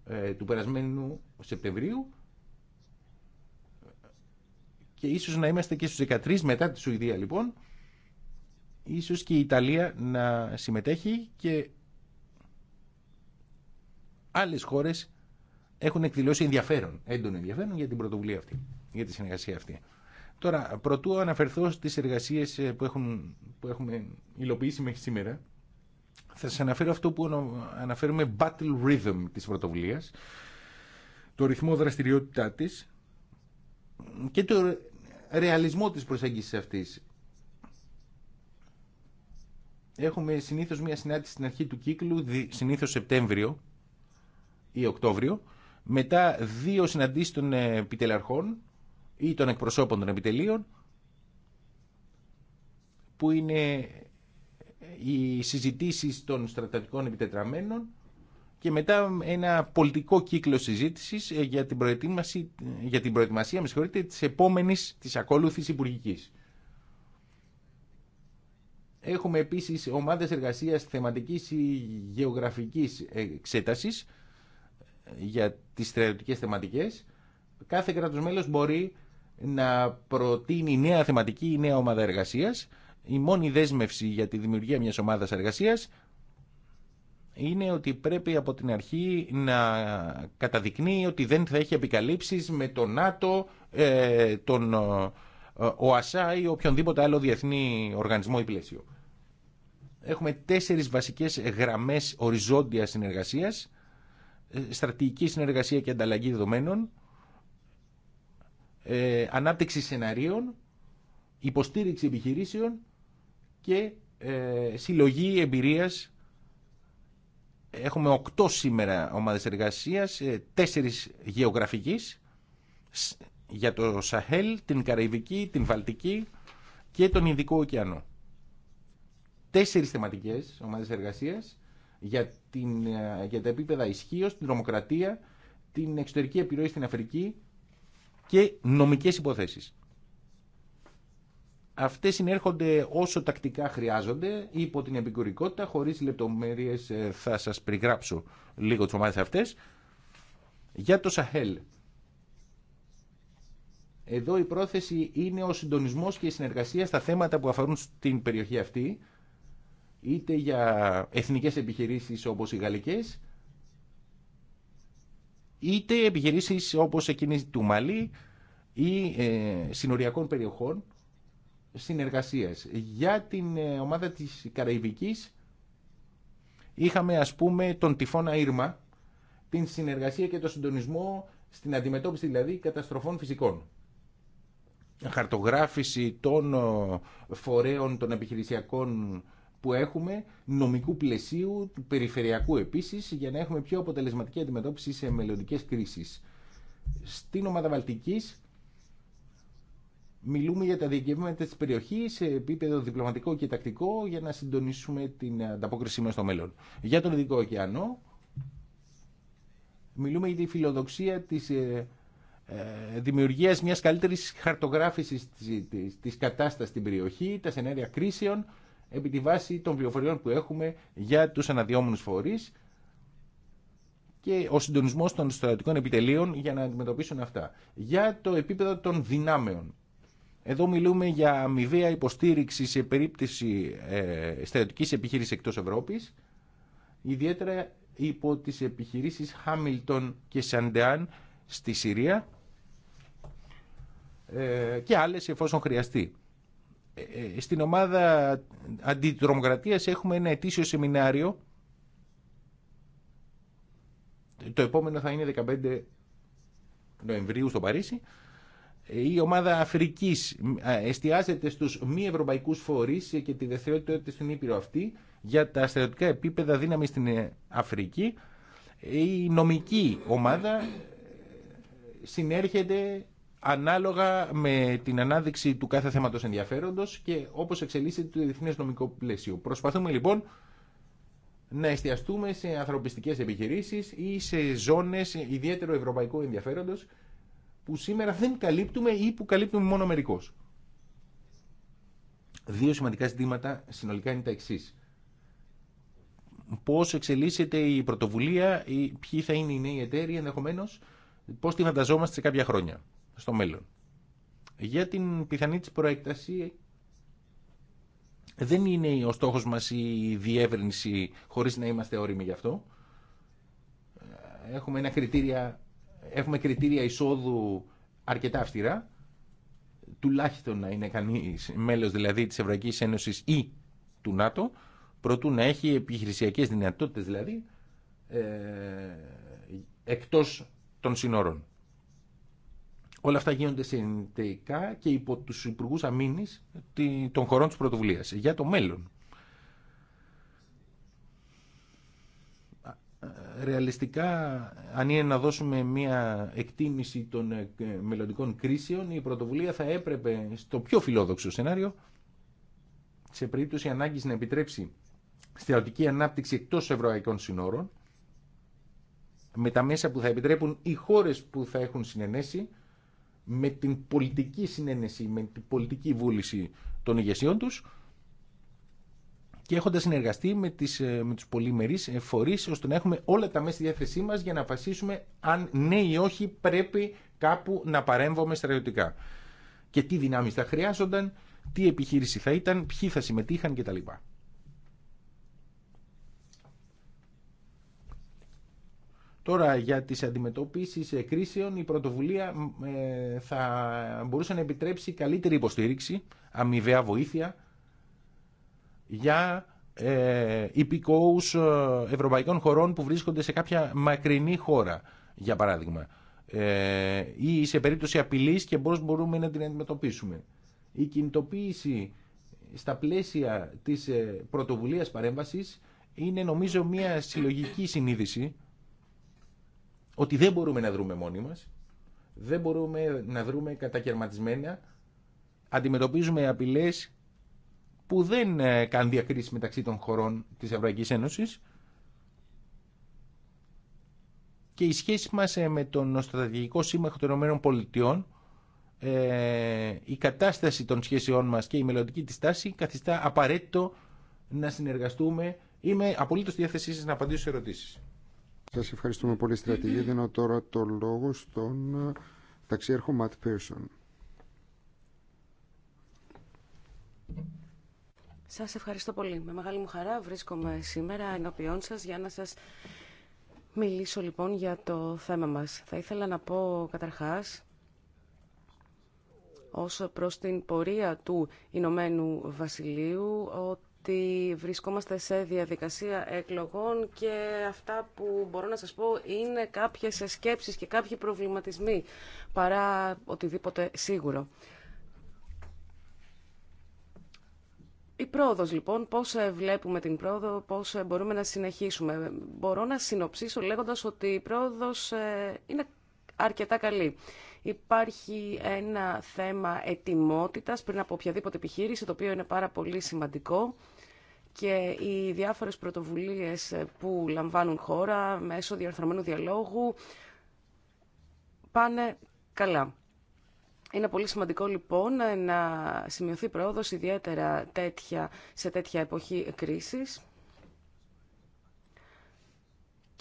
ε, του περασμένου Σεπτεμβρίου και ίσως να είμαστε και στους 13 μετά τη Σουηδία λοιπόν ίσως και η Ιταλία να συμμετέχει και Άλλε χώρε έχουν εκδηλώσει ενδιαφέρον, έντονο ενδιαφέρον για την πρωτοβουλία αυτή, για τη συνεργασία αυτή. Τώρα, πρωτού αναφερθώ στις εργασίε ε, που, που έχουμε υλοποιήσει μέχρι σήμερα, θα σα αναφέρω αυτό που αναφέρουμε battle rhythm της πρωτοβουλίας, το ρυθμό δραστηριότητά τη και το ρεαλισμό της προσέγγιση αυτή. Έχουμε συνήθως μια συνάντηση στην αρχή του κύκλου, συνήθως Σεπτέμβριο, ή Οκτώβριο, μετά δύο συναντήσεις των επιτελεαρχών ή των εκπροσώπων των επιτελείων, που είναι οι συζητήσεις των στρατατικών επιτετραμένων και μετά ένα πολιτικό κύκλο συζήτησης ε, για την προετοιμασία, για την προετοιμασία με της επόμενης της ακόλουθης υπουργικής. Έχουμε επίσης ομάδες εργασίας θεματικής ή γεωγραφικής εξέτασης για τις στρατιωτικές θεματικές, κάθε κράτος μέλος μπορεί να προτείνει νέα θεματική ή νέα ομάδα εργασίας. Η μόνη δέσμευση για τη δημιουργία μιας ομάδας εργασίας είναι ότι πρέπει από την αρχή να καταδεικνύει ότι δεν θα έχει επικαλύψεις με ε, τον ΝΑΤΟ, ε, τον ΟΑΣΑ ή οποιονδήποτε άλλο διεθνή οργανισμό ή πλαίσιο. Έχουμε τέσσερις βασικές γραμμές οριζόντιας συνεργασίας στρατηγική συνεργασία και ανταλλαγή δεδομένων, ε, ανάπτυξη σεναρίων, υποστήριξη επιχειρήσεων και ε, συλλογή εμπειρίας. Έχουμε οκτώ σήμερα ομάδες εργασίας, ε, τέσσερις γεωγραφικής, για το Σαχέλ, την Καραϊβική, την Βαλτική και τον Ινδικό ωκεανό. Τέσσερις θεματικές ομάδες εργασίας για την, ε, για τα επίπεδα ισχύω, την τρομοκρατία, την εξωτερική επιρροή στην Αφρική και νομικές υποθέσεις. Αυτές συνέρχονται όσο τακτικά χρειάζονται υπό την επικουρικότητα, χωρίς λεπτομέρειες ε, θα σας περιγράψω λίγο τις ομάδες αυτές. Για το Σαχέλ. Εδώ η πρόθεση είναι ο συντονισμός και η συνεργασία στα θέματα που αφορούν στην περιοχή αυτή, είτε για εθνικές επιχειρήσεις όπως οι γαλλικές, είτε επιχειρήσεις όπως εκείνη του Μαλή ή ε, συνοριακών περιοχών συνεργασίας. Για την ε, ομάδα της Καραϊβικής είχαμε ας πούμε τον τυφώνα Ήρμα, την συνεργασία και το συντονισμό στην αντιμετώπιση δηλαδή καταστροφών φυσικών. Χαρτογράφηση των ε, φορέων των επιχειρησιακών που έχουμε νομικού πλαισίου, του περιφερειακού επίση για να έχουμε πιο αποτελεσματική αντιμετώπιση σε μελλοντικέ κρίσει. Στην ομάδα Βαλτική, μιλούμε για τα διακυβεύματα τη περιοχή σε επίπεδο διπλωματικό και τακτικό για να συντονίσουμε την ανταπόκρισή μας στο μέλλον. Για τον Ειδικό Ωκεανό μιλούμε για τη φιλοδοξία της ε, ε, δημιουργία μια καλύτερη χαρτογράφηση τη κατάσταση στην περιοχή, τα σενάρια κρίσεων, επί τη βάση των πληροφοριών που έχουμε για τους αναδυόμενους φορείς και ο συντονισμός των στρατιωτικών επιτελείων για να αντιμετωπίσουν αυτά. Για το επίπεδο των δυνάμεων. Εδώ μιλούμε για αμοιβαία υποστήριξη σε περίπτωση ε, στρατιωτικής επιχείρησης εκτός Ευρώπης, ιδιαίτερα υπό τις επιχειρήσεις Χάμιλτον και Σαντεάν στη Συρία ε, και άλλες εφόσον χρειαστεί. Ε, ε, στην ομάδα αντιτρομοκρατίας έχουμε ένα ετήσιο σεμινάριο. Το επόμενο θα είναι 15 Νοεμβρίου στο Παρίσι. Ε, η ομάδα Αφρικής εστιάζεται στους μη ευρωπαϊκούς φορείς και τη δεθεότητα στην Ήπειρο αυτή για τα στρατιωτικά επίπεδα δύναμη στην Αφρική. Η νομική ομάδα συνέρχεται ανάλογα με την ανάδειξη του κάθε θέματος ενδιαφέροντος και όπως εξελίσσεται το διεθνές νομικό πλαίσιο. Προσπαθούμε λοιπόν να εστιαστούμε σε ανθρωπιστικές επιχειρήσεις ή σε ζώνες ιδιαίτερο ευρωπαϊκού ενδιαφέροντος που σήμερα δεν καλύπτουμε ή που καλύπτουμε μόνο μερικώς. Δύο σημαντικά ζητήματα συνολικά είναι τα εξή. Πώς εξελίσσεται η σε ζωνες ιδιαιτερο ευρωπαικου ενδιαφεροντος που σημερα δεν καλυπτουμε η που καλυπτουμε μονο μερικω δυο σημαντικα ζητηματα συνολικα ειναι τα εξη πως εξελισσεται η πρωτοβουλια η ποιοι θα είναι οι νέοι εταίροι ενδεχομένω, πώς τη φανταζόμαστε σε κάποια χρόνια στο μέλλον. Για την πιθανή της προέκταση δεν είναι ο στόχος μας η διεύρυνση χωρίς να είμαστε όριμοι γι' αυτό. Έχουμε, ένα κριτήρια, έχουμε κριτήρια εισόδου αρκετά αυστηρά, τουλάχιστον να είναι κανείς μέλος δηλαδή της Ευρωπαϊκής Ένωσης ή του ΝΑΤΟ, προτού να έχει επιχειρησιακές δυνατότητες δηλαδή, ε, εκτός των συνόρων. Όλα αυτά γίνονται συνδετικά και υπό του υπουργού αμήνη των χωρών τη πρωτοβουλία για το μέλλον. Ρεαλιστικά, αν είναι να δώσουμε μια εκτίμηση των ε, μελλοντικών κρίσεων, η πρωτοβουλία θα έπρεπε στο πιο φιλόδοξο σενάριο, σε περίπτωση ανάγκης να επιτρέψει στρατιωτική ανάπτυξη εκτός ευρωαϊκών συνόρων, με τα μέσα που θα επιτρέπουν οι χώρες που θα έχουν συνενέσει με την πολιτική συνένεση, με την πολιτική βούληση των ηγεσιών τους και έχοντας συνεργαστεί με, τις, ε, με τους πολυμερείς ε, φορείς ώστε να έχουμε όλα τα μέσα στη διάθεσή μας για να αποφασίσουμε αν ναι ή όχι πρέπει κάπου να παρέμβουμε στρατιωτικά και τι δυνάμεις θα χρειάζονταν, τι επιχείρηση θα ήταν, ποιοι θα συμμετείχαν κτλ. Τώρα για τις αντιμετωπίσεις ε, κρίσεων η πρωτοβουλία ε, θα μπορούσε να επιτρέψει καλύτερη υποστήριξη, αμοιβαία βοήθεια για ε, υπηκόους ε, ευρωπαϊκών χωρών που βρίσκονται σε κάποια μακρινή χώρα, για παράδειγμα, ε, ή σε περίπτωση απειλής και πώς μπορούμε να την αντιμετωπίσουμε. Η κινητοποίηση στα πλαίσια της πρωτοβουλίας παρέμβασης είναι νομίζω μια συλλογική συνείδηση ότι δεν μπορούμε να δρούμε μόνοι μας, δεν μπορούμε να δρούμε κατακαιρματισμένα, αντιμετωπίζουμε απειλές που δεν ε, κάνουν διακρίσεις μεταξύ των χωρών της Ευρωπαϊκής Ένωσης και η σχέση μας ε, με τον στρατηγικό σύμμαχο των Πολιτειών, ε, η κατάσταση των σχέσεών μας και η μελλοντική της τάση καθιστά απαραίτητο να συνεργαστούμε. Είμαι απολύτως διάθεσή σας να απαντήσω σε ερωτήσεις. Σας ευχαριστούμε πολύ στρατηγή. Δίνω τώρα το λόγο στον ε, ταξιέρχο Ματ Πίρσον. Σας ευχαριστώ πολύ. Με μεγάλη μου χαρά βρίσκομαι σήμερα ενώπιόν σας για να σας μιλήσω λοιπόν για το θέμα μας. Θα ήθελα να πω καταρχάς όσο προς την πορεία του Ηνωμένου Βασιλείου ότι βρισκόμαστε σε διαδικασία εκλογών και αυτά που μπορώ να σας πω είναι κάποιες σκέψεις και κάποιοι προβληματισμοί παρά οτιδήποτε σίγουρο. Η πρόοδος λοιπόν, πώς βλέπουμε την πρόοδο, πώς μπορούμε να συνεχίσουμε. Μπορώ να συνοψίσω λέγοντας ότι η πρόοδος ε, είναι αρκετά καλή. Υπάρχει ένα θέμα ετοιμότητας πριν από οποιαδήποτε επιχείρηση, το οποίο είναι πάρα πολύ σημαντικό και οι διάφορες πρωτοβουλίες που λαμβάνουν χώρα μέσω διαρθρωμένου διαλόγου πάνε καλά. Είναι πολύ σημαντικό λοιπόν να σημειωθεί πρόοδος ιδιαίτερα τέτοια, σε τέτοια εποχή κρίσης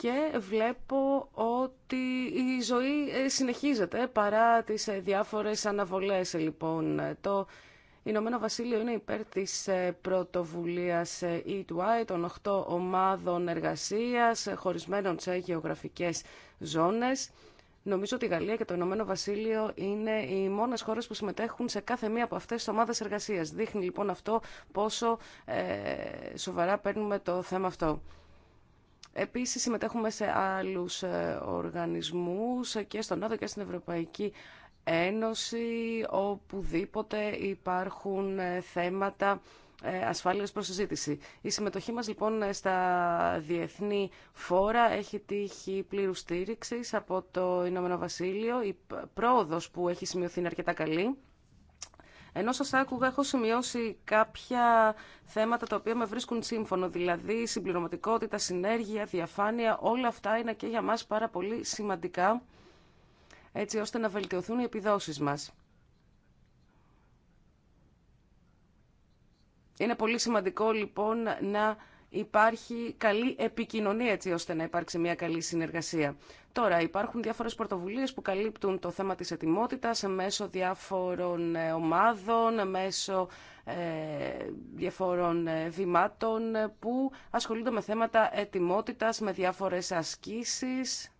και βλέπω ότι η ζωή ε, συνεχίζεται παρά τις ε, διάφορες αναβολές ε, λοιπόν. Το Ηνωμένο Βασίλειο είναι υπέρ της πρωτοβουλίας E2I των 8 ομάδων εργασίας χωρισμένων σε γεωγραφικές ζώνες. Νομίζω ότι η Γαλλία και το Ηνωμένο Βασίλειο είναι οι μόνε χώρε που συμμετέχουν σε κάθε μία από αυτέ τι ομάδε εργασία. Δείχνει λοιπόν αυτό πόσο σοβαρά παίρνουμε το θέμα αυτό. Επίσης συμμετέχουμε σε άλλους ε, οργανισμούς ε, και στον ΝΑΤΟ και στην Ευρωπαϊκή Ένωση, οπουδήποτε υπάρχουν ε, θέματα ασφάλειας προς Η συμμετοχή μας λοιπόν στα διεθνή φόρα έχει τύχει πλήρου στήριξη από το Ηνωμένο Βασίλειο. Η πρόοδος που έχει σημειωθεί είναι αρκετά καλή. Ενώ σας άκουγα, έχω σημειώσει κάποια θέματα τα οποία με βρίσκουν σύμφωνο, δηλαδή συμπληρωματικότητα, συνέργεια, διαφάνεια, όλα αυτά είναι και για μας πάρα πολύ σημαντικά, έτσι ώστε να βελτιωθούν οι επιδόσεις μας. Είναι πολύ σημαντικό λοιπόν να υπάρχει καλή επικοινωνία έτσι ώστε να υπάρξει μια καλή συνεργασία. Τώρα υπάρχουν διάφορες πρωτοβουλίες που καλύπτουν το θέμα της ετοιμότητας μέσω διάφορων ε, ομάδων, μέσω ε, διαφόρων ε, βημάτων που ασχολούνται με θέματα ετοιμότητας, με διάφορες ασκήσεις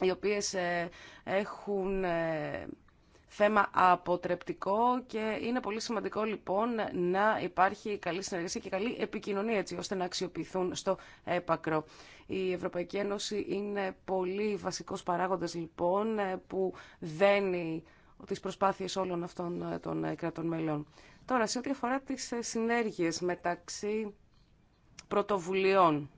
οι οποίες ε, έχουν θέμα αποτρεπτικό και είναι πολύ σημαντικό λοιπόν να υπάρχει καλή συνεργασία και καλή επικοινωνία έτσι ώστε να αξιοποιηθούν στο έπακρο. Η Ευρωπαϊκή Ένωση είναι πολύ βασικός παράγοντας λοιπόν που δένει τις προσπάθειες όλων αυτών των κρατών μελών. Τώρα, σε ό,τι αφορά τις συνέργειες μεταξύ πρωτοβουλειών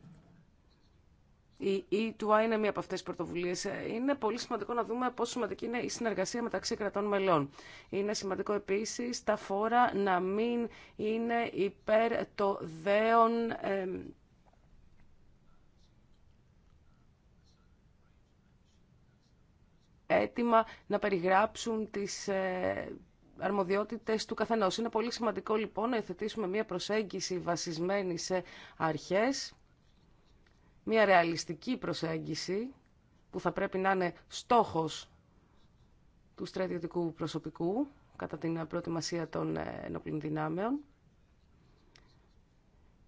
η E2I μία από αυτές τις πρωτοβουλίες. Είναι πολύ σημαντικό να δούμε πόσο σημαντική είναι η συνεργασία μεταξύ κρατών μελών. Είναι σημαντικό επίσης τα φόρα να μην είναι υπέρ το δέον έτοιμα να περιγράψουν τις ε, αρμοδιότητες του καθενός. Είναι πολύ σημαντικό λοιπόν να εθετήσουμε μία προσέγγιση βασισμένη σε αρχές μια ρεαλιστική προσέγγιση που θα πρέπει να είναι στόχος του στρατιωτικού προσωπικού κατά την προετοιμασία των ε, ενόπλων δυνάμεων.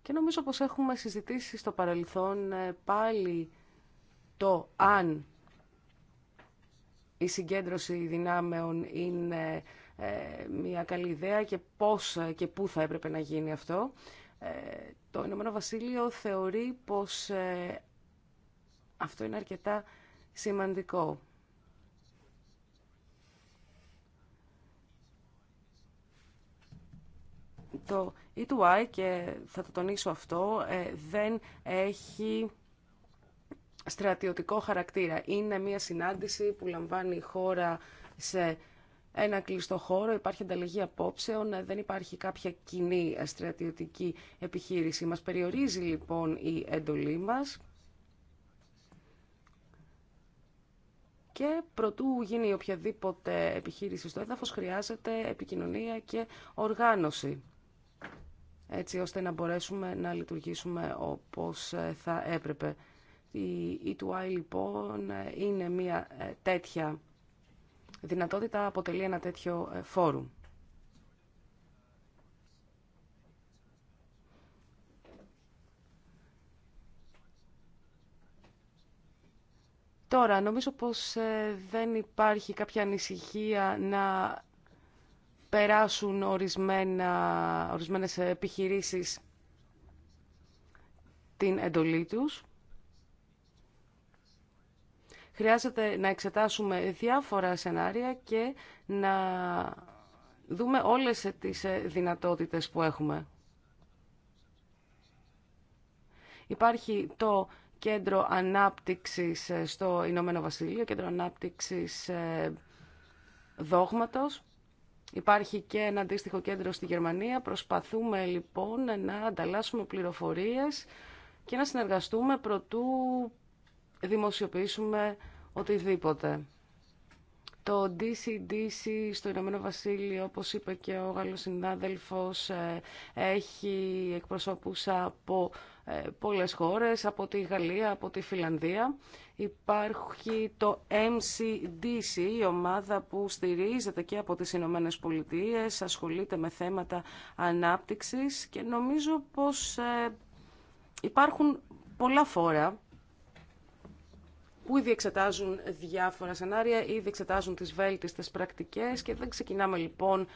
Και νομίζω πως έχουμε συζητήσει στο παρελθόν ε, πάλι το αν η συγκέντρωση δυνάμεων είναι ε, μια καλή ιδέα και πώς και πού θα έπρεπε να γίνει αυτό. Το Ηνωμένο Βασίλειο θεωρεί πως ε, αυτό είναι αρκετά σημαντικό. Το E2I, και θα το τονίσω αυτό, ε, δεν έχει στρατιωτικό χαρακτήρα. Είναι μια συνάντηση που λαμβάνει η χώρα σε ένα κλειστό χώρο, υπάρχει ανταλλαγή απόψεων, δεν υπάρχει κάποια κοινή στρατιωτική επιχείρηση. Μας περιορίζει λοιπόν η εντολή μας και προτού γίνει οποιαδήποτε επιχείρηση στο έδαφος χρειάζεται επικοινωνία και οργάνωση έτσι ώστε να μπορέσουμε να λειτουργήσουμε όπως θα έπρεπε. Η E2I λοιπόν είναι μια ε, τέτοια δυνατότητα αποτελεί ένα τέτοιο ε, φόρουμ. Τώρα, νομίζω πως ε, δεν υπάρχει κάποια ανησυχία να περάσουν ορισμένα, ορισμένες επιχειρήσεις την εντολή τους. Χρειάζεται να εξετάσουμε διάφορα σενάρια και να δούμε όλες τις ε, δυνατότητες που έχουμε. Υπάρχει το κέντρο ανάπτυξης ε, στο Ηνωμένο Βασίλειο, κέντρο ανάπτυξης ε, δόγματος. Υπάρχει και ένα αντίστοιχο κέντρο στη Γερμανία. Προσπαθούμε λοιπόν να ανταλλάσσουμε πληροφορίες και να συνεργαστούμε προτού δημοσιοποιήσουμε οτιδήποτε. Το DCDC στο Ηνωμένο Βασίλειο, όπως είπε και ο Γάλλος συνάδελφος, ε, έχει εκπροσώπους από ε, πολλές χώρες, από τη Γαλλία, από τη Φιλανδία. Υπάρχει το MCDC, η ομάδα που στηρίζεται και από τις Ηνωμένε Πολιτείε, ασχολείται με θέματα ανάπτυξης και νομίζω πως ε, υπάρχουν πολλά φόρα που ήδη εξετάζουν διάφορα σενάρια, ήδη εξετάζουν τις βέλτιστες πρακτικές και δεν ξεκινάμε λοιπόν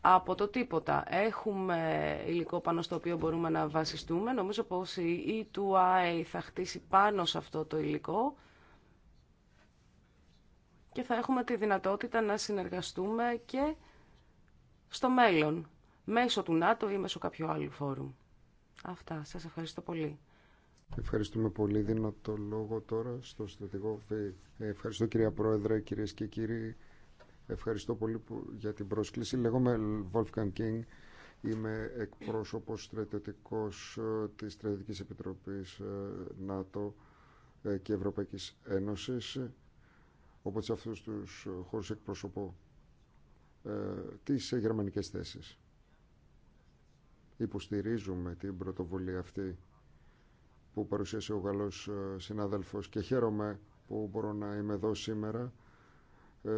από το τίποτα. Έχουμε υλικό πάνω στο οποίο μπορούμε να βασιστούμε. Νομίζω πως η E2I θα χτίσει πάνω σε αυτό το υλικό και θα έχουμε τη δυνατότητα να συνεργαστούμε και στο μέλλον, μέσω του ΝΑΤΟ ή μέσω κάποιου άλλου φόρουμ. Αυτά. Σας ευχαριστώ πολύ. Ευχαριστούμε πολύ. Δίνω το λόγο τώρα στο στρατηγό. Ε, ευχαριστώ κυρία Πρόεδρε, κυρίες και κύριοι. Ευχαριστώ πολύ για την πρόσκληση. Λέγομαι Wolfgang King. Είμαι εκπρόσωπος στρατιωτικός ε, της Στρατιωτικής Επιτροπής ε, ΝΑΤΟ και Ευρωπαϊκής Ένωσης. Οπότε σε αυτούς τους χώρους εκπροσωπώ τις γερμανικές θέσεις. Υποστηρίζουμε την πρωτοβουλία αυτή που παρουσίασε ο Γαλλός ε, συνάδελφος και χαίρομαι που μπορώ να είμαι εδώ σήμερα ε,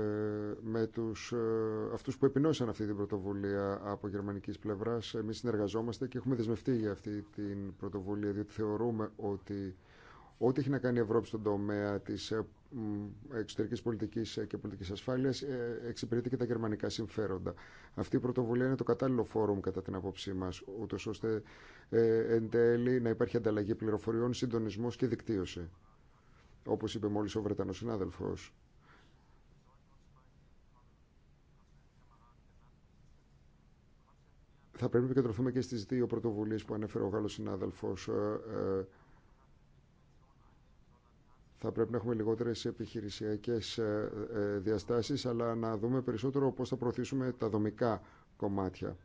με τους, ε, αυτούς που επινόησαν αυτή την πρωτοβουλία από γερμανικής πλευράς. Εμείς συνεργαζόμαστε και έχουμε δεσμευτεί για αυτή την πρωτοβουλία διότι θεωρούμε ότι ό,τι έχει να κάνει η Ευρώπη στον τομέα της εξωτερικής πολιτικής ε, και πολιτικής ασφάλειας ε, εξυπηρετεί και τα γερμανικά συμφέροντα. Αυτή η πρωτοβουλία είναι το κατάλληλο φόρουμ, κατά την άποψή μας, ούτως ώστε ε, εν τέλει να υπάρχει ανταλλαγή πληροφοριών, συντονισμό και δικτύωση. Όπως είπε μόλις ο Βρετανός συνάδελφος. Θα πρέπει να επικεντρωθούμε και στι δύο πρωτοβουλίε που ανέφερε ο Γάλλος συνάδελφο θα πρέπει να έχουμε λιγότερες επιχειρησιακές ε, ε, διαστάσεις, αλλά να δούμε περισσότερο πώς θα προωθήσουμε τα δομικά κομμάτια.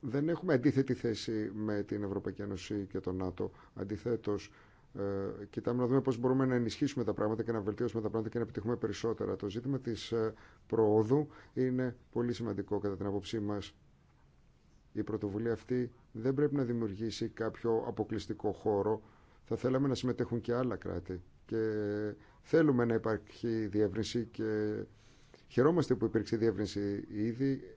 Δεν έχουμε αντίθετη θέση με την Ευρωπαϊκή Ένωση και τον ΝΑΤΟ. Αντιθέτως, ε, κοιτάμε να δούμε πώς μπορούμε να ενισχύσουμε τα πράγματα και να βελτιώσουμε τα πράγματα και να επιτυχούμε περισσότερα. Το ζήτημα της προόδου είναι πολύ σημαντικό κατά την άποψή μας. Η πρωτοβουλία αυτή δεν πρέπει να δημιουργήσει κάποιο αποκλειστικό χώρο θα θέλαμε να συμμετέχουν και άλλα κράτη και θέλουμε να υπάρχει διεύρυνση και χαιρόμαστε που υπήρξε διεύρυνση ήδη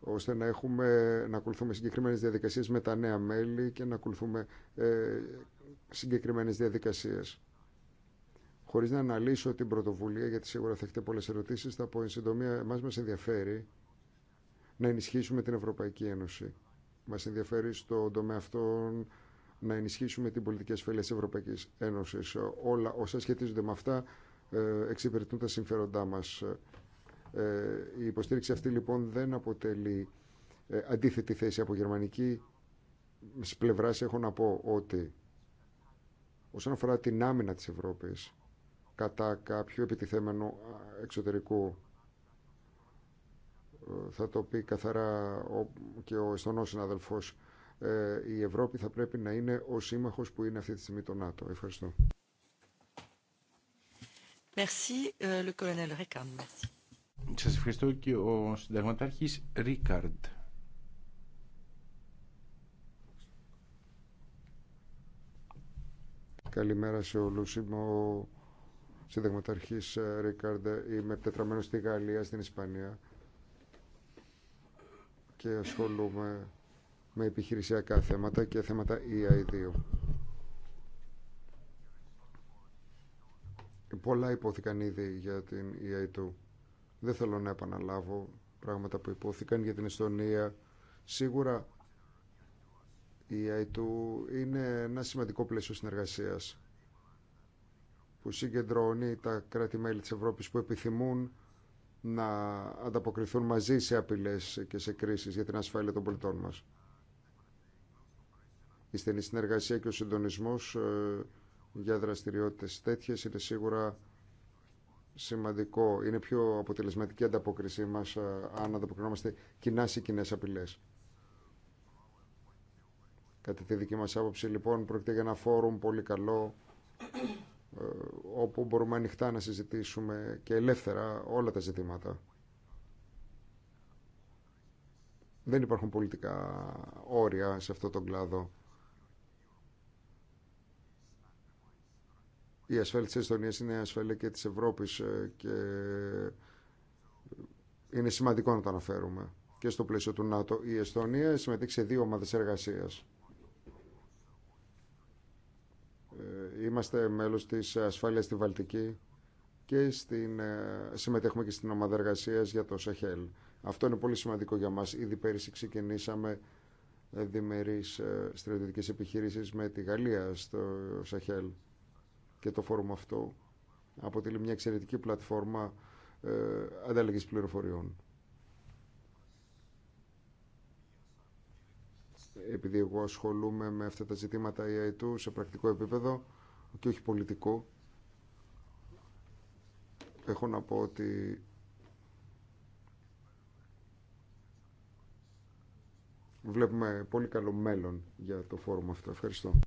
ώστε να, έχουμε, να ακολουθούμε συγκεκριμένες διαδικασίες με τα νέα μέλη και να ακολουθούμε ε, συγκεκριμένες διαδικασίες. Χωρίς να αναλύσω την πρωτοβουλία, γιατί σίγουρα θα έχετε πολλές ερωτήσεις, θα πω εν συντομία, εμάς μας ενδιαφέρει να ενισχύσουμε την Ευρωπαϊκή Ένωση μας ενδιαφέρει στον τομέα αυτόν να ενισχύσουμε την πολιτική ασφαλεία τη Ευρωπαϊκή Ένωσης. Όλα όσα σχετίζονται με αυτά ε, εξυπηρετούν τα συμφέροντά μας. Ε, η υποστήριξη αυτή λοιπόν δεν αποτελεί ε, αντίθετη θέση από γερμανική πλευρά έχω να πω ότι όσον αφορά την άμυνα τη Ευρώπη κατά κάποιο επιτιθέμενο εξωτερικό θα το πει καθαρά και ο Εστονός συναδελφός, ε, η Ευρώπη θα πρέπει να είναι ο σύμμαχος που είναι αυτή τη στιγμή το ΝΑΤΟ. Ευχαριστώ. Merci, euh, le Merci. Σας ευχαριστώ και ο συνταγματάρχης Ρίκαρντ. Καλημέρα σε όλους. Είμαι ο συνταγματάρχης Ρίκαρντ. Ε, Είμαι τετραμένος στη Γαλλία, στην Ισπανία και ασχολούμαι με επιχειρησιακά θέματα και θέματα EI2. Πολλά υπόθηκαν ήδη για την EI2. Δεν θέλω να επαναλάβω πράγματα που υπόθηκαν για την Εστονία. Σίγουρα η EI2 είναι ένα σημαντικό πλαίσιο συνεργασίας που συγκεντρώνει τα κράτη-μέλη της Ευρώπης που επιθυμούν να ανταποκριθούν μαζί σε απειλές και σε κρίσεις για την ασφάλεια των πολιτών μας. Η στενή συνεργασία και ο συντονισμός ε, για δραστηριότητες τέτοιες είναι σίγουρα σημαντικό. Είναι πιο αποτελεσματική ανταπόκρισή μας ε, αν ανταποκρινόμαστε κοινά σε κοινέ απειλέ. Κατά τη δική μας άποψη λοιπόν πρόκειται για ένα φόρουμ πολύ καλό ε, όπου μπορούμε ανοιχτά να συζητήσουμε και ελεύθερα όλα τα ζητήματα. Δεν υπάρχουν πολιτικά όρια σε αυτό τον κλάδο. Η ασφαλή της Εστονίας είναι ασφάλεια και της Ευρώπης ε, και είναι σημαντικό να το αναφέρουμε. Και στο πλαίσιο του ΝΑΤΟ η Εστονία συμμετείχε σε δύο ομάδες εργασίας Είμαστε μέλος της ασφάλειας στη Βαλτική και στην, ε, συμμετέχουμε και στην ομάδα εργασία για το ΣΑΧΕΛ. Αυτό είναι πολύ σημαντικό για μας. Ήδη πέρυσι ξεκινήσαμε ε, διμερείς ε, στρατιωτικές επιχειρήσεις με τη Γαλλία στο ΣΑΧΕΛ και το φόρουμ αυτό αποτελεί μια εξαιρετική πλατφόρμα ε, ανταλλαγής πληροφοριών. Επειδή εγώ ασχολούμαι με αυτά τα ζητήματα ΙΑΕΤΟΥ σε πρακτικό επίπεδο, και όχι πολιτικό. Έχω να πω ότι βλέπουμε πολύ καλό μέλλον για το φόρουμ αυτό. Ευχαριστώ.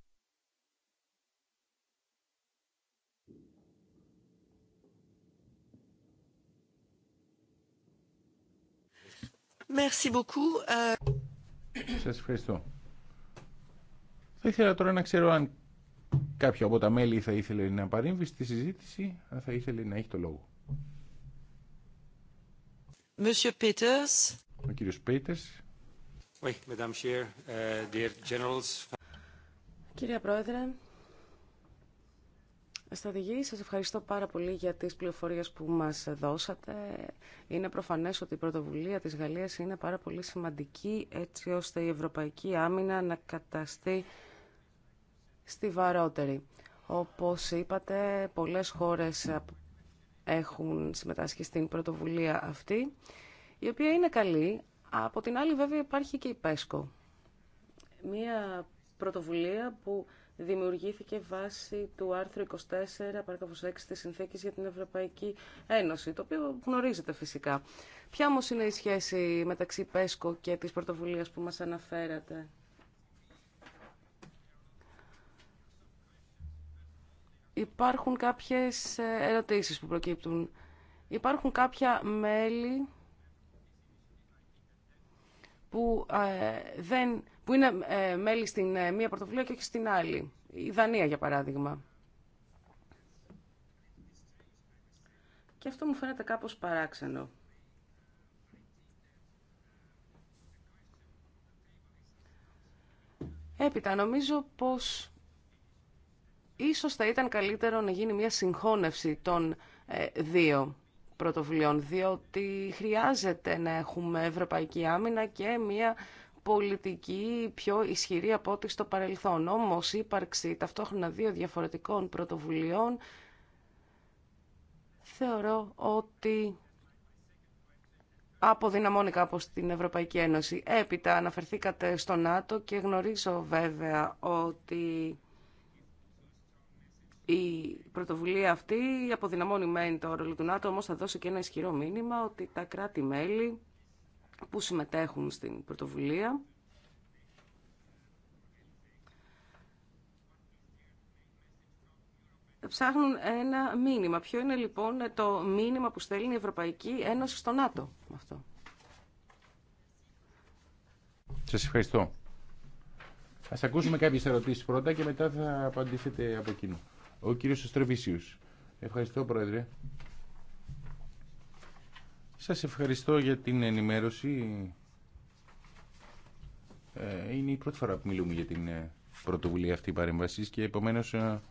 Merci beaucoup. Σας ευχαριστώ. Θα ήθελα τώρα να ξέρω αν κάποιο από τα μέλη θα ήθελε να παρέμβει στη συζήτηση, αν θα ήθελε να έχει το λόγο. Monsieur Peters. Ο κύριος Peters. Oui, Madame Chair, uh, dear Πρόεδρε, Σταδηγή, σας ευχαριστώ πάρα πολύ για τις πληροφορίες που μας δώσατε. Είναι προφανές ότι η πρωτοβουλία της Γαλλίας είναι πάρα πολύ σημαντική έτσι ώστε η Ευρωπαϊκή Άμυνα να καταστεί βαρότερη. Όπως είπατε, πολλές χώρες έχουν συμμετάσχει στην πρωτοβουλία αυτή, η οποία είναι καλή. Από την άλλη, βέβαια, υπάρχει και η ΠΕΣΚΟ. Μία πρωτοβουλία που δημιουργήθηκε βάσει του άρθρου 24, παράγραφος 6 της Συνθήκης για την Ευρωπαϊκή Ένωση, το οποίο γνωρίζετε φυσικά. Ποια όμως είναι η σχέση μεταξύ ΠΕΣΚΟ και της πρωτοβουλίας που μας αναφέρατε. Υπάρχουν κάποιες ε, ερωτήσεις που προκύπτουν. Υπάρχουν κάποια μέλη που, ε, δεν, που είναι ε, μέλη στην μία πρωτοβουλία και όχι στην άλλη. Η Δανία, για παράδειγμα. Και αυτό μου φαίνεται κάπως παράξενο. Έπειτα, νομίζω πως Ίσως θα ήταν καλύτερο να γίνει μια συγχώνευση των ε, δύο πρωτοβουλειών, διότι χρειάζεται να έχουμε ευρωπαϊκή άμυνα και μια πολιτική πιο ισχυρή από ό,τι στο παρελθόν. Όμως η ύπαρξη ταυτόχρονα δύο διαφορετικών πρωτοβουλειών θεωρώ ότι αποδυναμώνει κάπως την Ευρωπαϊκή Ένωση. Έπειτα αναφερθήκατε στο ΝΑΤΟ και γνωρίζω βέβαια ότι η πρωτοβουλία αυτή αποδυναμώνει μεν το ρόλο του ΝΑΤΟ, όμως θα δώσει και ένα ισχυρό μήνυμα ότι τα κράτη-μέλη που συμμετέχουν στην πρωτοβουλία ψάχνουν ένα μήνυμα. Ποιο είναι λοιπόν το μήνυμα που στέλνει η Ευρωπαϊκή Ένωση στο ΝΑΤΟ με αυτό. Σας ευχαριστώ. Ας ακούσουμε κάποιες ερωτήσεις πρώτα και μετά θα απαντήσετε από εκείνο. Ο κύριος Στρεβίσιους. Ευχαριστώ Πρόεδρε. Σας ευχαριστώ για την ενημέρωση. Ε, είναι η πρώτη φορά που μιλούμε για την ε, πρωτοβουλία αυτή παρέμβασης και επομένως ε,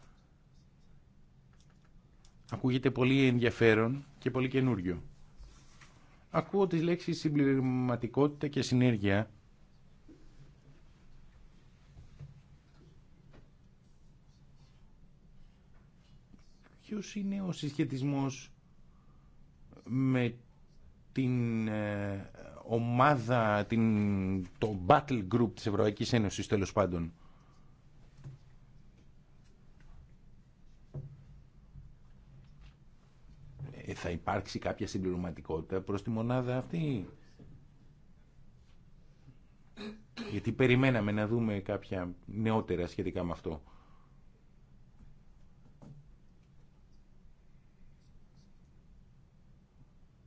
ακούγεται πολύ ενδιαφέρον και πολύ καινούριο. Ακούω τις λέξεις συμπληρωματικότητα και συνέργεια ποιος είναι ο συσχετισμός με την ε, ομάδα, την, το battle group της Ευρωπαϊκής Ένωσης τέλος πάντων. Ε, θα υπάρξει κάποια συμπληρωματικότητα προς τη μονάδα αυτή. Γιατί περιμέναμε να δούμε κάποια νεότερα σχετικά με αυτό.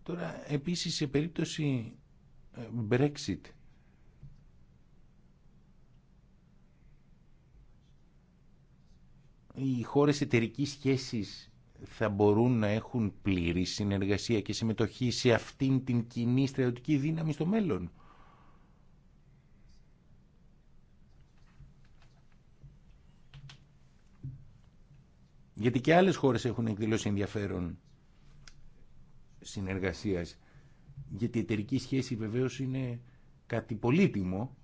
Τώρα, επίσης, σε περίπτωση ε, Brexit, οι χώρες εταιρικής σχέσης θα μπορούν να έχουν πλήρη συνεργασία και συμμετοχή σε αυτήν την κοινή στρατιωτική δύναμη στο μέλλον. Γιατί και άλλες χώρες έχουν εκδηλώσει ενδιαφέρον συνεργασίας. Γιατί η εταιρική σχέση βεβαίως είναι κάτι πολύτιμο,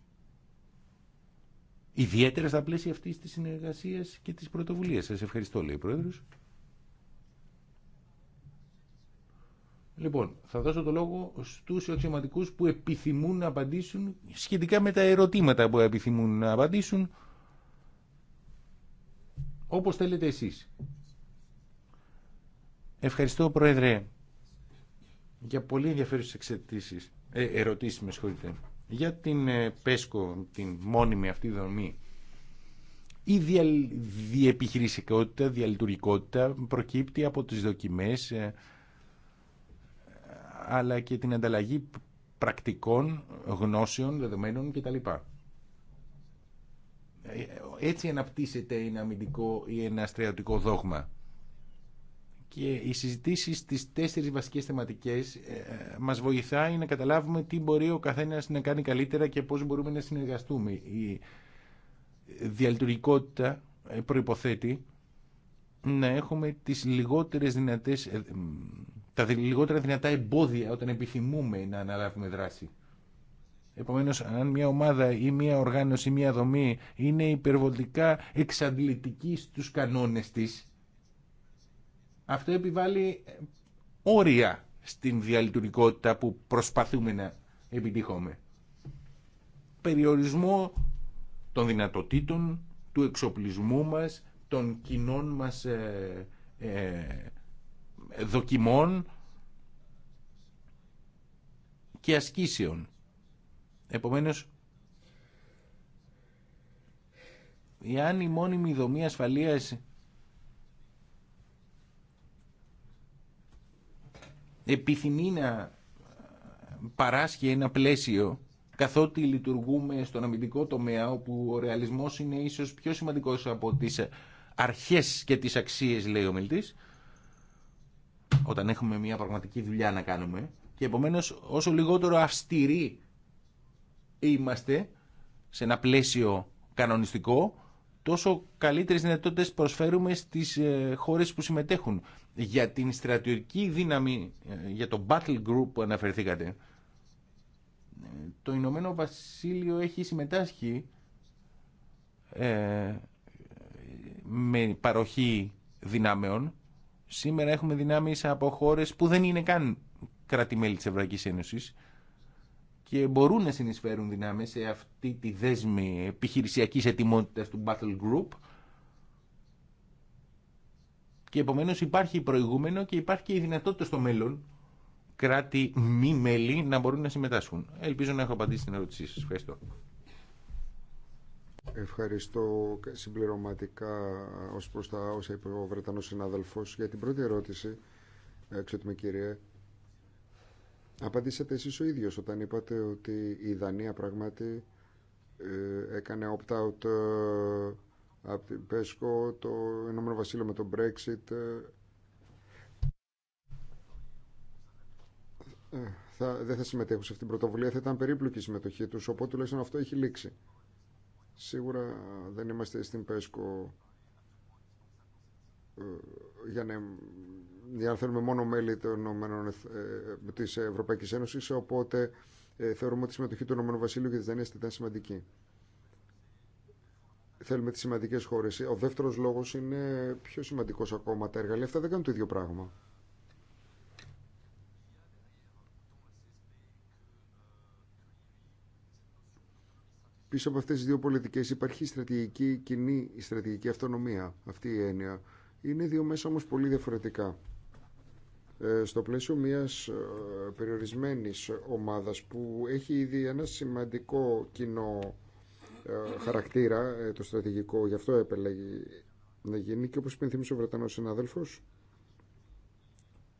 ιδιαίτερα στα πλαίσια αυτής της συνεργασίας και της πρωτοβουλίας. Σας ευχαριστώ, λέει ο Πρόεδρος. Λοιπόν, θα δώσω το λόγο στους αξιωματικού που επιθυμούν να απαντήσουν σχετικά με τα ερωτήματα που επιθυμούν να απαντήσουν όπως θέλετε εσείς. Ευχαριστώ Πρόεδρε για πολύ ενδιαφέρουσες ε, ερωτήσεις με συγχωρείτε, για την ε, ΠΕΣΚΟ, την μόνιμη αυτή δομή. Η δια, διεπιχειρησικότητα, διαλειτουργικότητα προκύπτει από τις δοκιμές ε, αλλά και την ανταλλαγή πρακτικών, γνώσεων, δεδομένων κτλ. Ε, έτσι αναπτύσσεται ένα αμυντικό ή ένα στρατιωτικό δόγμα και οι συζητήσει στις τέσσερις βασικές θεματικές ε, ε, μας βοηθάει να καταλάβουμε τι μπορεί ο καθένα να κάνει καλύτερα και πώς μπορούμε να συνεργαστούμε. Η διαλειτουργικότητα ε, προποθέτει να έχουμε τις λιγότερες δυνατές, τα λιγότερα δυνατά εμπόδια όταν επιθυμούμε να αναλάβουμε δράση. Επομένως, αν μια ομάδα ή μια οργάνωση ή μια δομή είναι υπερβολικά εξαντλητική στους κανόνες της, αυτό επιβάλλει όρια στην διαλειτουργικότητα που προσπαθούμε να επιτύχουμε. Περιορισμό των δυνατοτήτων, του εξοπλισμού μας, των κοινών μας ε, ε δοκιμών και ασκήσεων. Επομένως, εάν η μόνιμη δομή ασφαλείας επιθυμεί να παράσχει ένα πλαίσιο καθότι λειτουργούμε στον αμυντικό τομέα όπου ο ρεαλισμός είναι ίσως πιο σημαντικός από τις αρχές και τις αξίες λέει ο Μιλτής όταν έχουμε μια πραγματική δουλειά να κάνουμε και επομένως όσο λιγότερο αυστηροί είμαστε σε ένα πλαίσιο κανονιστικό τόσο καλύτερες δυνατότητες προσφέρουμε στις ε, χώρες που συμμετέχουν. Για την στρατιωτική δύναμη, ε, για το battle group που αναφερθήκατε, ε, το Ηνωμένο Βασίλειο έχει συμμετάσχει με παροχή δυνάμεων. Σήμερα έχουμε δυνάμεις από χώρες που δεν είναι καν κράτη-μέλη της Ευρωπαϊκής Ένωσης και μπορούν να συνεισφέρουν δυνάμεις σε αυτή τη δέσμη επιχειρησιακή ετοιμότητα του Battle Group και επομένως υπάρχει προηγούμενο και υπάρχει και η δυνατότητα στο μέλλον κράτη μη μέλη να μπορούν να συμμετάσχουν. Ελπίζω να έχω απαντήσει στην ερώτησή σας. Ευχαριστώ. Ευχαριστώ συμπληρωματικά ως προς τα όσα είπε ο Βρετανός συνάδελφος για την πρώτη ερώτηση, εξαιρετική κυρία. Απαντήσατε εσείς ο ίδιος όταν είπατε ότι η Δανία πράγματι ε, έκανε opt-out ε, από την ΠΕΣΚΟ, το Ηνωμένο Βασίλειο με το Brexit. Ε. δεν θα συμμετέχουν σε αυτήν την πρωτοβουλία, θα ήταν περίπλοκη η συμμετοχή τους, οπότε τουλάχιστον αυτό έχει λήξει. Σίγουρα δεν είμαστε στην ΠΕΣΚΟ για να θέλουμε μόνο μέλη των Ευρωπαϊκή ε, της Ευρωπαϊκής Ένωση, οπότε ε, θεωρούμε ότι η συμμετοχή του Ηνωμένου Βασίλειου και τη Δανία ήταν σημαντική. Θέλουμε τι σημαντικέ χώρε. Ο δεύτερο λόγο είναι πιο σημαντικό ακόμα. Τα εργαλεία αυτά δεν κάνουν το ίδιο πράγμα. Πίσω από αυτές τις δύο πολιτικές υπάρχει στρατηγική κοινή, η στρατηγική αυτονομία, αυτή η έννοια. Είναι δύο μέσα όμως πολύ διαφορετικά. Ε, στο πλαίσιο μιας ε, περιορισμένης ομάδας που έχει ήδη ένα σημαντικό κοινό ε, χαρακτήρα το στρατηγικό, γι' αυτό επέλεγε να γίνει και όπως υπενθύμισε ο Βρετανός συνάδελφος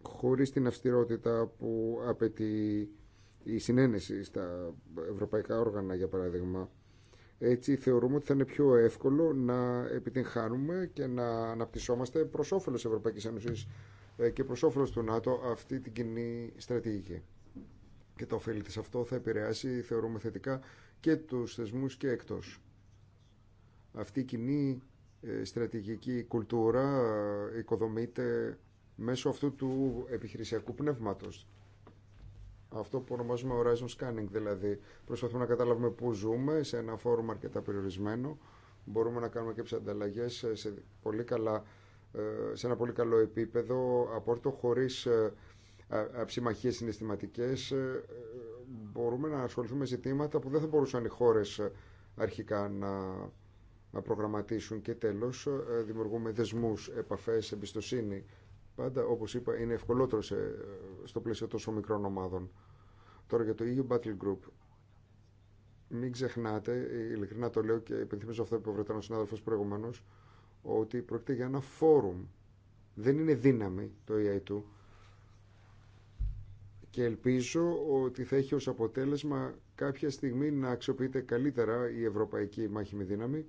χωρίς την αυστηρότητα που απαιτεί η συνένεση στα ευρωπαϊκά όργανα για παράδειγμα έτσι θεωρούμε ότι θα είναι πιο εύκολο να επιτυγχάνουμε και να αναπτυσσόμαστε προς όφελος Ευρωπαϊκής Ένωσης ε, και προς όφελος του ΝΑΤΟ αυτή την κοινή στρατηγική. Και το ωφέλη της αυτό θα επηρεάσει, θεωρούμε θετικά, και τους θεσμούς και εκτός. Αυτή η κοινή ε, στρατηγική κουλτούρα ε, οικοδομείται μέσω αυτού του επιχειρησιακού πνεύματος. Αυτό που ονομάζουμε horizon scanning, δηλαδή προσπαθούμε να καταλάβουμε πού ζούμε σε ένα φόρουμ αρκετά περιορισμένο. Μπορούμε να κάνουμε και τι ανταλλαγέ σε πολύ καλά ε, σε ένα πολύ καλό επίπεδο, απόρριτο χωρίς ε, ψημαχίες συναισθηματικές, ε, μπορούμε να ασχοληθούμε με ζητήματα που δεν θα μπορούσαν οι χώρες αρχικά να, να προγραμματίσουν και τέλος δημιουργούμε δεσμούς, επαφές, εμπιστοσύνη. Πάντα, όπως είπα, είναι ευκολότερο σε, στο πλαίσιο τόσο μικρών ομάδων. Τώρα για το EU Battle Group. Μην ξεχνάτε, ειλικρινά το λέω και υπενθυμίζω αυτό που βρεταν ο συνάδελφος προηγουμένως, ότι πρόκειται για ένα φόρουμ. Δεν είναι δύναμη το ei Και ελπίζω ότι θα έχει ως αποτέλεσμα κάποια στιγμή να αξιοποιείται καλύτερα η ευρωπαϊκή μάχη με δύναμη,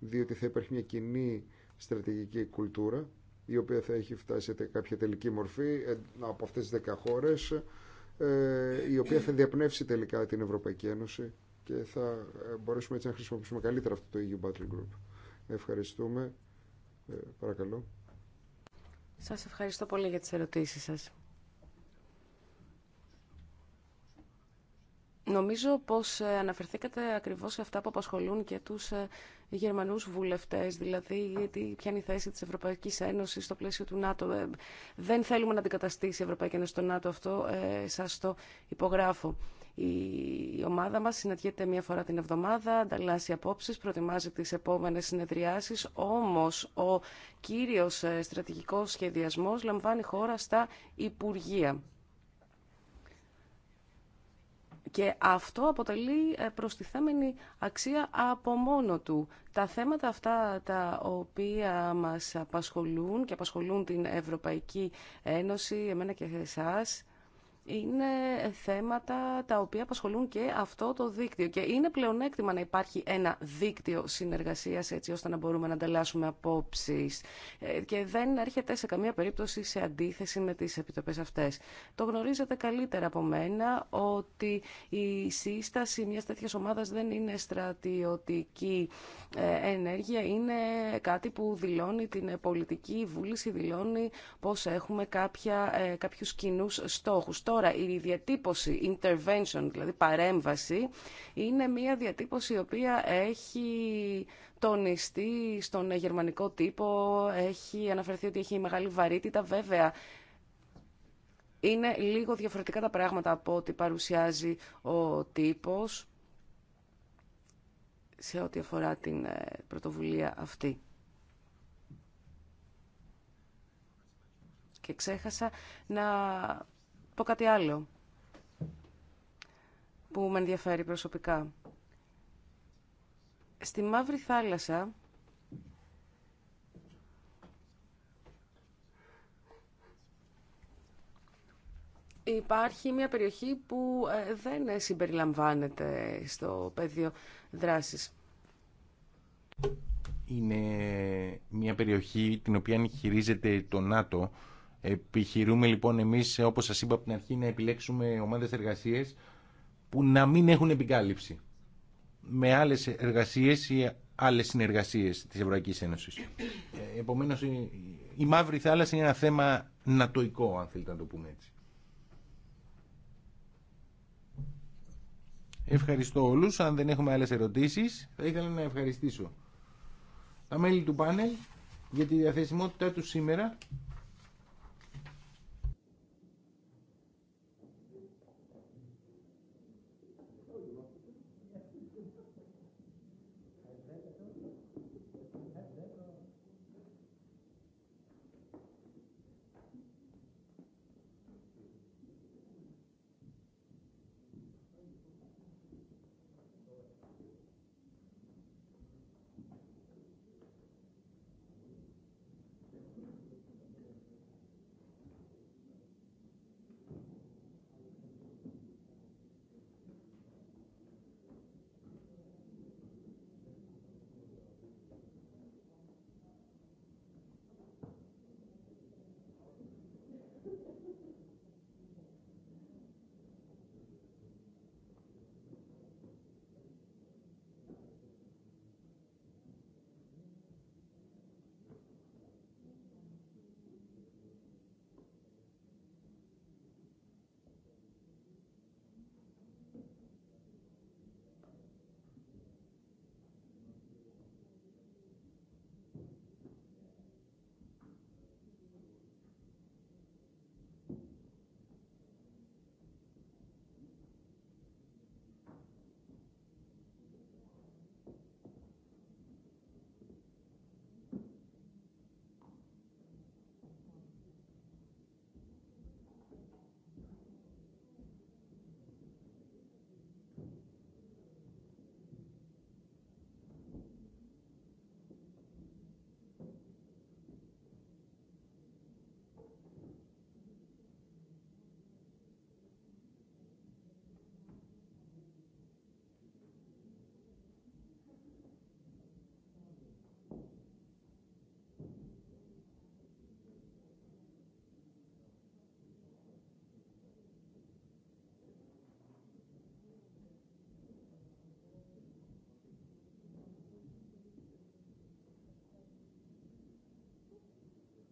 διότι θα υπάρχει μια κοινή στρατηγική κουλτούρα, η οποία θα έχει φτάσει σε κάποια τελική μορφή από αυτές τις 10 χώρες, ε, η οποία θα διαπνεύσει τελικά την Ευρωπαϊκή Ένωση και θα ε, μπορέσουμε έτσι να χρησιμοποιήσουμε καλύτερα αυτό το EU Battle Group. Ευχαριστούμε. Ε, παρακαλώ. Σας ευχαριστώ πολύ για τις ερωτήσεις σας. Νομίζω πως ε, αναφερθήκατε ακριβώς σε αυτά που απασχολούν και τους ε, Γερμανούς βουλευτές, δηλαδή γιατί ποια είναι η θέση της Ευρωπαϊκής Ένωσης στο πλαίσιο του ΝΑΤΟ. Ε, δεν θέλουμε να αντικαταστήσει η Ευρωπαϊκή Ένωση στο ΝΑΤΟ, αυτό σας το υπογράφω. Η ομάδα μας συναντιέται μία φορά την εβδομάδα, ανταλλάσσει απόψεις, προετοιμάζει τις επόμενες συνεδριάσεις, όμως ο κύριος ε, στρατηγικός σχεδιασμός λαμβάνει χώρα στα Υπουργεία. Και αυτό αποτελεί ε, προστιθέμενη αξία από μόνο του. Τα θέματα αυτά τα οποία μας απασχολούν και απασχολούν την Ευρωπαϊκή Ένωση, εμένα και εσάς, είναι θέματα τα οποία απασχολούν και αυτό το δίκτυο. Και είναι πλεονέκτημα να υπάρχει ένα δίκτυο συνεργασία έτσι ώστε να μπορούμε να ανταλλάσσουμε απόψεις ε, και δεν έρχεται σε καμία περίπτωση σε αντίθεση με τις επιτροπέ αυτές. Το γνωρίζετε καλύτερα από μένα ότι η σύσταση μια τέτοια ομάδας δεν είναι στρατιωτική ε, ενέργεια, είναι κάτι που δηλώνει την πολιτική βούληση, δηλώνει πώ έχουμε ε, κάποιου κοινού στόχου. Τώρα, η διατύπωση intervention, δηλαδή παρέμβαση, είναι μια διατύπωση η οποία έχει τονιστεί στον γερμανικό τύπο, έχει αναφερθεί ότι έχει μεγάλη βαρύτητα, βέβαια. Είναι λίγο διαφορετικά τα πράγματα από ό,τι παρουσιάζει ο τύπος σε ό,τι αφορά την ε, πρωτοβουλία αυτή. Και ξέχασα να πω κάτι άλλο που με ενδιαφέρει προσωπικά. Στη Μαύρη Θάλασσα υπάρχει μια περιοχή που ε, δεν συμπεριλαμβάνεται στο πεδίο δράσης. Είναι μια περιοχή την οποία χειρίζεται το ΝΑΤΟ Επιχειρούμε λοιπόν εμείς, όπως σας είπα από την αρχή, να επιλέξουμε ομάδες εργασίες που να μην έχουν επικάλυψη με άλλες εργασίες ή άλλες συνεργασίες της Ευρωπαϊκής Ένωσης. Ε, επομένως, η Μαύρη Θάλασσα είναι ένα θέμα νατοϊκό, αν θέλετε να το πούμε έτσι. Ευχαριστώ όλους. Αν δεν έχουμε άλλες ερωτήσεις, θα ήθελα να ευχαριστήσω τα μέλη του πάνελ για τη διαθεσιμότητά τους σήμερα.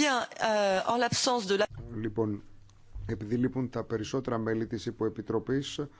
Euh, λοιπόν, επειδή λείπουν τα περισσότερα μέλη της υποεπιτροπής,